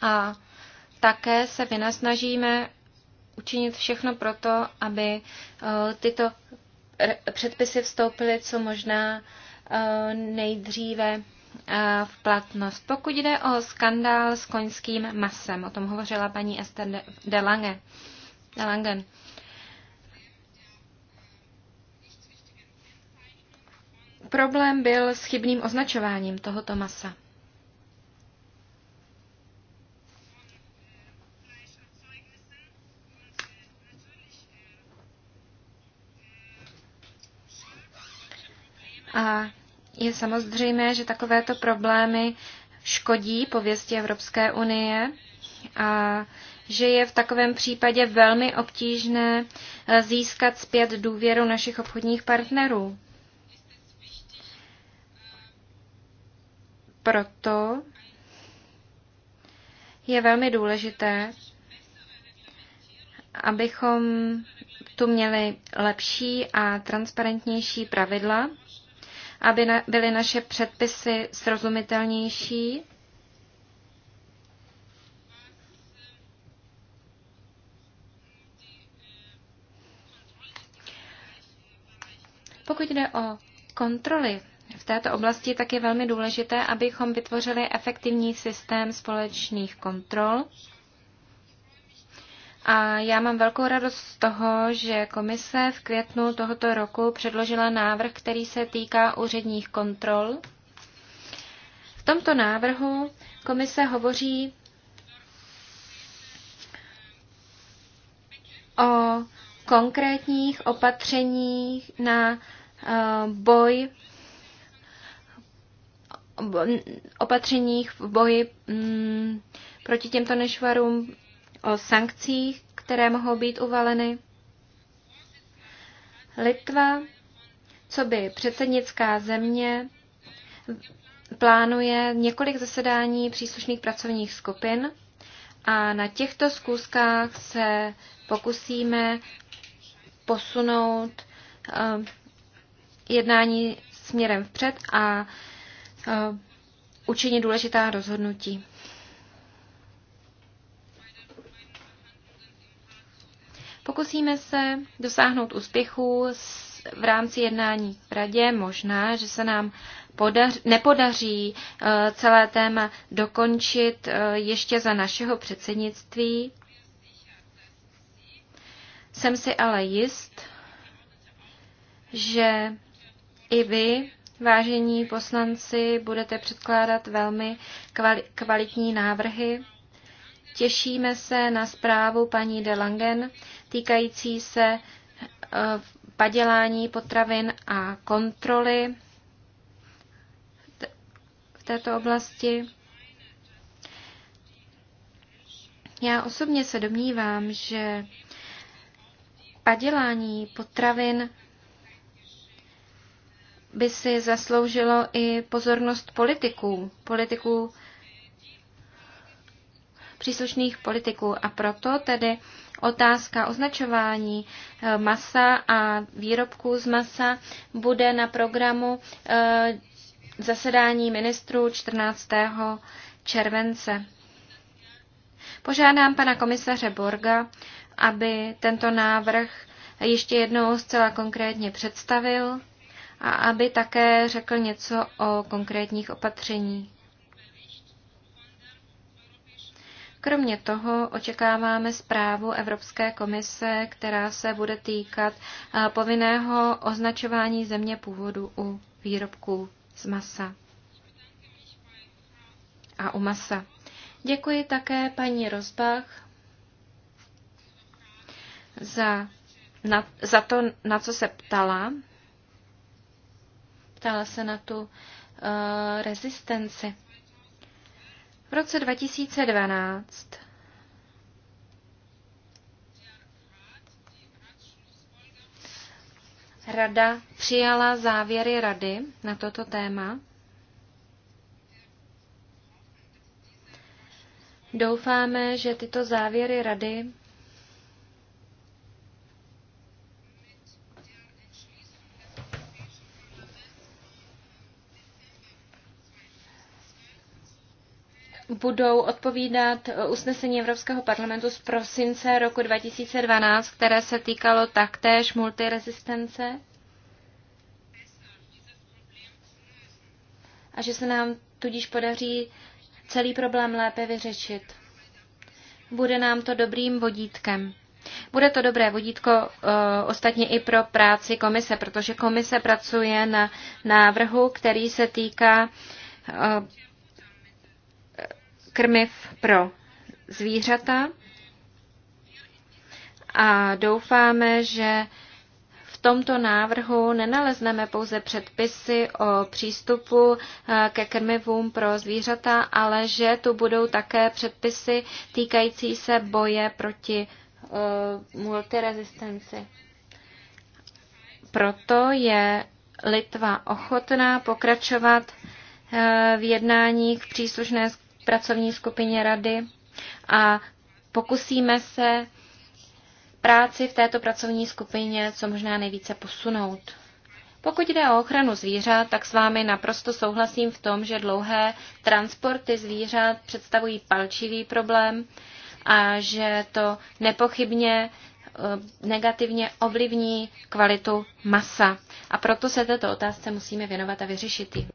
A také se vynasnažíme učinit všechno proto, aby eh, tyto předpisy vstoupily co možná eh, nejdříve eh, v platnost. Pokud jde o skandál s koňským masem, o tom hovořila paní Esther de Lange. De Langen. Problém byl s chybným označováním tohoto masa. A je samozřejmé, že takovéto problémy škodí pověsti Evropské unie a že je v takovém případě velmi obtížné eh, získat zpět důvěru našich obchodních partnerů. Proto je velmi důležité, abychom tu měli lepší a transparentnější pravidla aby na, byly naše předpisy srozumitelnější. Pokud jde o kontroly v této oblasti, tak je velmi důležité, abychom vytvořili efektivní systém společných kontrol. A já mám velkou radost z toho, že komise v květnu tohoto roku předložila návrh, který se týká úředních kontrol. V tomto návrhu komise hovoří o konkrétních opatřeních na eh, boj opatřeních v boji mm, proti těmto nešvarům o sankcích, které mohou být uvaleny. Litva, co by předsednická země, plánuje několik zasedání příslušných pracovních skupin a na těchto zkouškách se pokusíme posunout eh, jednání směrem vpřed a eh, učinit důležitá rozhodnutí. Pokusíme se dosáhnout úspěchu v rámci jednání v radě. Možná, že se nám podař, nepodaří eh, celé téma dokončit eh, ještě za našeho předsednictví. Jsem si ale jist, že i vy, vážení poslanci, budete předkládat velmi kvalitní návrhy. Těšíme se na zprávu paní de Langen, týkající se eh, padělání potravin a kontroly v této oblasti. Já osobně se domnívám, že padělání potravin by si zasloužilo i pozornost politiků, politiků příslušných politiků. A proto tedy otázka označování eh, masa a výrobků z masa bude na programu eh, zasedání ministrů 14. července. Požádám pana komisaře Borga, aby tento návrh ještě jednou zcela konkrétně představil a aby také řekl něco o konkrétních opatření. Kromě toho očekáváme zprávu Evropské komise, která se bude týkat povinného označování země původu u výrobků z masa a u masa. Děkuji také paní Rozbach za, na, za to, na co se ptala. Ptala se na tu uh, rezistenci. V roce 2012 Rada přijala závěry Rady na toto téma. Doufáme, že tyto závěry Rady budou odpovídat eh, usnesení Evropského parlamentu z prosince roku 2012, které se týkalo taktéž multiresistence. A že se nám tudíž podaří celý problém lépe vyřešit. Bude nám to dobrým vodítkem. Bude to dobré vodítko e, ostatně i pro práci komise, protože komise pracuje na návrhu, který se týká e, krmiv pro zvířata a doufáme, že v tomto návrhu nenalezneme pouze předpisy o přístupu eh, ke krmivům pro zvířata, ale že tu budou také předpisy týkající se boje proti eh, multirezistenci. Proto je Litva ochotná pokračovat eh, v jednáních příslušné pracovní skupině rady a pokusíme se práci v této pracovní skupině co možná nejvíce posunout. Pokud jde o ochranu zvířat, tak s vámi naprosto souhlasím v tom, že dlouhé transporty zvířat představují palčivý problém a že to nepochybně eh, negativně ovlivní kvalitu masa. A proto se této otázce musíme věnovat a vyřešit ji.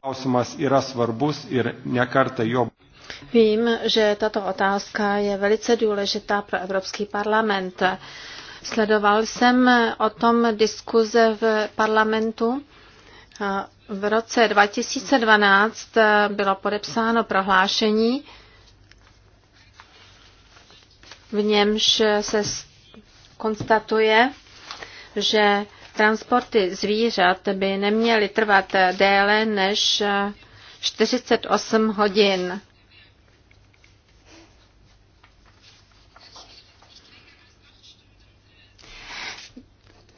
Vím, že tato otázka je velice důležitá pro Evropský parlament. Sledoval jsem o tom diskuze v parlamentu. V roce 2012 bylo podepsáno prohlášení, v němž se konstatuje, že transporty zvířat by neměly trvat déle než 48 hodin.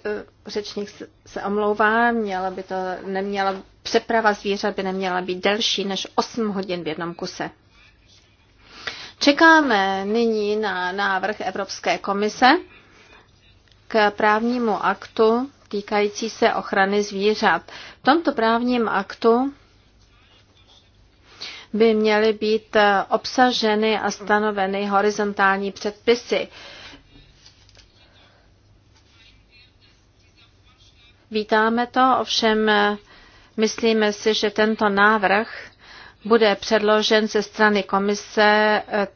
Eh, řečník se omlouvá, měla by to, neměla, přeprava zvířat by neměla být delší než 8 hodin v jednom kuse. Čekáme nyní na návrh Evropské komise k právnímu aktu týkající se ochrany zvířat. V tomto právním aktu by měly být eh, obsaženy a stanoveny horizontální předpisy. Vítáme to, ovšem eh, myslíme si, že tento návrh bude předložen ze strany komise eh,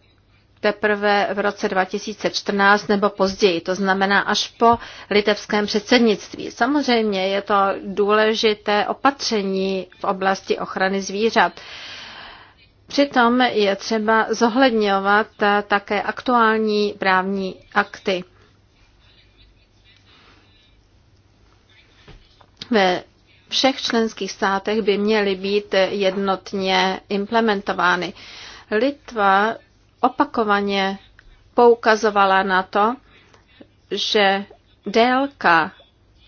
teprve v roce 2014 nebo později, to znamená až po litevském předsednictví. Samozřejmě je to důležité opatření v oblasti ochrany zvířat. Přitom je třeba zohledňovat eh, také aktuální právní akty. ve všech členských státech by měly být jednotně implementovány. Litva opakovaně poukazovala na to, že délka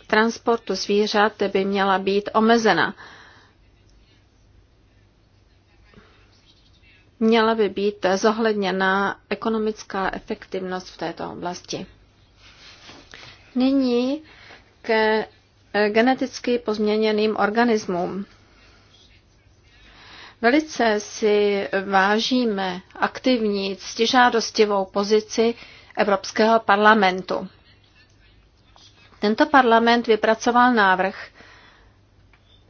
transportu zvířat by měla být omezena. Měla by být zohledněna ekonomická efektivnost v této oblasti. Nyní ke Eh, geneticky pozměněným organismům. Velice si vážíme aktivní, ctižádostivou pozici Evropského parlamentu. Tento parlament vypracoval návrh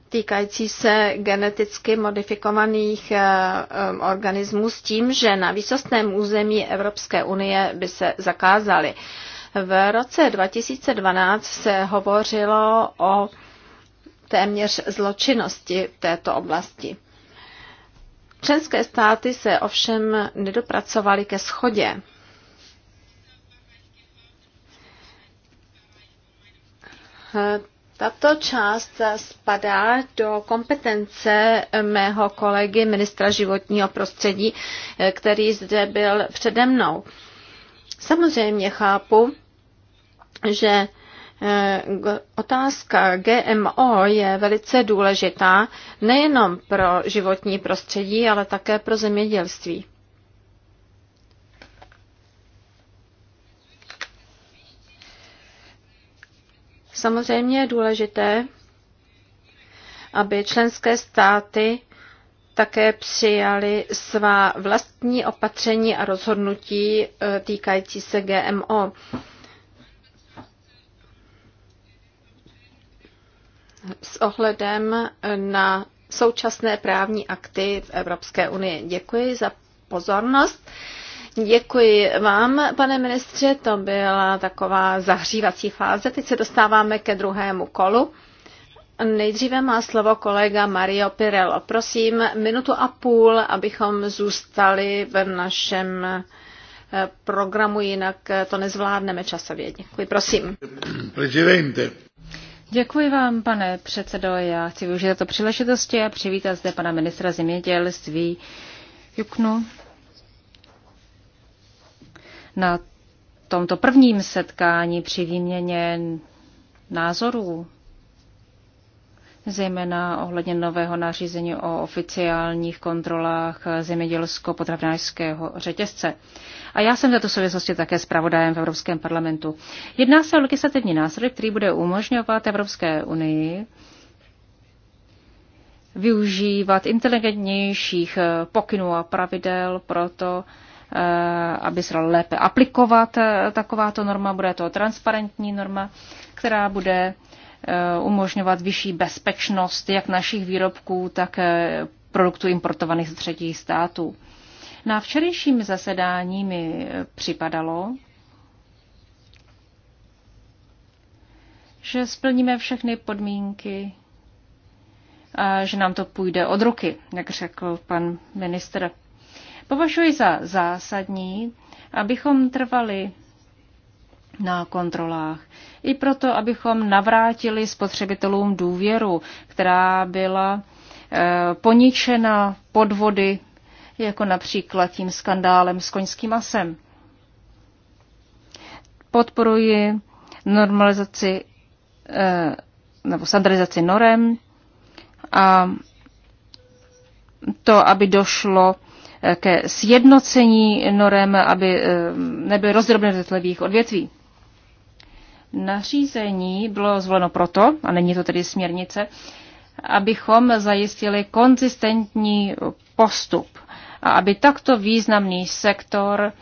týkající se geneticky modifikovaných eh, eh, organismů s tím, že na výsostném území Evropské unie by se zakázaly. V roce 2012 se hovořilo o téměř zločinnosti v této oblasti. Členské státy se ovšem nedopracovaly ke schodě. Tato část spadá do kompetence mého kolegy ministra životního prostředí, který zde byl přede mnou. Samozřejmě chápu, že eh, Otázka GMO je velice důležitá nejenom pro životní prostředí, ale také pro zemědělství. Samozřejmě je důležité, aby členské státy také přijali svá vlastní opatření a rozhodnutí eh, týkající se GMO. s ohledem na současné právní akty v Evropské unii. Děkuji za pozornost. Děkuji vám, pane ministře, to byla taková zahřívací fáze. Teď se dostáváme ke druhému kolu. Nejdříve má slovo kolega Mario Pirello. Prosím, minutu a půl, abychom zůstali v našem eh, programu, jinak to nezvládneme časově. Děkuji, prosím. Prezidente. Děkuji vám, pane předsedo. Já chci využít to příležitosti a přivítat zde pana ministra zemědělství Juknu na tomto prvním setkání při výměně názorů zejména ohledně nového nařízení o oficiálních kontrolách zemědělsko-potravinářského řetězce. A já jsem v této souvislosti také zpravodajem v Evropském parlamentu. Jedná se o legislativní nástroj, který bude umožňovat Evropské unii využívat inteligentnějších pokynů a pravidel pro to, eh, aby se lépe aplikovat eh, takováto norma. Bude to transparentní norma, která bude Eh, umožňovat vyšší bezpečnost jak našich výrobků, tak eh, produktů importovaných z třetích států. Na včerejším zasedání mi eh, připadalo, že splníme všechny podmínky a že nám to půjde od ruky, jak řekl pan ministr. Považuji za zásadní, abychom trvali na kontrolách. I proto, abychom navrátili spotřebitelům důvěru, která byla eh, poničena podvody, jako například tím skandálem s koňským masem. Podporuji normalizaci eh, nebo standardizaci norem a to, aby došlo eh, ke sjednocení norem, aby nebyly rozdrobné v odvětví nařízení bylo zvoleno proto, a není to tedy směrnice, abychom zajistili konzistentní postup a aby takto významný sektor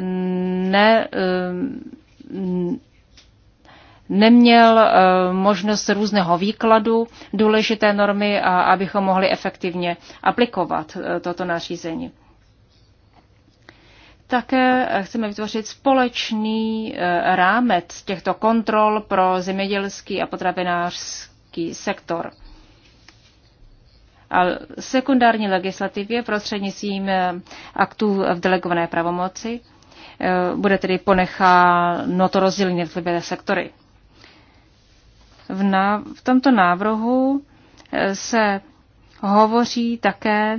ne, eh, neměl eh, možnost různého výkladu důležité normy a abychom mohli efektivně aplikovat eh, toto nařízení. Také chceme vytvořit společný eh, rámec těchto kontrol pro zemědělský a potravinářský sektor. A sekundární legislativě prostřednictvím eh, aktů v delegované pravomoci eh, bude tedy ponecháno to rozdělení jednotlivé sektory. V, na, v tomto návrhu se hovoří také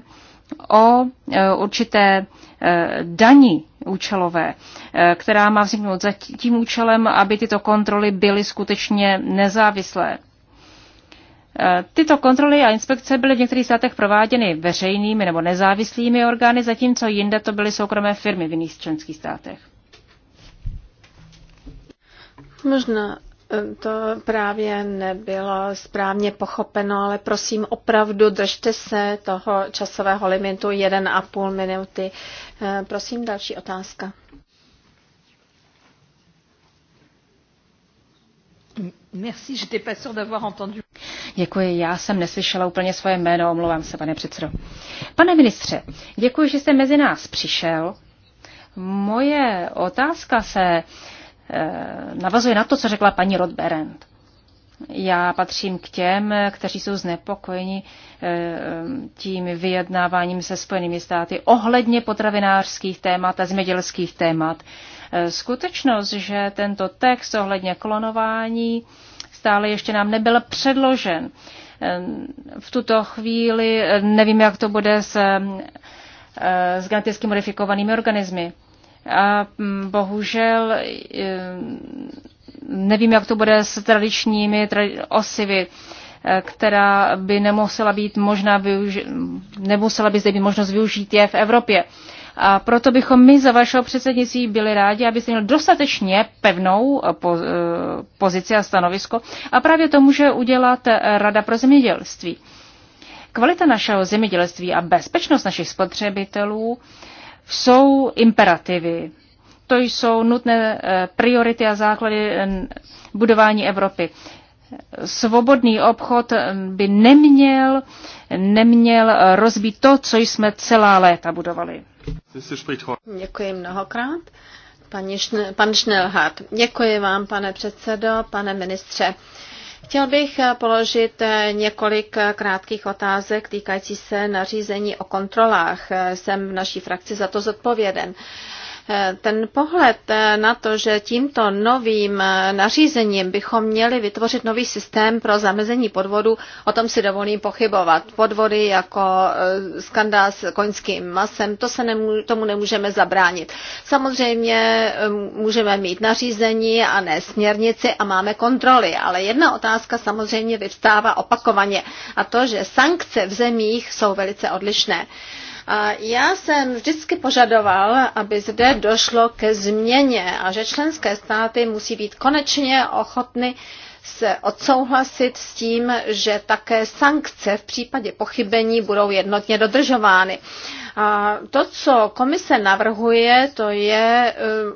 o e, určité e, daní účelové, e, která má vzniknout za tím účelem, aby tyto kontroly byly skutečně nezávislé. Tyto kontroly a inspekce byly v některých státech prováděny veřejnými nebo nezávislými orgány, zatímco jinde to byly soukromé firmy v jiných členských státech. Možná to právě nebylo správně pochopeno, ale prosím opravdu držte se toho časového limitu 1,5 minuty. Eh, prosím, další otázka. Merci, j'étais pas d'avoir entendu. Děkuji, já jsem neslyšela úplně svoje jméno, omlouvám se, pane předsedo. Pane ministře, děkuji, že jste mezi nás přišel. Moje otázka se uh, Eh, navazuje na to, co řekla paní Rodberend. Já patřím k těm, kteří jsou znepokojeni eh, tím vyjednáváním se Spojenými státy ohledně potravinářských témat a zemědělských témat. Eh, skutečnost, že tento text ohledně klonování stále ještě nám nebyl předložen. V tuto chvíli nevím, jak to bude s, s geneticky modifikovanými organismy. A mm, bohužel eh, nevím, jak to bude s tradičními osivy eh, která by nemusela být možná využi- nemusela by zde být možnost využít je v Evropě. A proto bychom my za vašeho předsednictví byli rádi, abyste měl dostatečně pevnou eh, po- pozici a stanovisko. A právě to může udělat Rada pro zemědělství. Kvalita našeho zemědělství a bezpečnost našich spotřebitelů jsou imperativy. To jsou nutné eh, priority a základy eh, budování Evropy. Svobodný obchod eh, by neměl, neměl rozbít to, co jsme celá léta budovali. Děkuji mnohokrát. pan Schnellhardt, děkuji vám, pane předsedo, pane ministře. Chtěl bych eh, položit eh, několik eh, krátkých otázek týkající se nařízení o kontrolách. Jsem v naší frakci za to zodpověden. Eh, ten pohled eh, na to, že tímto novým eh, nařízením bychom měli vytvořit nový systém pro zamezení podvodu, o tom si dovolím pochybovat. Podvody jako skandál s koňským masem, to se nemů- tomu nemůžeme zabránit. Samozřejmě můžeme mít nařízení a ne směrnici a máme kontroly, ale jedna otázka samozřejmě vyvstává opakovaně a to, že sankce v zemích jsou velice odlišné. A já jsem vždycky požadoval, aby zde došlo ke změně a že členské státy musí být konečně ochotny se odsouhlasit s tím, že také sankce v případě pochybení budou jednotně dodržovány. A to, co komise navrhuje, to je eh,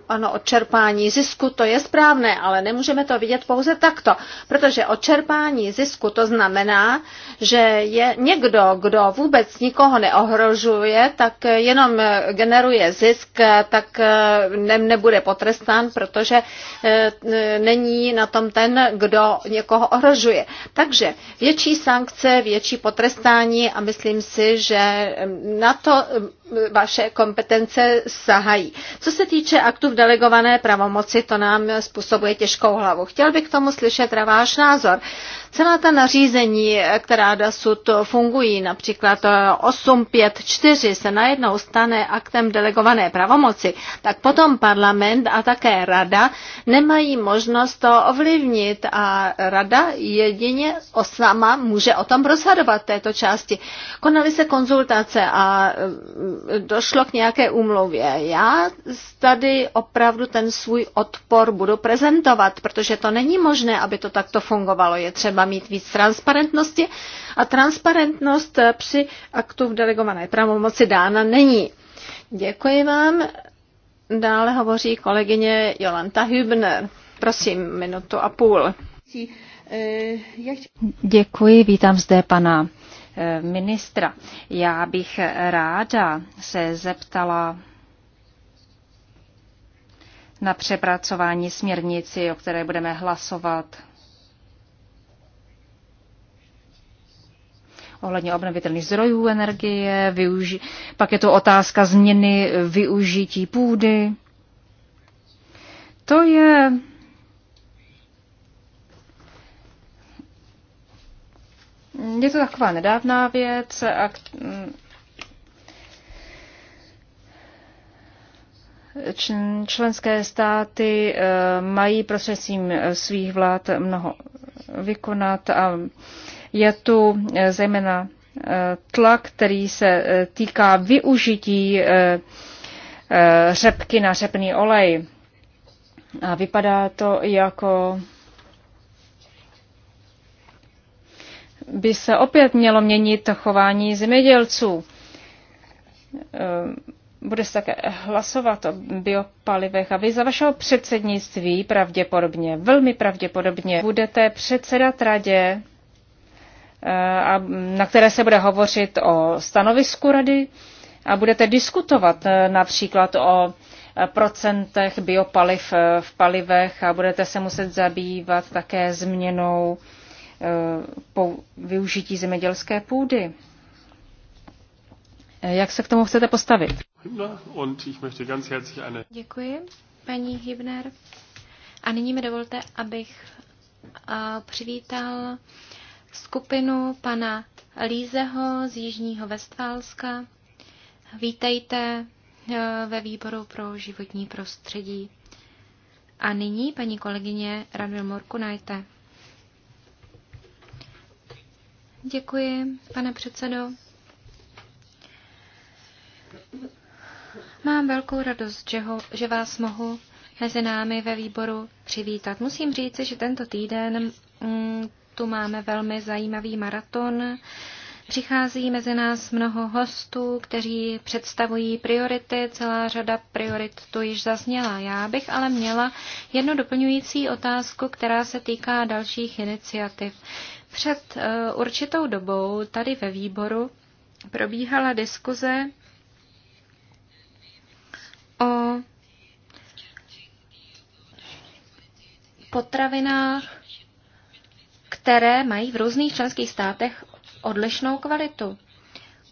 ano, odčerpání zisku, to je správné, ale nemůžeme to vidět pouze takto, protože odčerpání zisku to znamená, že je někdo, kdo vůbec nikoho neohrožuje, tak jenom generuje zisk, tak eh, ne, nebude potrestán, protože eh, není na tom ten, kdo někoho ohrožuje. Takže větší sankce, větší potrestání a myslím si, že na to Eh, vaše kompetence sahají. Co se týče aktu v delegované pravomoci, to nám způsobuje těžkou hlavu. Chtěl bych k tomu slyšet váš názor. Celá ta nařízení, která dosud fungují, například 854 se najednou stane aktem delegované pravomoci, tak potom parlament a také rada nemají možnost to ovlivnit a rada jedině osama může o tom rozhodovat této části. Konaly se konzultace a mm, došlo k nějaké úmluvě. Já tady opravdu ten svůj odpor budu prezentovat, protože to není možné, aby to takto fungovalo. Je třeba třeba mít víc transparentnosti a transparentnost při aktu v delegované pravomoci dána není. Děkuji vám. Dále hovoří kolegyně Jolanta Hübner. Prosím, minutu a půl. Děkuji, vítám zde pana eh, ministra. Já bych ráda se zeptala na přepracování směrnici, o které budeme hlasovat ohledně obnovitelných zdrojů energie, využi- pak je to otázka změny využití půdy. To je Je to taková nedávná věc a členské státy eh, mají prostřednictvím svých vlád mnoho vykonat a je tu eh, zejména eh, tlak, který se eh, týká využití řepky na řepný olej. A vypadá to jako by se opět mělo měnit chování zemědělců. Bude se také hlasovat o biopalivech a vy za vašeho předsednictví pravděpodobně, velmi pravděpodobně, budete předsedat radě Eh, na které se bude hovořit o stanovisku rady a budete diskutovat eh, například o eh, procentech biopaliv v palivech a budete se muset zabývat také změnou po využití zemědělské půdy. Jak se k tomu chcete postavit? Děkuji, paní Hibner. A nyní mi dovolte, abych přivítal skupinu pana Lízeho z Jižního Vestfálska. Vítejte eh, ve výboru pro životní prostředí. A nyní paní kolegyně Morku Morkunajte. Děkuji, pane předsedo. Mám velkou radost, že, ho, že vás mohu mezi námi ve výboru přivítat. Musím říci, že tento týden mm, tu máme velmi zajímavý maraton. Přichází mezi nás mnoho hostů, kteří představují priority. Celá řada priorit tu již zazněla. Já bych ale měla jednu doplňující otázku, která se týká dalších iniciativ. Před eh, určitou dobou tady ve výboru probíhala diskuze o potravinách které mají v různých členských státech odlišnou kvalitu.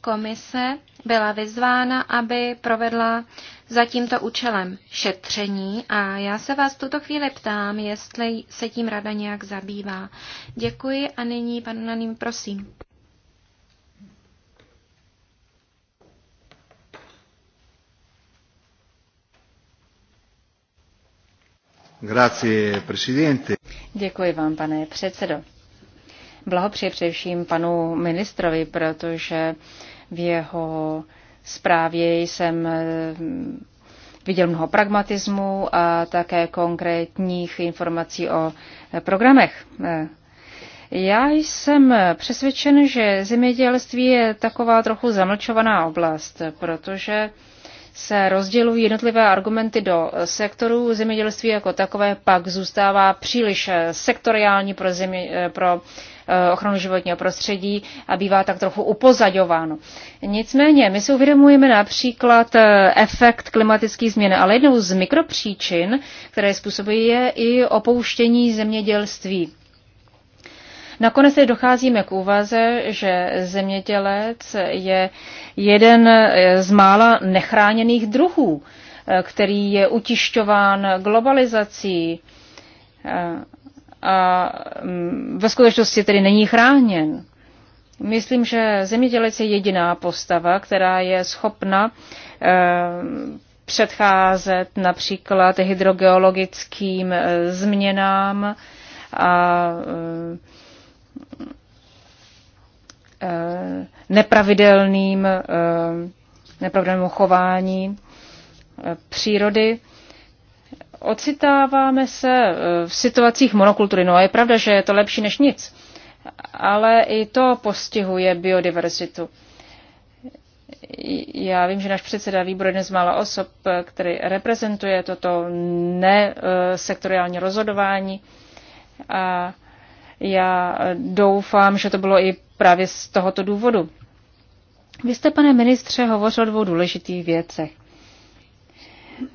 Komise byla vyzvána, aby provedla za tímto účelem šetření a já se vás v tuto chvíli ptám, jestli se tím rada nějak zabývá. Děkuji a nyní panu Naním, prosím. Grazie, presidente. Děkuji vám, pane předsedo blahopřeji především panu ministrovi, protože v jeho zprávě jsem eh, viděl mnoho pragmatismu a také konkrétních informací o eh, programech. Eh, já jsem přesvědčen, že zemědělství je taková trochu zamlčovaná oblast, protože se rozdělují jednotlivé argumenty do eh, sektorů, zemědělství jako takové pak zůstává příliš eh, sektoriální pro, země, eh, pro ochranu životního prostředí a bývá tak trochu upozaďováno. Nicméně, my si uvědomujeme například efekt klimatických změn, ale jednou z mikropříčin, které způsobuje, je i opouštění zemědělství. Nakonec se docházíme k úvaze, že zemědělec je jeden eh, z mála nechráněných druhů, eh, který je utišťován globalizací eh, a mm, ve skutečnosti tedy není chráněn. Myslím, že zemědělec je jediná postava, která je schopna předcházet například hydrogeologickým změnám a Eh, nepravidelným, eh, nepravidelným chování eh, přírody. Ocitáváme se v situacích monokultury. No a je pravda, že je to lepší než nic. Ale i to postihuje biodiverzitu. Já vím, že náš předseda výboru je z mála osob, který reprezentuje toto nesektoriální rozhodování. A já doufám, že to bylo i právě z tohoto důvodu. Vy jste, pane ministře, hovořil o dvou důležitých věcech.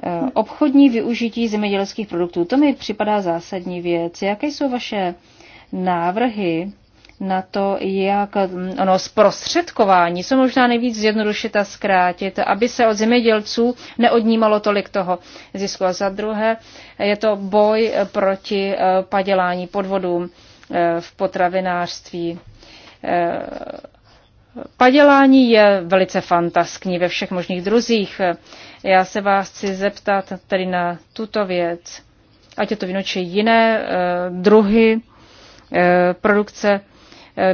Eh, obchodní využití zemědělských produktů, to mi připadá zásadní věc. Jaké jsou vaše návrhy na to, jak hm, ono zprostředkování co možná nejvíc zjednodušit a zkrátit, aby se od zemědělců neodnímalo tolik toho zisku. A za druhé je to boj proti eh, padělání podvodům eh, v potravinářství. Eh, padělání je velice fantaskní ve všech možných druzích. Já se vás chci zeptat tedy na tuto věc, ať je to víno či jiné eh, druhy eh, produkce.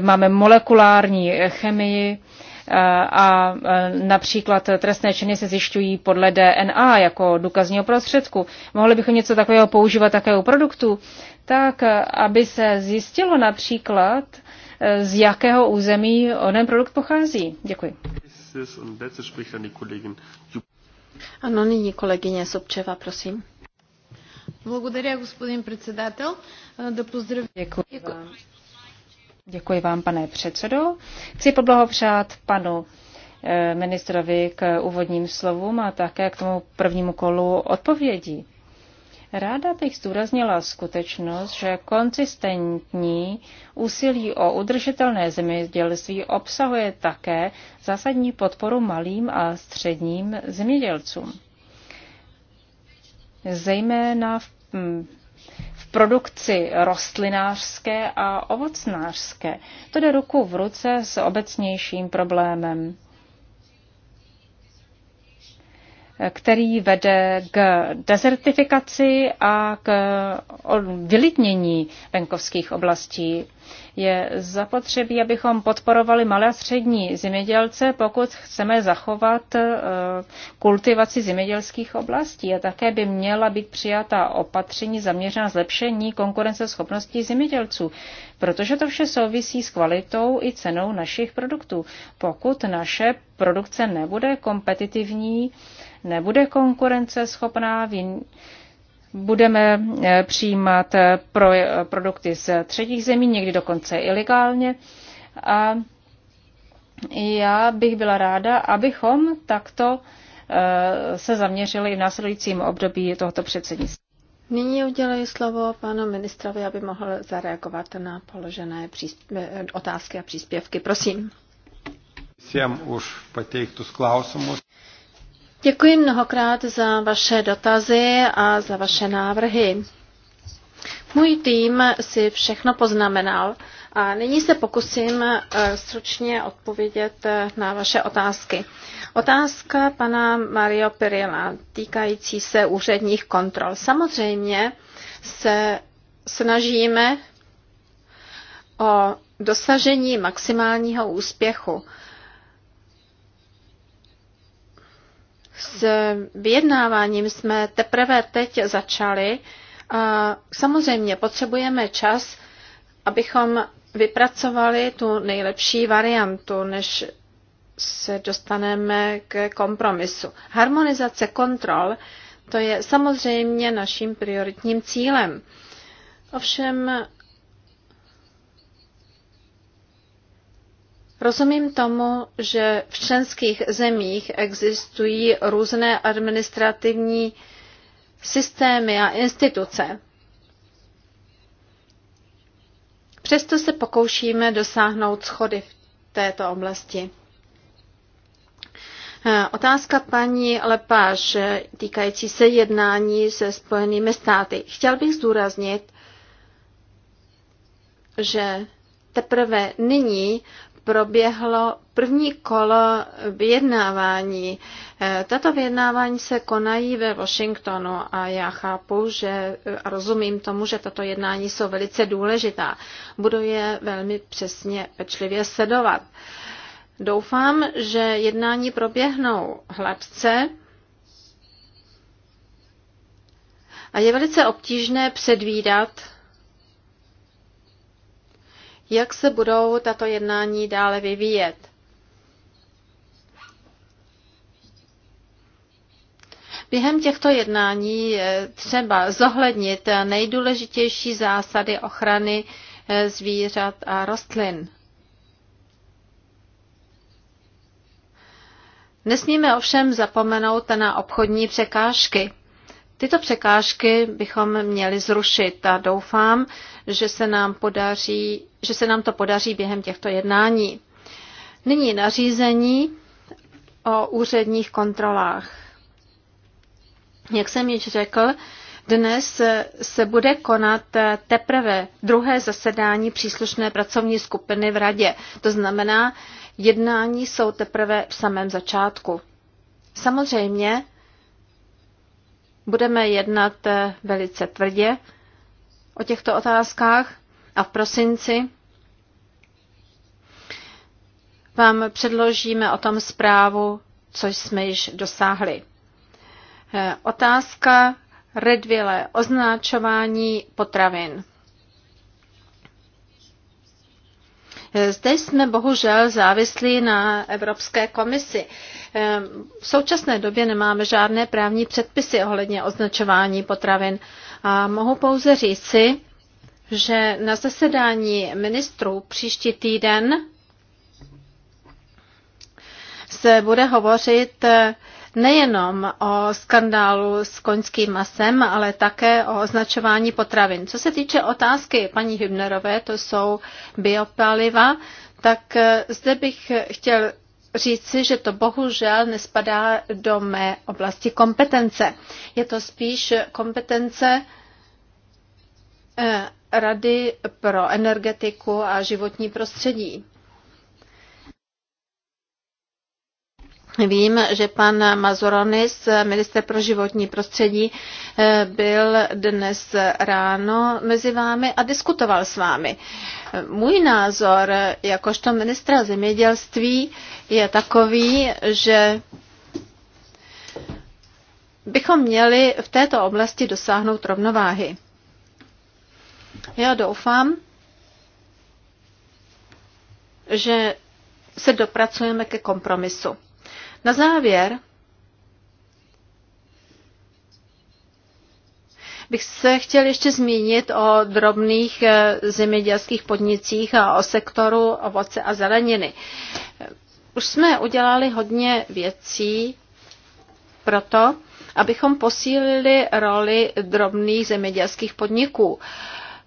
Máme molekulární chemii a například trestné činy se zjišťují podle DNA jako důkazního prostředku. Mohli bychom něco takového používat také u produktů, tak aby se zjistilo například, z jakého území onen produkt pochází. Děkuji. Ano, nyní kolegyně Sobčeva, prosím. Благодаря, господин председател. Да поздравя. Děkuji. Vám. Děkuji vám, pane předsedo. Chci poblahopřát panu eh, ministrovi k úvodním slovům a také k tomu prvnímu kolu odpovědí. Ráda bych zdůraznila skutečnost, že konzistentní úsilí o udržitelné zemědělství obsahuje také zásadní podporu malým a středním zemědělcům. Zejména v, hm, v produkci rostlinářské a ovocnářské. To jde ruku v ruce s obecnějším problémem který vede k dezertifikaci a k vylidnění venkovských oblastí. Je zapotřebí, abychom podporovali malé a střední zemědělce, pokud chceme zachovat eh, kultivaci zemědělských oblastí. A také by měla být přijata opatření zaměřená zlepšení konkurenceschopnosti zemědělců, protože to vše souvisí s kvalitou i cenou našich produktů. Pokud naše produkce nebude kompetitivní, nebude konkurence schopná. budeme eh, přijímat eh, pro, eh, produkty z třetích zemí, někdy dokonce ilegálně. A já bych byla ráda, abychom takto se zaměřili v následujícím období tohoto předsednictví. Nyní udělají slovo panu ministrovi, aby mohl zareagovat na položené otázky a příspěvky. Prosím. Jsem už pateiktus klausimus. Děkuji mnohokrát za vaše dotazy a za vaše návrhy. Můj tým si všechno poznamenal a nyní se pokusím eh, stručně odpovědět eh, na vaše otázky. Otázka pana Mario Pirila týkající se úředních kontrol. Samozřejmě se snažíme o dosažení maximálního úspěchu. S vyjednáváním jsme teprve teď začali a samozřejmě potřebujeme čas, abychom vypracovali tu nejlepší variantu, než se dostaneme k kompromisu. Harmonizace kontrol, to je samozřejmě naším prioritním cílem. Ovšem Rozumím tomu, že v členských zemích existují různé administrativní systémy a instituce. Přesto se pokoušíme dosáhnout schody v této oblasti. Eh, otázka paní Lepáš eh, týkající se jednání se Spojenými státy. Chtěl bych zdůraznit, že teprve nyní proběhlo první kolo vyjednávání. E, tato vyjednávání se konají ve Washingtonu a já chápu, že a rozumím tomu, že tato jednání jsou velice důležitá. Budu je velmi přesně pečlivě sledovat. Doufám, že jednání proběhnou hladce a je velice obtížné předvídat, jak se budou tato jednání dále vyvíjet. Během těchto jednání třeba zohlednit nejdůležitější zásady ochrany eh, zvířat a rostlin. Nesmíme ovšem zapomenout na obchodní překážky. Tyto překážky bychom měli zrušit a doufám, že se nám, podaří, že se nám to podaří během těchto jednání. Nyní nařízení o úředních kontrolách. Jak jsem již řekl, dnes se bude konat teprve druhé zasedání příslušné pracovní skupiny v Radě. To znamená, jednání jsou teprve v samém začátku. Samozřejmě budeme jednat eh, velice tvrdě o těchto otázkách a v prosinci vám předložíme o tom zprávu, co jsme již dosáhli. Eh, otázka redvile označování potravin. Eh, zde jsme bohužel závislí na Evropské komisi. Ehm, v současné době nemáme žádné právní předpisy ohledně označování potravin. A mohu pouze říci, že na zasedání ministrů příští týden se bude hovořit eh, nejenom o skandálu s koňským masem, ale také o označování potravin. Co se týče otázky paní Hübnerové, to jsou biopaliva, tak eh, zde bych chtěl říci, že to bohužel nespadá do mé oblasti kompetence. Je to spíš kompetence eh, Rady pro energetiku a životní prostředí. Vím, že pan Mazoronis, minister pro životní prostředí, eh, byl dnes ráno mezi vámi a diskutoval s vámi. Můj názor jakožto ministra zemědělství je takový, že bychom měli v této oblasti dosáhnout rovnováhy. Já doufám, že se dopracujeme ke kompromisu. Na závěr bych se chtěl ještě zmínit o drobných eh, zemědělských podnicích a o sektoru ovoce a zeleniny. Už jsme udělali hodně věcí pro to, abychom posílili roli drobných zemědělských podniků.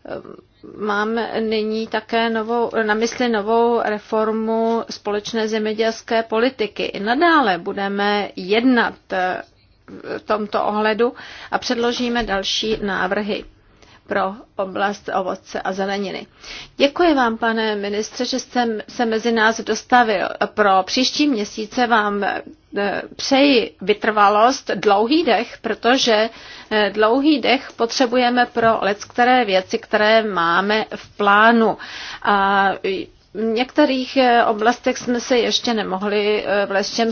Ehm, mám nyní také novou, na mysli novou reformu společné zemědělské politiky. I nadále budeme jednat eh, v tomto ohledu a předložíme další návrhy pro oblast ovoce a zeleniny. Děkuji vám, pane ministře, že jste se mezi nás dostavil. Pro příští měsíce vám e, přeji vytrvalost, dlouhý dech, protože e, dlouhý dech potřebujeme pro leckteré věci, které máme v plánu. A v některých eh, oblastech jsme se ještě nemohli eh, v Lesčem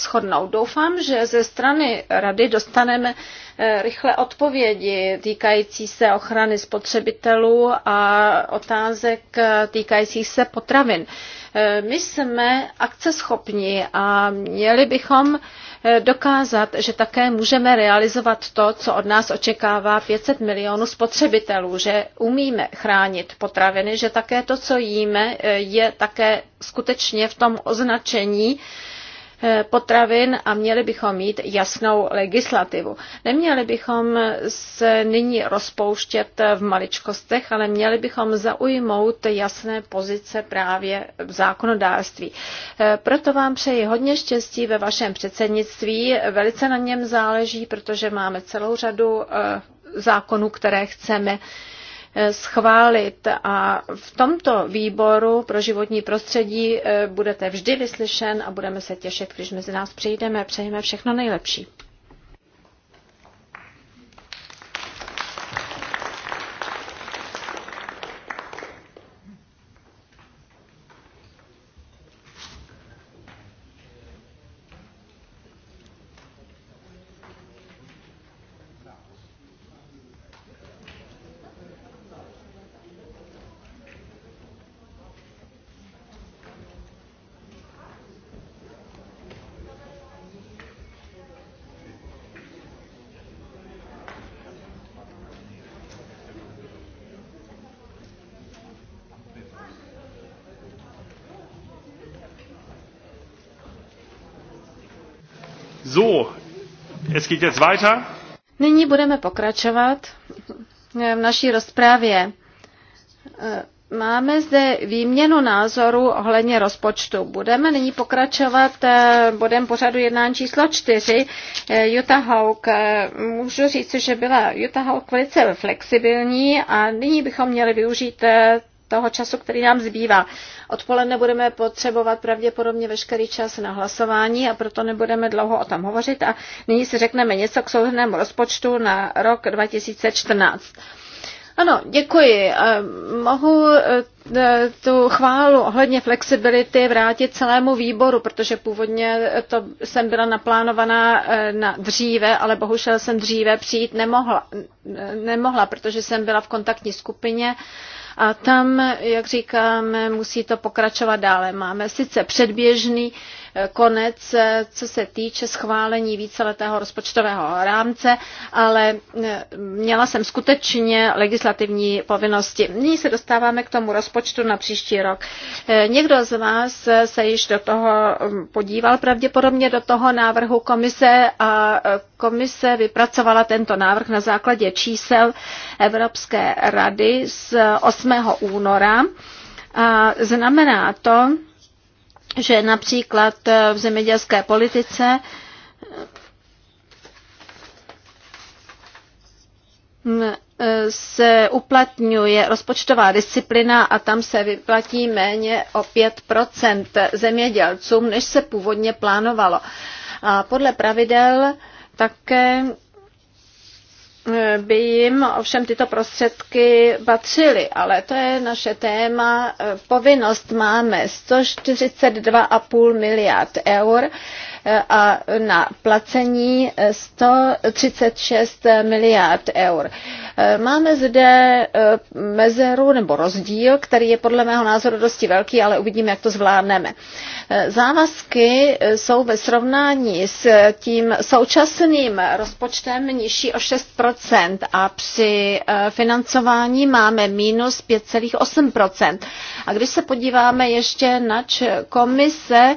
shodnout. Doufám, že ze strany rady dostaneme eh, rychle odpovědi týkající se ochrany spotřebitelů a otázek týkajících se potravin. My jsme akceschopní a měli bychom Eh, dokázat, že také můžeme realizovat to, co od nás očekává 500 milionů spotřebitelů, že umíme chránit potraviny, že také to, co jíme, eh, je také skutečně v tom označení Eh, potravin a měli bychom mít jasnou legislativu. Neměli bychom se nyní rozpouštět v maličkostech, ale měli bychom zaujmout jasné pozice právě v zákonodárství. Eh, proto vám přeji hodně štěstí ve vašem předsednictví. Velice na něm záleží, protože máme celou řadu eh, zákonů, které chceme Eh, schválit. A v tomto výboru pro životní prostředí eh, budete vždy vyslyšen a budeme se těšit, když mezi nás přijdeme. Přejeme všechno nejlepší. geht jetzt weiter. Nyní budeme pokračovat v naší rozprávě. Máme zde výměnu názoru ohledně rozpočtu. Budeme nyní pokračovat eh, bodem pořadu jednání číslo čtyři. Jutta eh, Hauk, eh, můžu říct, že byla Jutta Hauk velice flexibilní a nyní bychom měli využít toho času, který nám zbývá. Odpoledne budeme potřebovat pravděpodobně veškerý čas na hlasování a proto nebudeme dlouho o tom hovořit a nyní si řekneme něco k souhrnému rozpočtu na rok 2014. Ano, děkuji. Eh, mohu eh, tu chválu ohledně flexibility vrátit celému výboru, protože původně to jsem byla naplánovaná eh, na dříve, ale bohužel jsem dříve přijít nemohla, nemohla protože jsem byla v kontaktní skupině a tam, jak říkáme, musí to pokračovat dále. Máme sice předběžný konec, co se týče schválení víceletého rozpočtového rámce, ale e, měla jsem skutečně legislativní povinnosti. Nyní se dostáváme k tomu rozpočtu na příští rok. E, někdo z vás se již do toho podíval pravděpodobně do toho návrhu komise a e, komise vypracovala tento návrh na základě čísel Evropské rady z 8. února. A znamená to, že například eh, v zemědělské politice mm, eh, se uplatňuje rozpočtová disciplina a tam se vyplatí méně o 5 zemědělcům, než se původně plánovalo. A podle pravidel také by jim ovšem tyto prostředky patřily, ale to je naše téma. Povinnost máme 142,5 miliard eur a na placení 136 miliard eur. Máme zde e, mezeru nebo rozdíl, který je podle mého názoru dosti velký, ale uvidíme, jak to zvládneme. E, závazky jsou ve srovnání s tím současným rozpočtem nižší o 6% a při e, financování máme minus 5,8%. A když se podíváme ještě, nač komise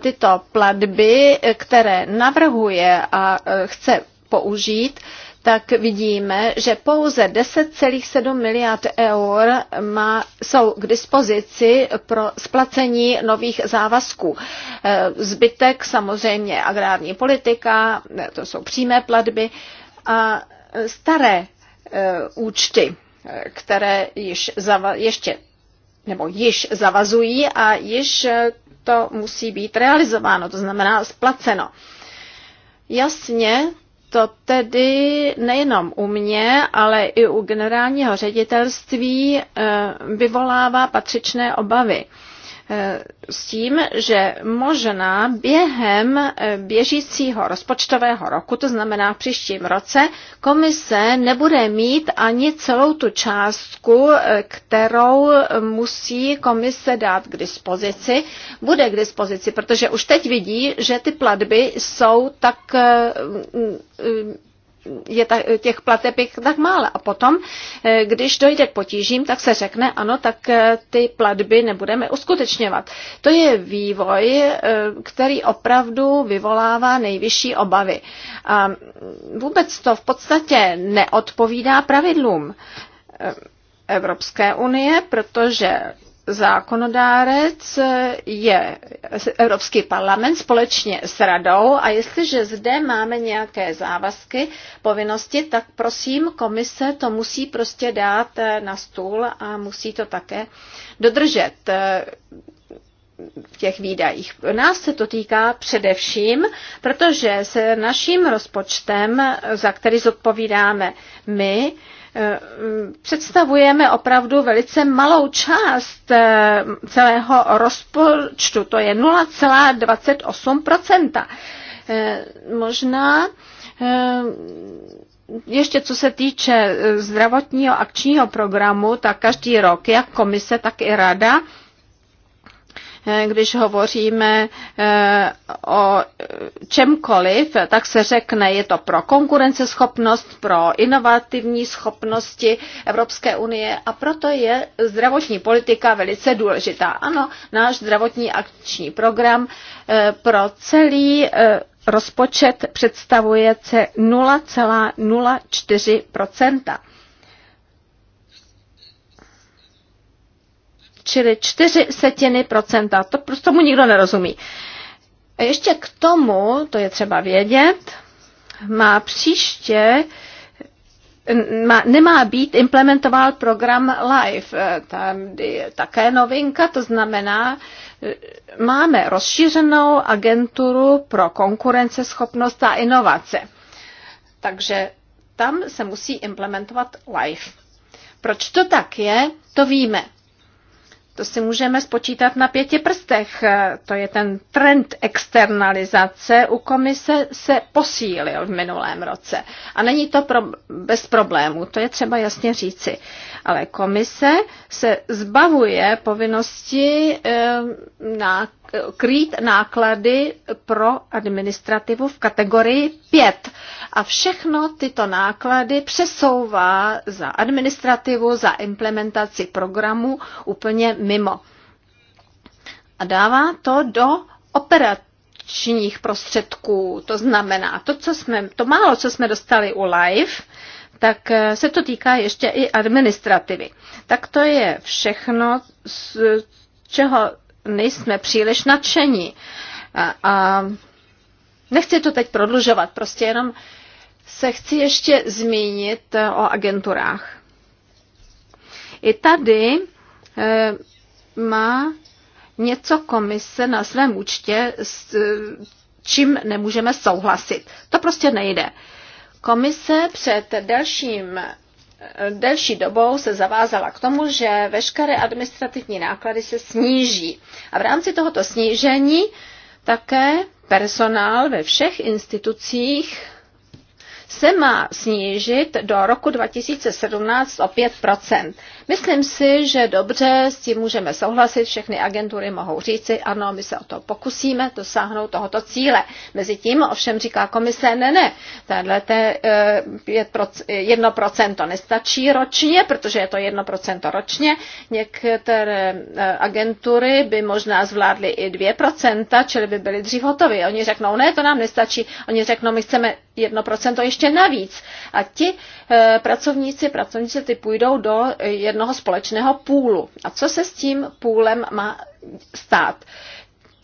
tyto platby které navrhuje a e, chce použít, tak vidíme, že pouze 10,7 miliard eur má, jsou k dispozici pro splacení nových závazků. E, zbytek samozřejmě agrární politika, e, to jsou přímé platby a staré účty, které již zava, ještě nebo již zavazují a již to musí být realizováno, to znamená splaceno. Jasně, to tedy nejenom u mě, ale i u generálního ředitelství eh, vyvolává patřičné obavy. Eh, s tím, že možná během eh, běžícího rozpočtového roku, to znamená v příštím roce, komise nebude mít ani celou tu částku, eh, kterou musí komise dát k dispozici, bude k dispozici, protože už teď vidí, že ty platby jsou tak je těch plateb je tak málo. A potom, eh, když dojde k potížím, tak se řekne, ano, tak eh, ty platby nebudeme uskutečňovat. To je vývoj, eh, který opravdu vyvolává nejvyšší obavy. A vůbec to v podstatě neodpovídá pravidlům. Evropské unie, protože zákonodárec je Evropský parlament společně s radou a jestliže zde máme nějaké závazky, povinnosti, tak prosím, komise to musí prostě dát eh, na stůl a musí to také dodržet eh, v těch výdajích. Nás se to týká především, protože se naším rozpočtem, za který zodpovídáme my, Eh, představujeme opravdu velice malou část eh, celého rozpočtu, to je 0,28%. Eh, možná ještě co se týče zdravotního akčního programu, tak každý rok, jak komise, tak i rada, Eh, když hovoříme eh, o čemkoliv, tak se řekne, je to pro konkurenceschopnost, pro inovativní schopnosti Evropské unie a proto je zdravotní politika velice důležitá. Ano, náš zdravotní akční program eh, pro celý rozpočet představuje 0,04 čili čtyři setiny procenta. To prostě tomu nikdo nerozumí. A ještě k tomu, to je třeba vědět, má příště má, nemá být implementován program LIFE. Tam je také novinka, to znamená, máme rozšířenou agenturu pro konkurenceschopnost a inovace. Takže tam se musí implementovat LIFE. Proč to tak je, to víme. To si můžeme spočítat na pěti prstech. Eh, to je ten trend externalizace u komise se posílil v minulém roce. A není to pro, bez problémů, to je třeba jasně říci. Ale komise se zbavuje povinnosti e, na krýt náklady pro administrativu v kategorii 5. A všechno tyto náklady přesouvá za administrativu, za implementaci programu úplně mimo. A dává to do operačních prostředků. To znamená, to, co jsme, to málo, co jsme dostali u live, tak eh, se to týká ještě i administrativy. Tak to je všechno, z čeho nejsme příliš nadšení. A, a nechci to teď prodlužovat, prostě jenom se chci ještě zmínit eh, o agenturách. I tady e, má něco komise na svém účtě, s čím nemůžeme souhlasit. To prostě nejde. Komise před dalším delší dobou se zavázala k tomu, že veškeré administrativní náklady se sníží. A v rámci tohoto snížení také personál ve všech institucích se má snížit do roku 2017 o 5 Myslím si, že dobře, s tím můžeme souhlasit, všechny agentury mohou říci, ano, my se o to pokusíme dosáhnout tohoto cíle. Mezitím ovšem říká komise, ne, ne, tahle 1% eh, nestačí ročně, protože je to 1% ročně. Některé eh, agentury by možná zvládly i 2%, čili by byly dřív hotovy. Oni řeknou, ne, to nám nestačí. Oni řeknou, my chceme 1% ještě navíc. A ti eh, pracovníci, pracovníci ty půjdou do jednoho společného půlu. A co se s tím půlem má stát?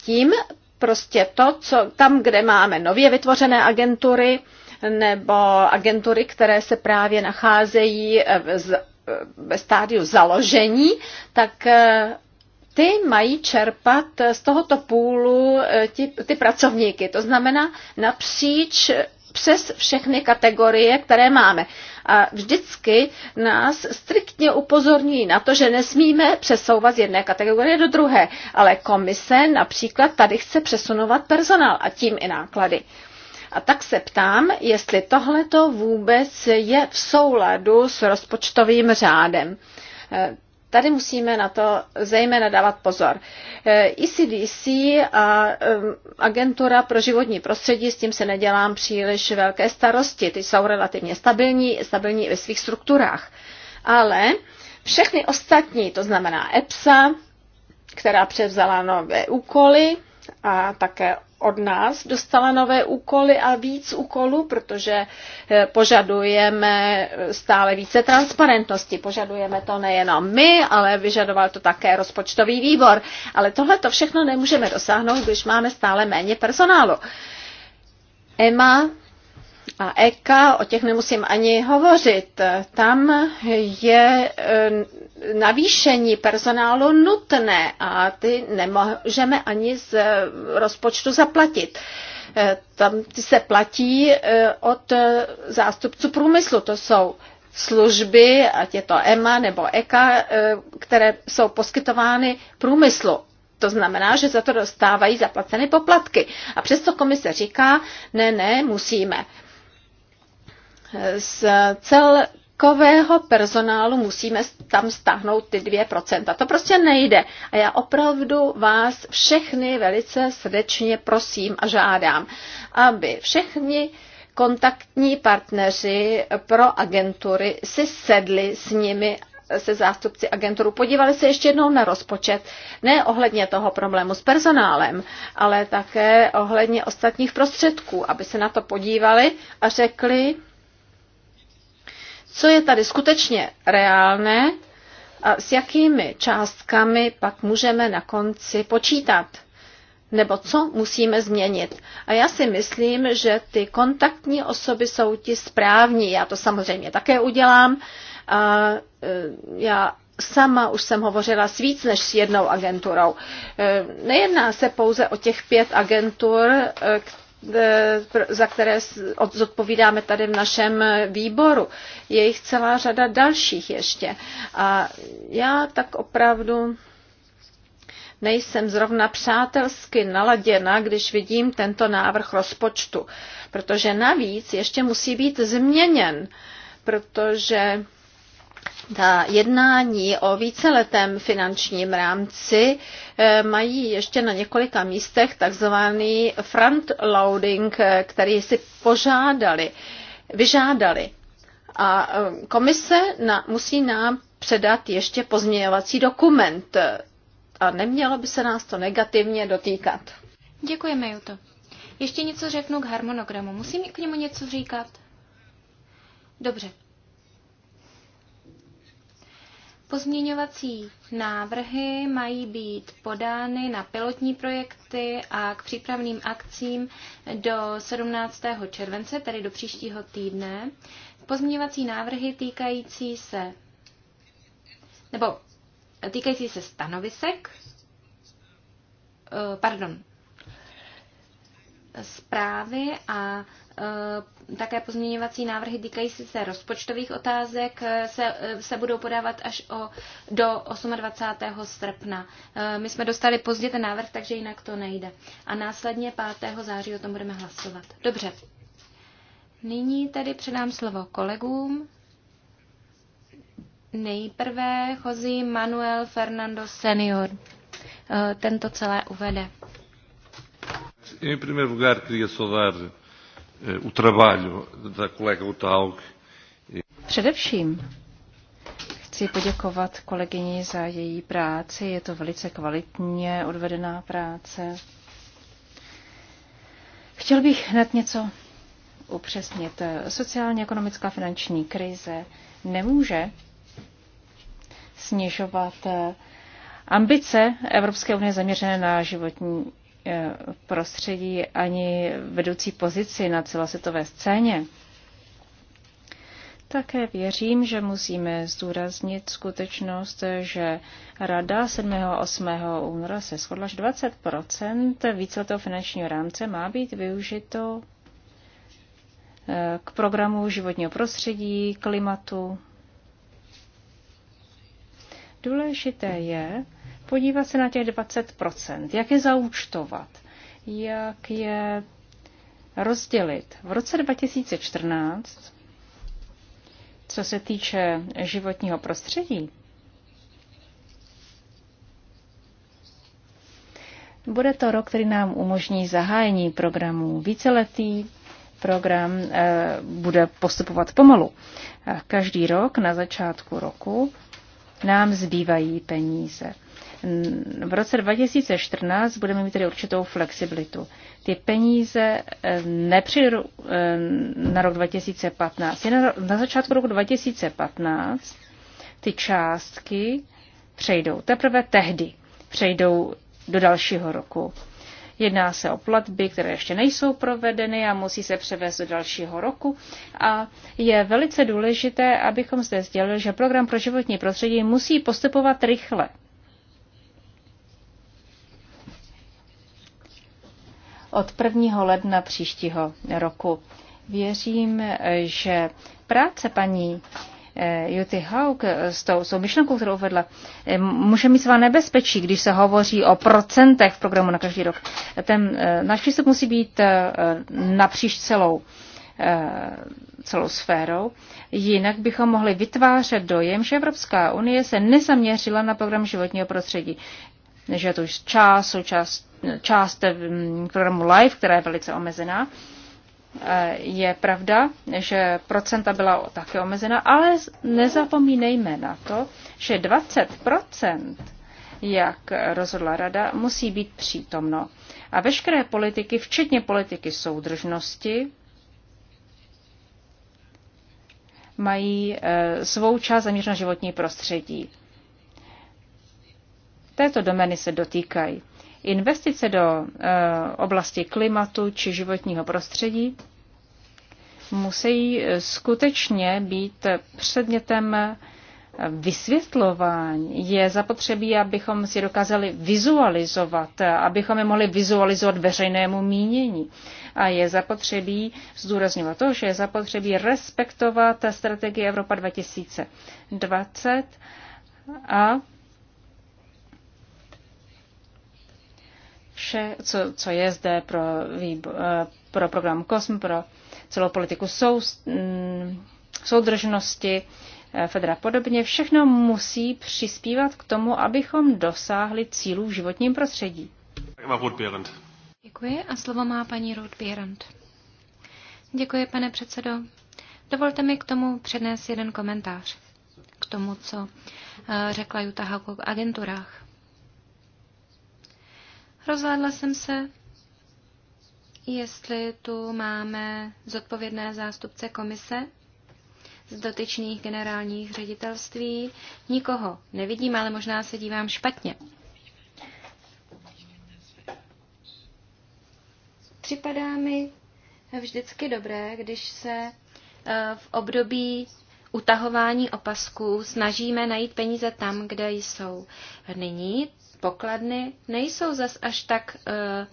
Tím prostě to, co tam, kde máme nově vytvořené agentury, nebo agentury, které se právě nacházejí eh, eh, ve stádiu založení, tak ty mají čerpat z tohoto půlu ty, ty pracovníky. To znamená napříč přes všechny kategorie, které máme. A vždycky nás striktně upozorní na to, že nesmíme přesouvat z jedné kategorie do druhé, ale komise například tady chce přesunovat personál a tím i náklady. A tak se ptám, jestli tohleto vůbec je v souladu s rozpočtovým řádem tady musíme na to zejména dávat pozor. ECDC e a e, agentura pro životní prostředí, s tím se nedělám příliš velké starosti, ty jsou relativně stabilní, stabilní ve svých strukturách. Ale všechny ostatní, to znamená EPSA, která převzala nové úkoly, a také od nás dostala nové úkoly a víc úkolů, protože eh, požadujeme stále více transparentnosti. Požadujeme to nejenom my, ale vyžadoval to také rozpočtový výbor. Ale tohle to všechno nemůžeme dosáhnout, když máme stále méně personálu. Emma a EK o těch nemusím ani hovořit. Tam je eh, navýšení personálu nutné a ty nemůžeme ani z rozpočtu zaplatit. Eh, tam ty se platí eh, od zástupců průmyslu. To jsou služby, ať je to EMA nebo EK, které jsou poskytovány průmyslu. To znamená, že za to dostávají zaplaceny poplatky. A přesto komise říká, ne, ne, musíme z celkového personálu musíme tam stáhnout ty 2%. To prostě nejde. A já opravdu vás všechny velice srdečně prosím a žádám, aby všichni kontaktní partneři pro agentury si sedli s nimi se zástupci agenturu podívali se ještě jednou na rozpočet, ne ohledně toho problému s personálem, ale také ohledně ostatních prostředků, aby se na to podívali a řekli, co je tady skutečně reálné a s jakými částkami pak můžeme na konci počítat nebo co musíme změnit. A já si myslím, že ty kontaktní osoby jsou ti správní. Já to samozřejmě také udělám. A e, já sama už jsem hovořila s víc než s jednou agenturou. E, nejedná se pouze o těch pět agentur, e, E, za které zodpovídáme tady v našem výboru. Je jich celá řada dalších ještě. A já tak opravdu nejsem zrovna přátelsky naladěna, když vidím tento návrh rozpočtu, protože navíc ještě musí být změněn, protože ta jednání o víceletém finančním rámci eh, mají ještě na několika místech takzvaný front loading, eh, který si požádali, vyžádali. A eh, komise na, musí nám předat ještě pozměňovací dokument a nemělo by se nás to negativně dotýkat. Děkujeme, Juto. Ještě něco řeknu k harmonogramu. Musím k němu něco říkat? Dobře, Pozměňovací návrhy mají být podány na pilotní projekty a k přípravným akcím do 17. července, tedy do příštího týdne. Pozměňovací návrhy týkající se nebo týkající se stanovisek, eh, pardon, zprávy a e, také pozměňovací návrhy týkající se rozpočtových otázek e, se, e, se budou podávat až o, do 28. srpna. My jsme dostali pozdě ten návrh, takže jinak to nejde. A následně 5. září o tom budeme hlasovat. Dobře. Nyní tedy předám slovo kolegům. Nejprve chozí Manuel Fernando Senior. Tento celé uvede. Em primeiro lugar, queria saudar eh, o trabalho da colega Utaug. Především chci poděkovat kolegyni za její práci. Je to velice kvalitně odvedená práce. Chtěl bych hned něco upřesnit. Sociálně ekonomická finanční krize nemůže snižovat eh, ambice Evropské unie zaměřené na životní Eh, prostředí ani vedoucí pozici na celosvětové scéně. Také věřím, že musíme zdůraznit skutečnost, že Rada 7. a 8. února se shodla, že 20 víceletého finančního rámce má být využito eh, k programu životního prostředí, klimatu. Důležité je, podívat se na těch 20%, jak je zaúčtovat, jak je rozdělit. V roce 2014, co se týče životního prostředí, Bude to rok, který nám umožní zahájení programu. Víceletý program eh, bude postupovat pomalu. Eh, každý rok na začátku roku nám zbývají peníze. V roce 2014 budeme mít tedy určitou flexibilitu. Ty peníze eh, nepřijdu eh, na rok 2015. na začátku roku 2015 ty částky přejdou. Teprve tehdy přejdou do dalšího roku. Jedná se o platby, které ještě nejsou provedeny a musí se převést do dalšího roku. A je velice důležité, abychom zde sdělili, že program pro životní prostředí musí postupovat rychle. Od 1. ledna příštího roku. Věřím, že práce paní Eh, Juty Haug eh, s tou, s tou myšlenkou, kterou vedla, eh, může mít svá nebezpečí, když se hovoří o procentech v programu na každý rok. Ten náš přístup musí být napříč celou celou sférou. Jinak bychom mohli vytvářet dojem, že Evropská unie se nezaměřila na program životního prostředí. Že je to už část, součást, část mm, programu LIFE, která je velice omezená. Eh, je pravda, že procenta byla také omezena, ale nezapomínejme na to, že 20 jak rozhodla rada, musí být přítomno. A veškeré politiky, včetně politiky soudržnosti, mají eh, svou část zaměřenou na životní prostředí. Této domeny se dotýkají. Investice do eh, oblasti klimatu či životního prostředí musí eh, skutečně být předmětem eh, vysvětlování. Je zapotřebí, abychom si dokázali vizualizovat, abychom je mohli vizualizovat veřejnému mínění. A je zapotřebí zdůrazňovat to, že je zapotřebí respektovat strategii Evropa 2020 a vše, co, co je zde pro, výbo, eh, pro program COSM, pro celou politiku sou, mm, soudržnosti, eh, Fedra podobně, všechno musí přispívat k tomu, abychom dosáhli cílů v životním prostředí. Děkuji a slovo má paní Ruth Bierand. Děkuji, pane předsedo. Dovolte mi k tomu přednést jeden komentář. K tomu, co eh, řekla Jutta Hauk o agenturách. Rozhlédla jsem se, jestli tu máme zodpovědné zástupce komise z dotyčných generálních ředitelství. Nikoho nevidím, ale možná se dívám špatně. Připadá mi vždycky dobré, když se eh, v období utahování opasků snažíme najít peníze tam, kde jsou. Nyní pokladny nejsou zas až tak eh,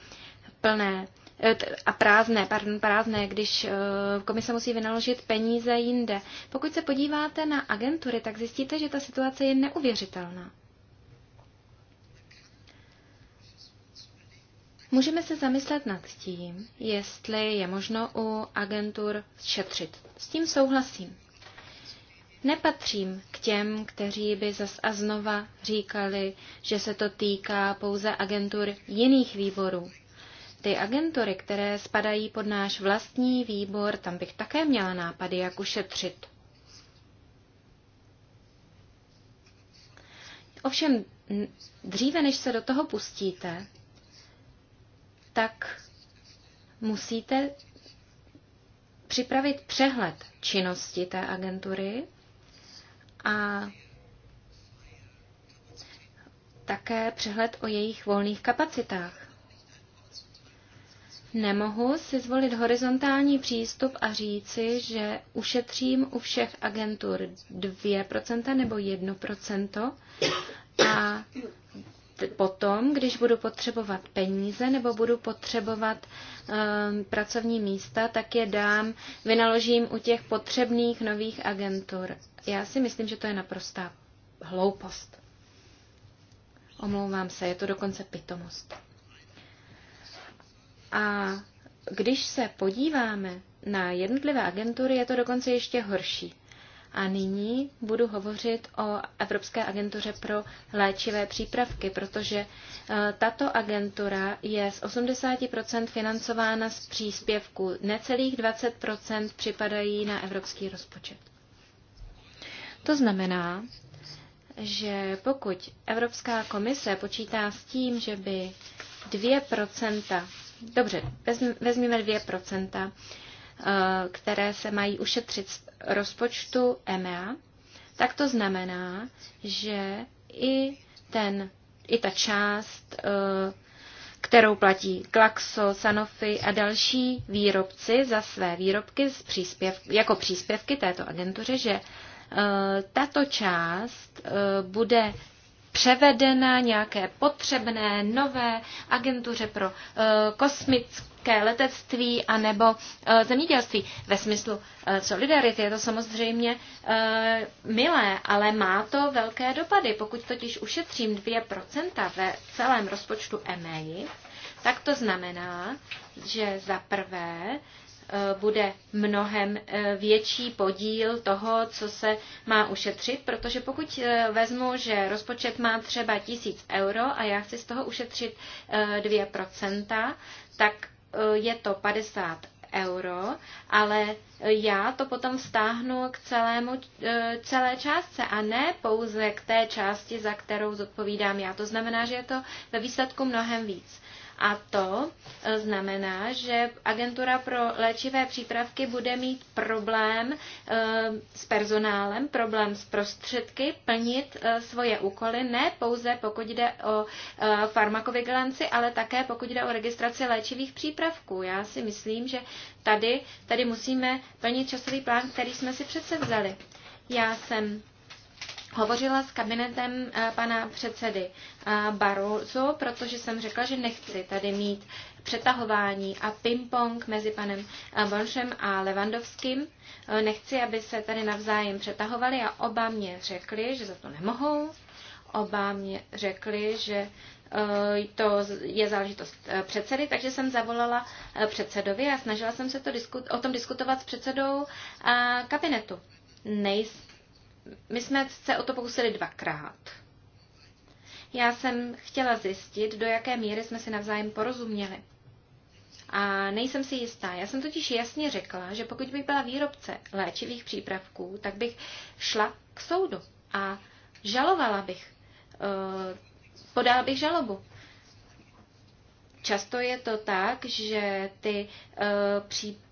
plné eh, a prázdné, pardon, prázdné, když eh, komise musí vynaložit peníze jinde. Pokud se podíváte na agentury, tak zjistíte, že ta situace je neuvěřitelná. Můžeme se zamyslet nad tím, jestli je možno u agentur šetřit. S tím souhlasím. Nepatřím k těm, kteří by zas a znova říkali, že se to týká pouze agentur jiných výborů. Ty agentury, které spadají pod náš vlastní výbor, tam bych také měla nápady, jak ušetřit. Ovšem, dříve než se do toho pustíte, tak musíte připravit přehled činnosti té agentury a také přehled o jejich volných kapacitách. Nemohu si zvolit horizontální přístup a říci, že ušetřím u všech agentur 2% nebo 1% a potom, když budu potřebovat peníze nebo budu potřebovat um, pracovní místa, tak je dám, vynaložím u těch potřebných nových agentur. Já si myslím, že to je naprostá hloupost. Omlouvám se, je to dokonce pitomost. A když se podíváme na jednotlivé agentury, je to dokonce ještě horší. A nyní budu hovořit o Evropské agentuře pro léčivé přípravky, protože eh, tato agentura je z 80% financována z příspěvku. Necelých 20% připadají na evropský rozpočet. To znamená, že pokud Evropská komise počítá s tím, že by 2%, dobře, vezmeme 2%, eh, které se mají ušetřit rozpočtu EMEA, tak to znamená, že i, ten, i ta část, eh, kterou platí Glaxo, Sanofi a další výrobci za své výrobky z příspěv, jako příspěvky této agentuře, že eh, tato část eh, bude převedena nějaké potřebné nové agentuře pro eh, kosmické letectví a nebo eh, zemědělství. Ve smyslu eh, solidarity je to samozřejmě milé, ale má to velké dopady. Pokud totiž ušetřím 2% ve celém rozpočtu EMEI, tak to znamená, že za prvé Eh, bude mnohem eh, větší podíl toho, co se má ušetřit, protože pokud eh, vezmu, že rozpočet má třeba 1000 euro a já chci z toho ušetřit 2%, tak je to 50 euro, ale já to potom vztáhnu k celému, celé částce a ne pouze k té části, za kterou zodpovídám já. To znamená, že je to ve výsledku mnohem víc. A to e, znamená, že agentura pro léčivé přípravky bude mít problém e, s personálem, problém s prostředky plnit e, svoje úkoly, ne pouze pokud jde o farmakovigilanci, ale také pokud jde o registraci léčivých přípravků. Já si myslím, že tady, tady musíme plnit časový plán, který jsme si přece vzali. Já jsem hovořila s kabinetem eh, pana předsedy eh, Barroso, protože jsem řekla, že nechci tady mít přetahování a ping-pong mezi panem eh, Bonšem a Levandovským. Nechci, aby se tady navzájem přetahovali a oba mě řekli, že za to nemohou. Oba mě řekli, že to je záležitost předsedy, takže jsem zavolala předsedovi a snažila jsem se to o tom diskutovat s předsedou kabinetu. Nejs my jsme se o to pokusili dvakrát. Já jsem chtěla zjistit, do jaké míry jsme si navzájem porozuměli. A nejsem si jistá. Já jsem totiž jasně řekla, že pokud bych byla výrobce léčivých přípravků, tak bych šla k soudu a žalovala bych. Eh, podala bych žalobu. Často je to tak, že ty, eh, pří,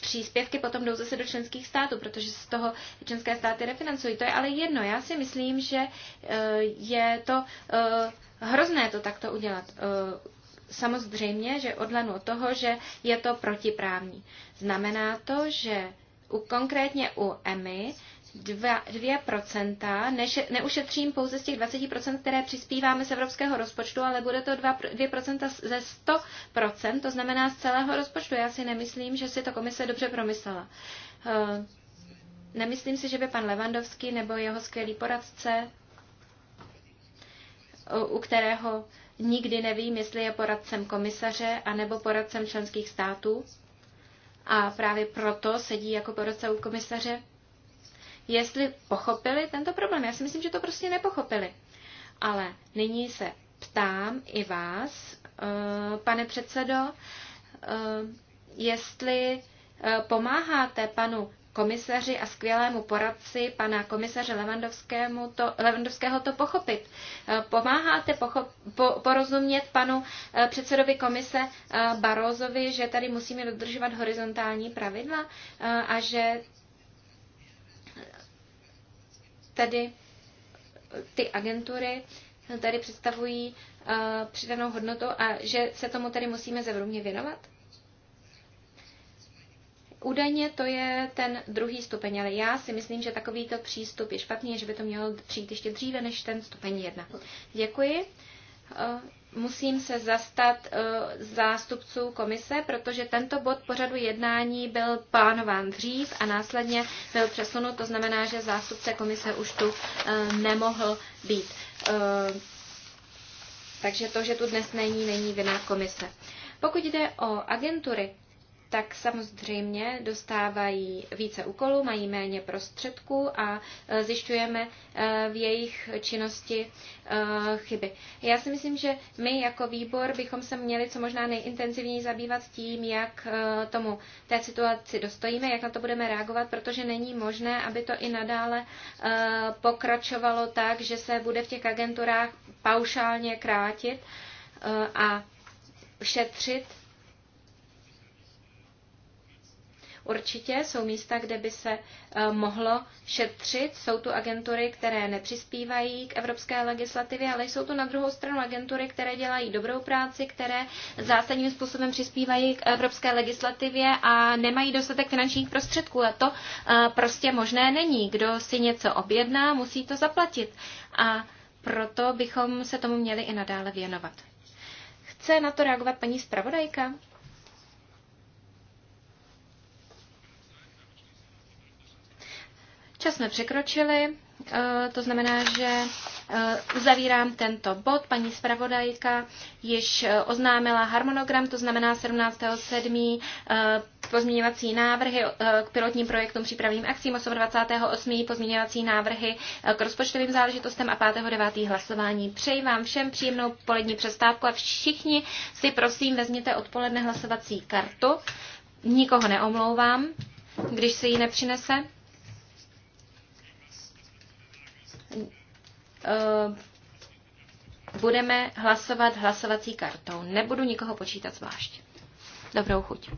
příspěvky potom jdou zase do členských států, protože z toho členské státy refinancují. To je ale jedno. Já si myslím, že e, je to e, hrozné to takto udělat. E, samozřejmě, že odlenu od toho, že je to protiprávní. Znamená to, že u, konkrétně u EMI 2, 2%, než, neušetřím pouze z těch 20%, které přispíváme z evropského rozpočtu, ale bude to 2, 2% ze 100%, to znamená z celého rozpočtu. Já si nemyslím, že si to komise dobře promyslela. Eh, nemyslím si, že by pan Levandovský nebo jeho skvělý poradce, u kterého nikdy nevím, jestli je poradcem komisaře anebo poradcem členských států, a právě proto sedí jako poradce u komisaře, jestli pochopili tento problém. Já si myslím, že to prostě nepochopili. Ale nyní se ptám i vás, eh, pane předsedo, eh, jestli eh, pomáháte panu komisaři a skvělému poradci pana komisaře Levandovskému to, Levandovského to pochopit. Pomáháte pocho, po, porozumět panu předsedovi komise Barózovi, že tady musíme dodržovat horizontální pravidla a že tady ty agentury tady představují eh, přidanou hodnotu a že se tomu tady musíme zevrubně věnovat? Údajně to je ten druhý stupeň, ale já si myslím, že takovýto přístup je špatný, že by to mělo přijít ještě dříve než ten stupeň jedna. Děkuji. Eh, musím se zastat eh, zástupců komise, protože tento bod pořadu jednání byl plánován dřív a následně byl přesunut, to znamená, že zástupce komise už tu eh, nemohl být. Eh, takže to, že tu dnes není, není vina komise. Pokud jde o agentury, tak samozřejmě dostávají více úkolů, mají méně prostředků a e, zjišťujeme e, v jejich činnosti e, chyby. Já si myslím, že my jako výbor bychom se měli co možná nejintenzivněji zabývat tím, jak tomu té situaci dostojíme, jak na to budeme reagovat, protože není možné, aby to i nadále pokračovalo tak, že se bude v těch agenturách paušálně krátit a šetřit Určitě jsou místa, kde by se eh, mohlo šetřit. Jsou tu agentury, které nepřispívají k evropské legislativě, ale jsou tu na druhou stranu agentury, které dělají dobrou práci, které zásadním způsobem přispívají k evropské legislativě a nemají dostatek finančních prostředků. A to eh, prostě možné není. Kdo si něco objedná, musí to zaplatit. A proto bychom se tomu měli i nadále věnovat. Chce na to reagovat paní zpravodajka? Čas jsme překročili, eh, to znamená, že eh, uzavírám tento bod. Paní zpravodajka již eh, oznámila harmonogram, to znamená 17.7. pozměňovací návrhy k pilotním projektům přípravným akcím, 28. pozměňovací návrhy k rozpočtovým záležitostem a 5.9. hlasování. Přeji vám všem příjemnou polední přestávku a všichni si prosím vezměte odpoledne hlasovací kartu. Nikoho neomlouvám, když si ji nepřinese. Eh, budeme hlasovat hlasovací kartou. Nebudu nikoho počítat zvlášť. Dobrou chuť.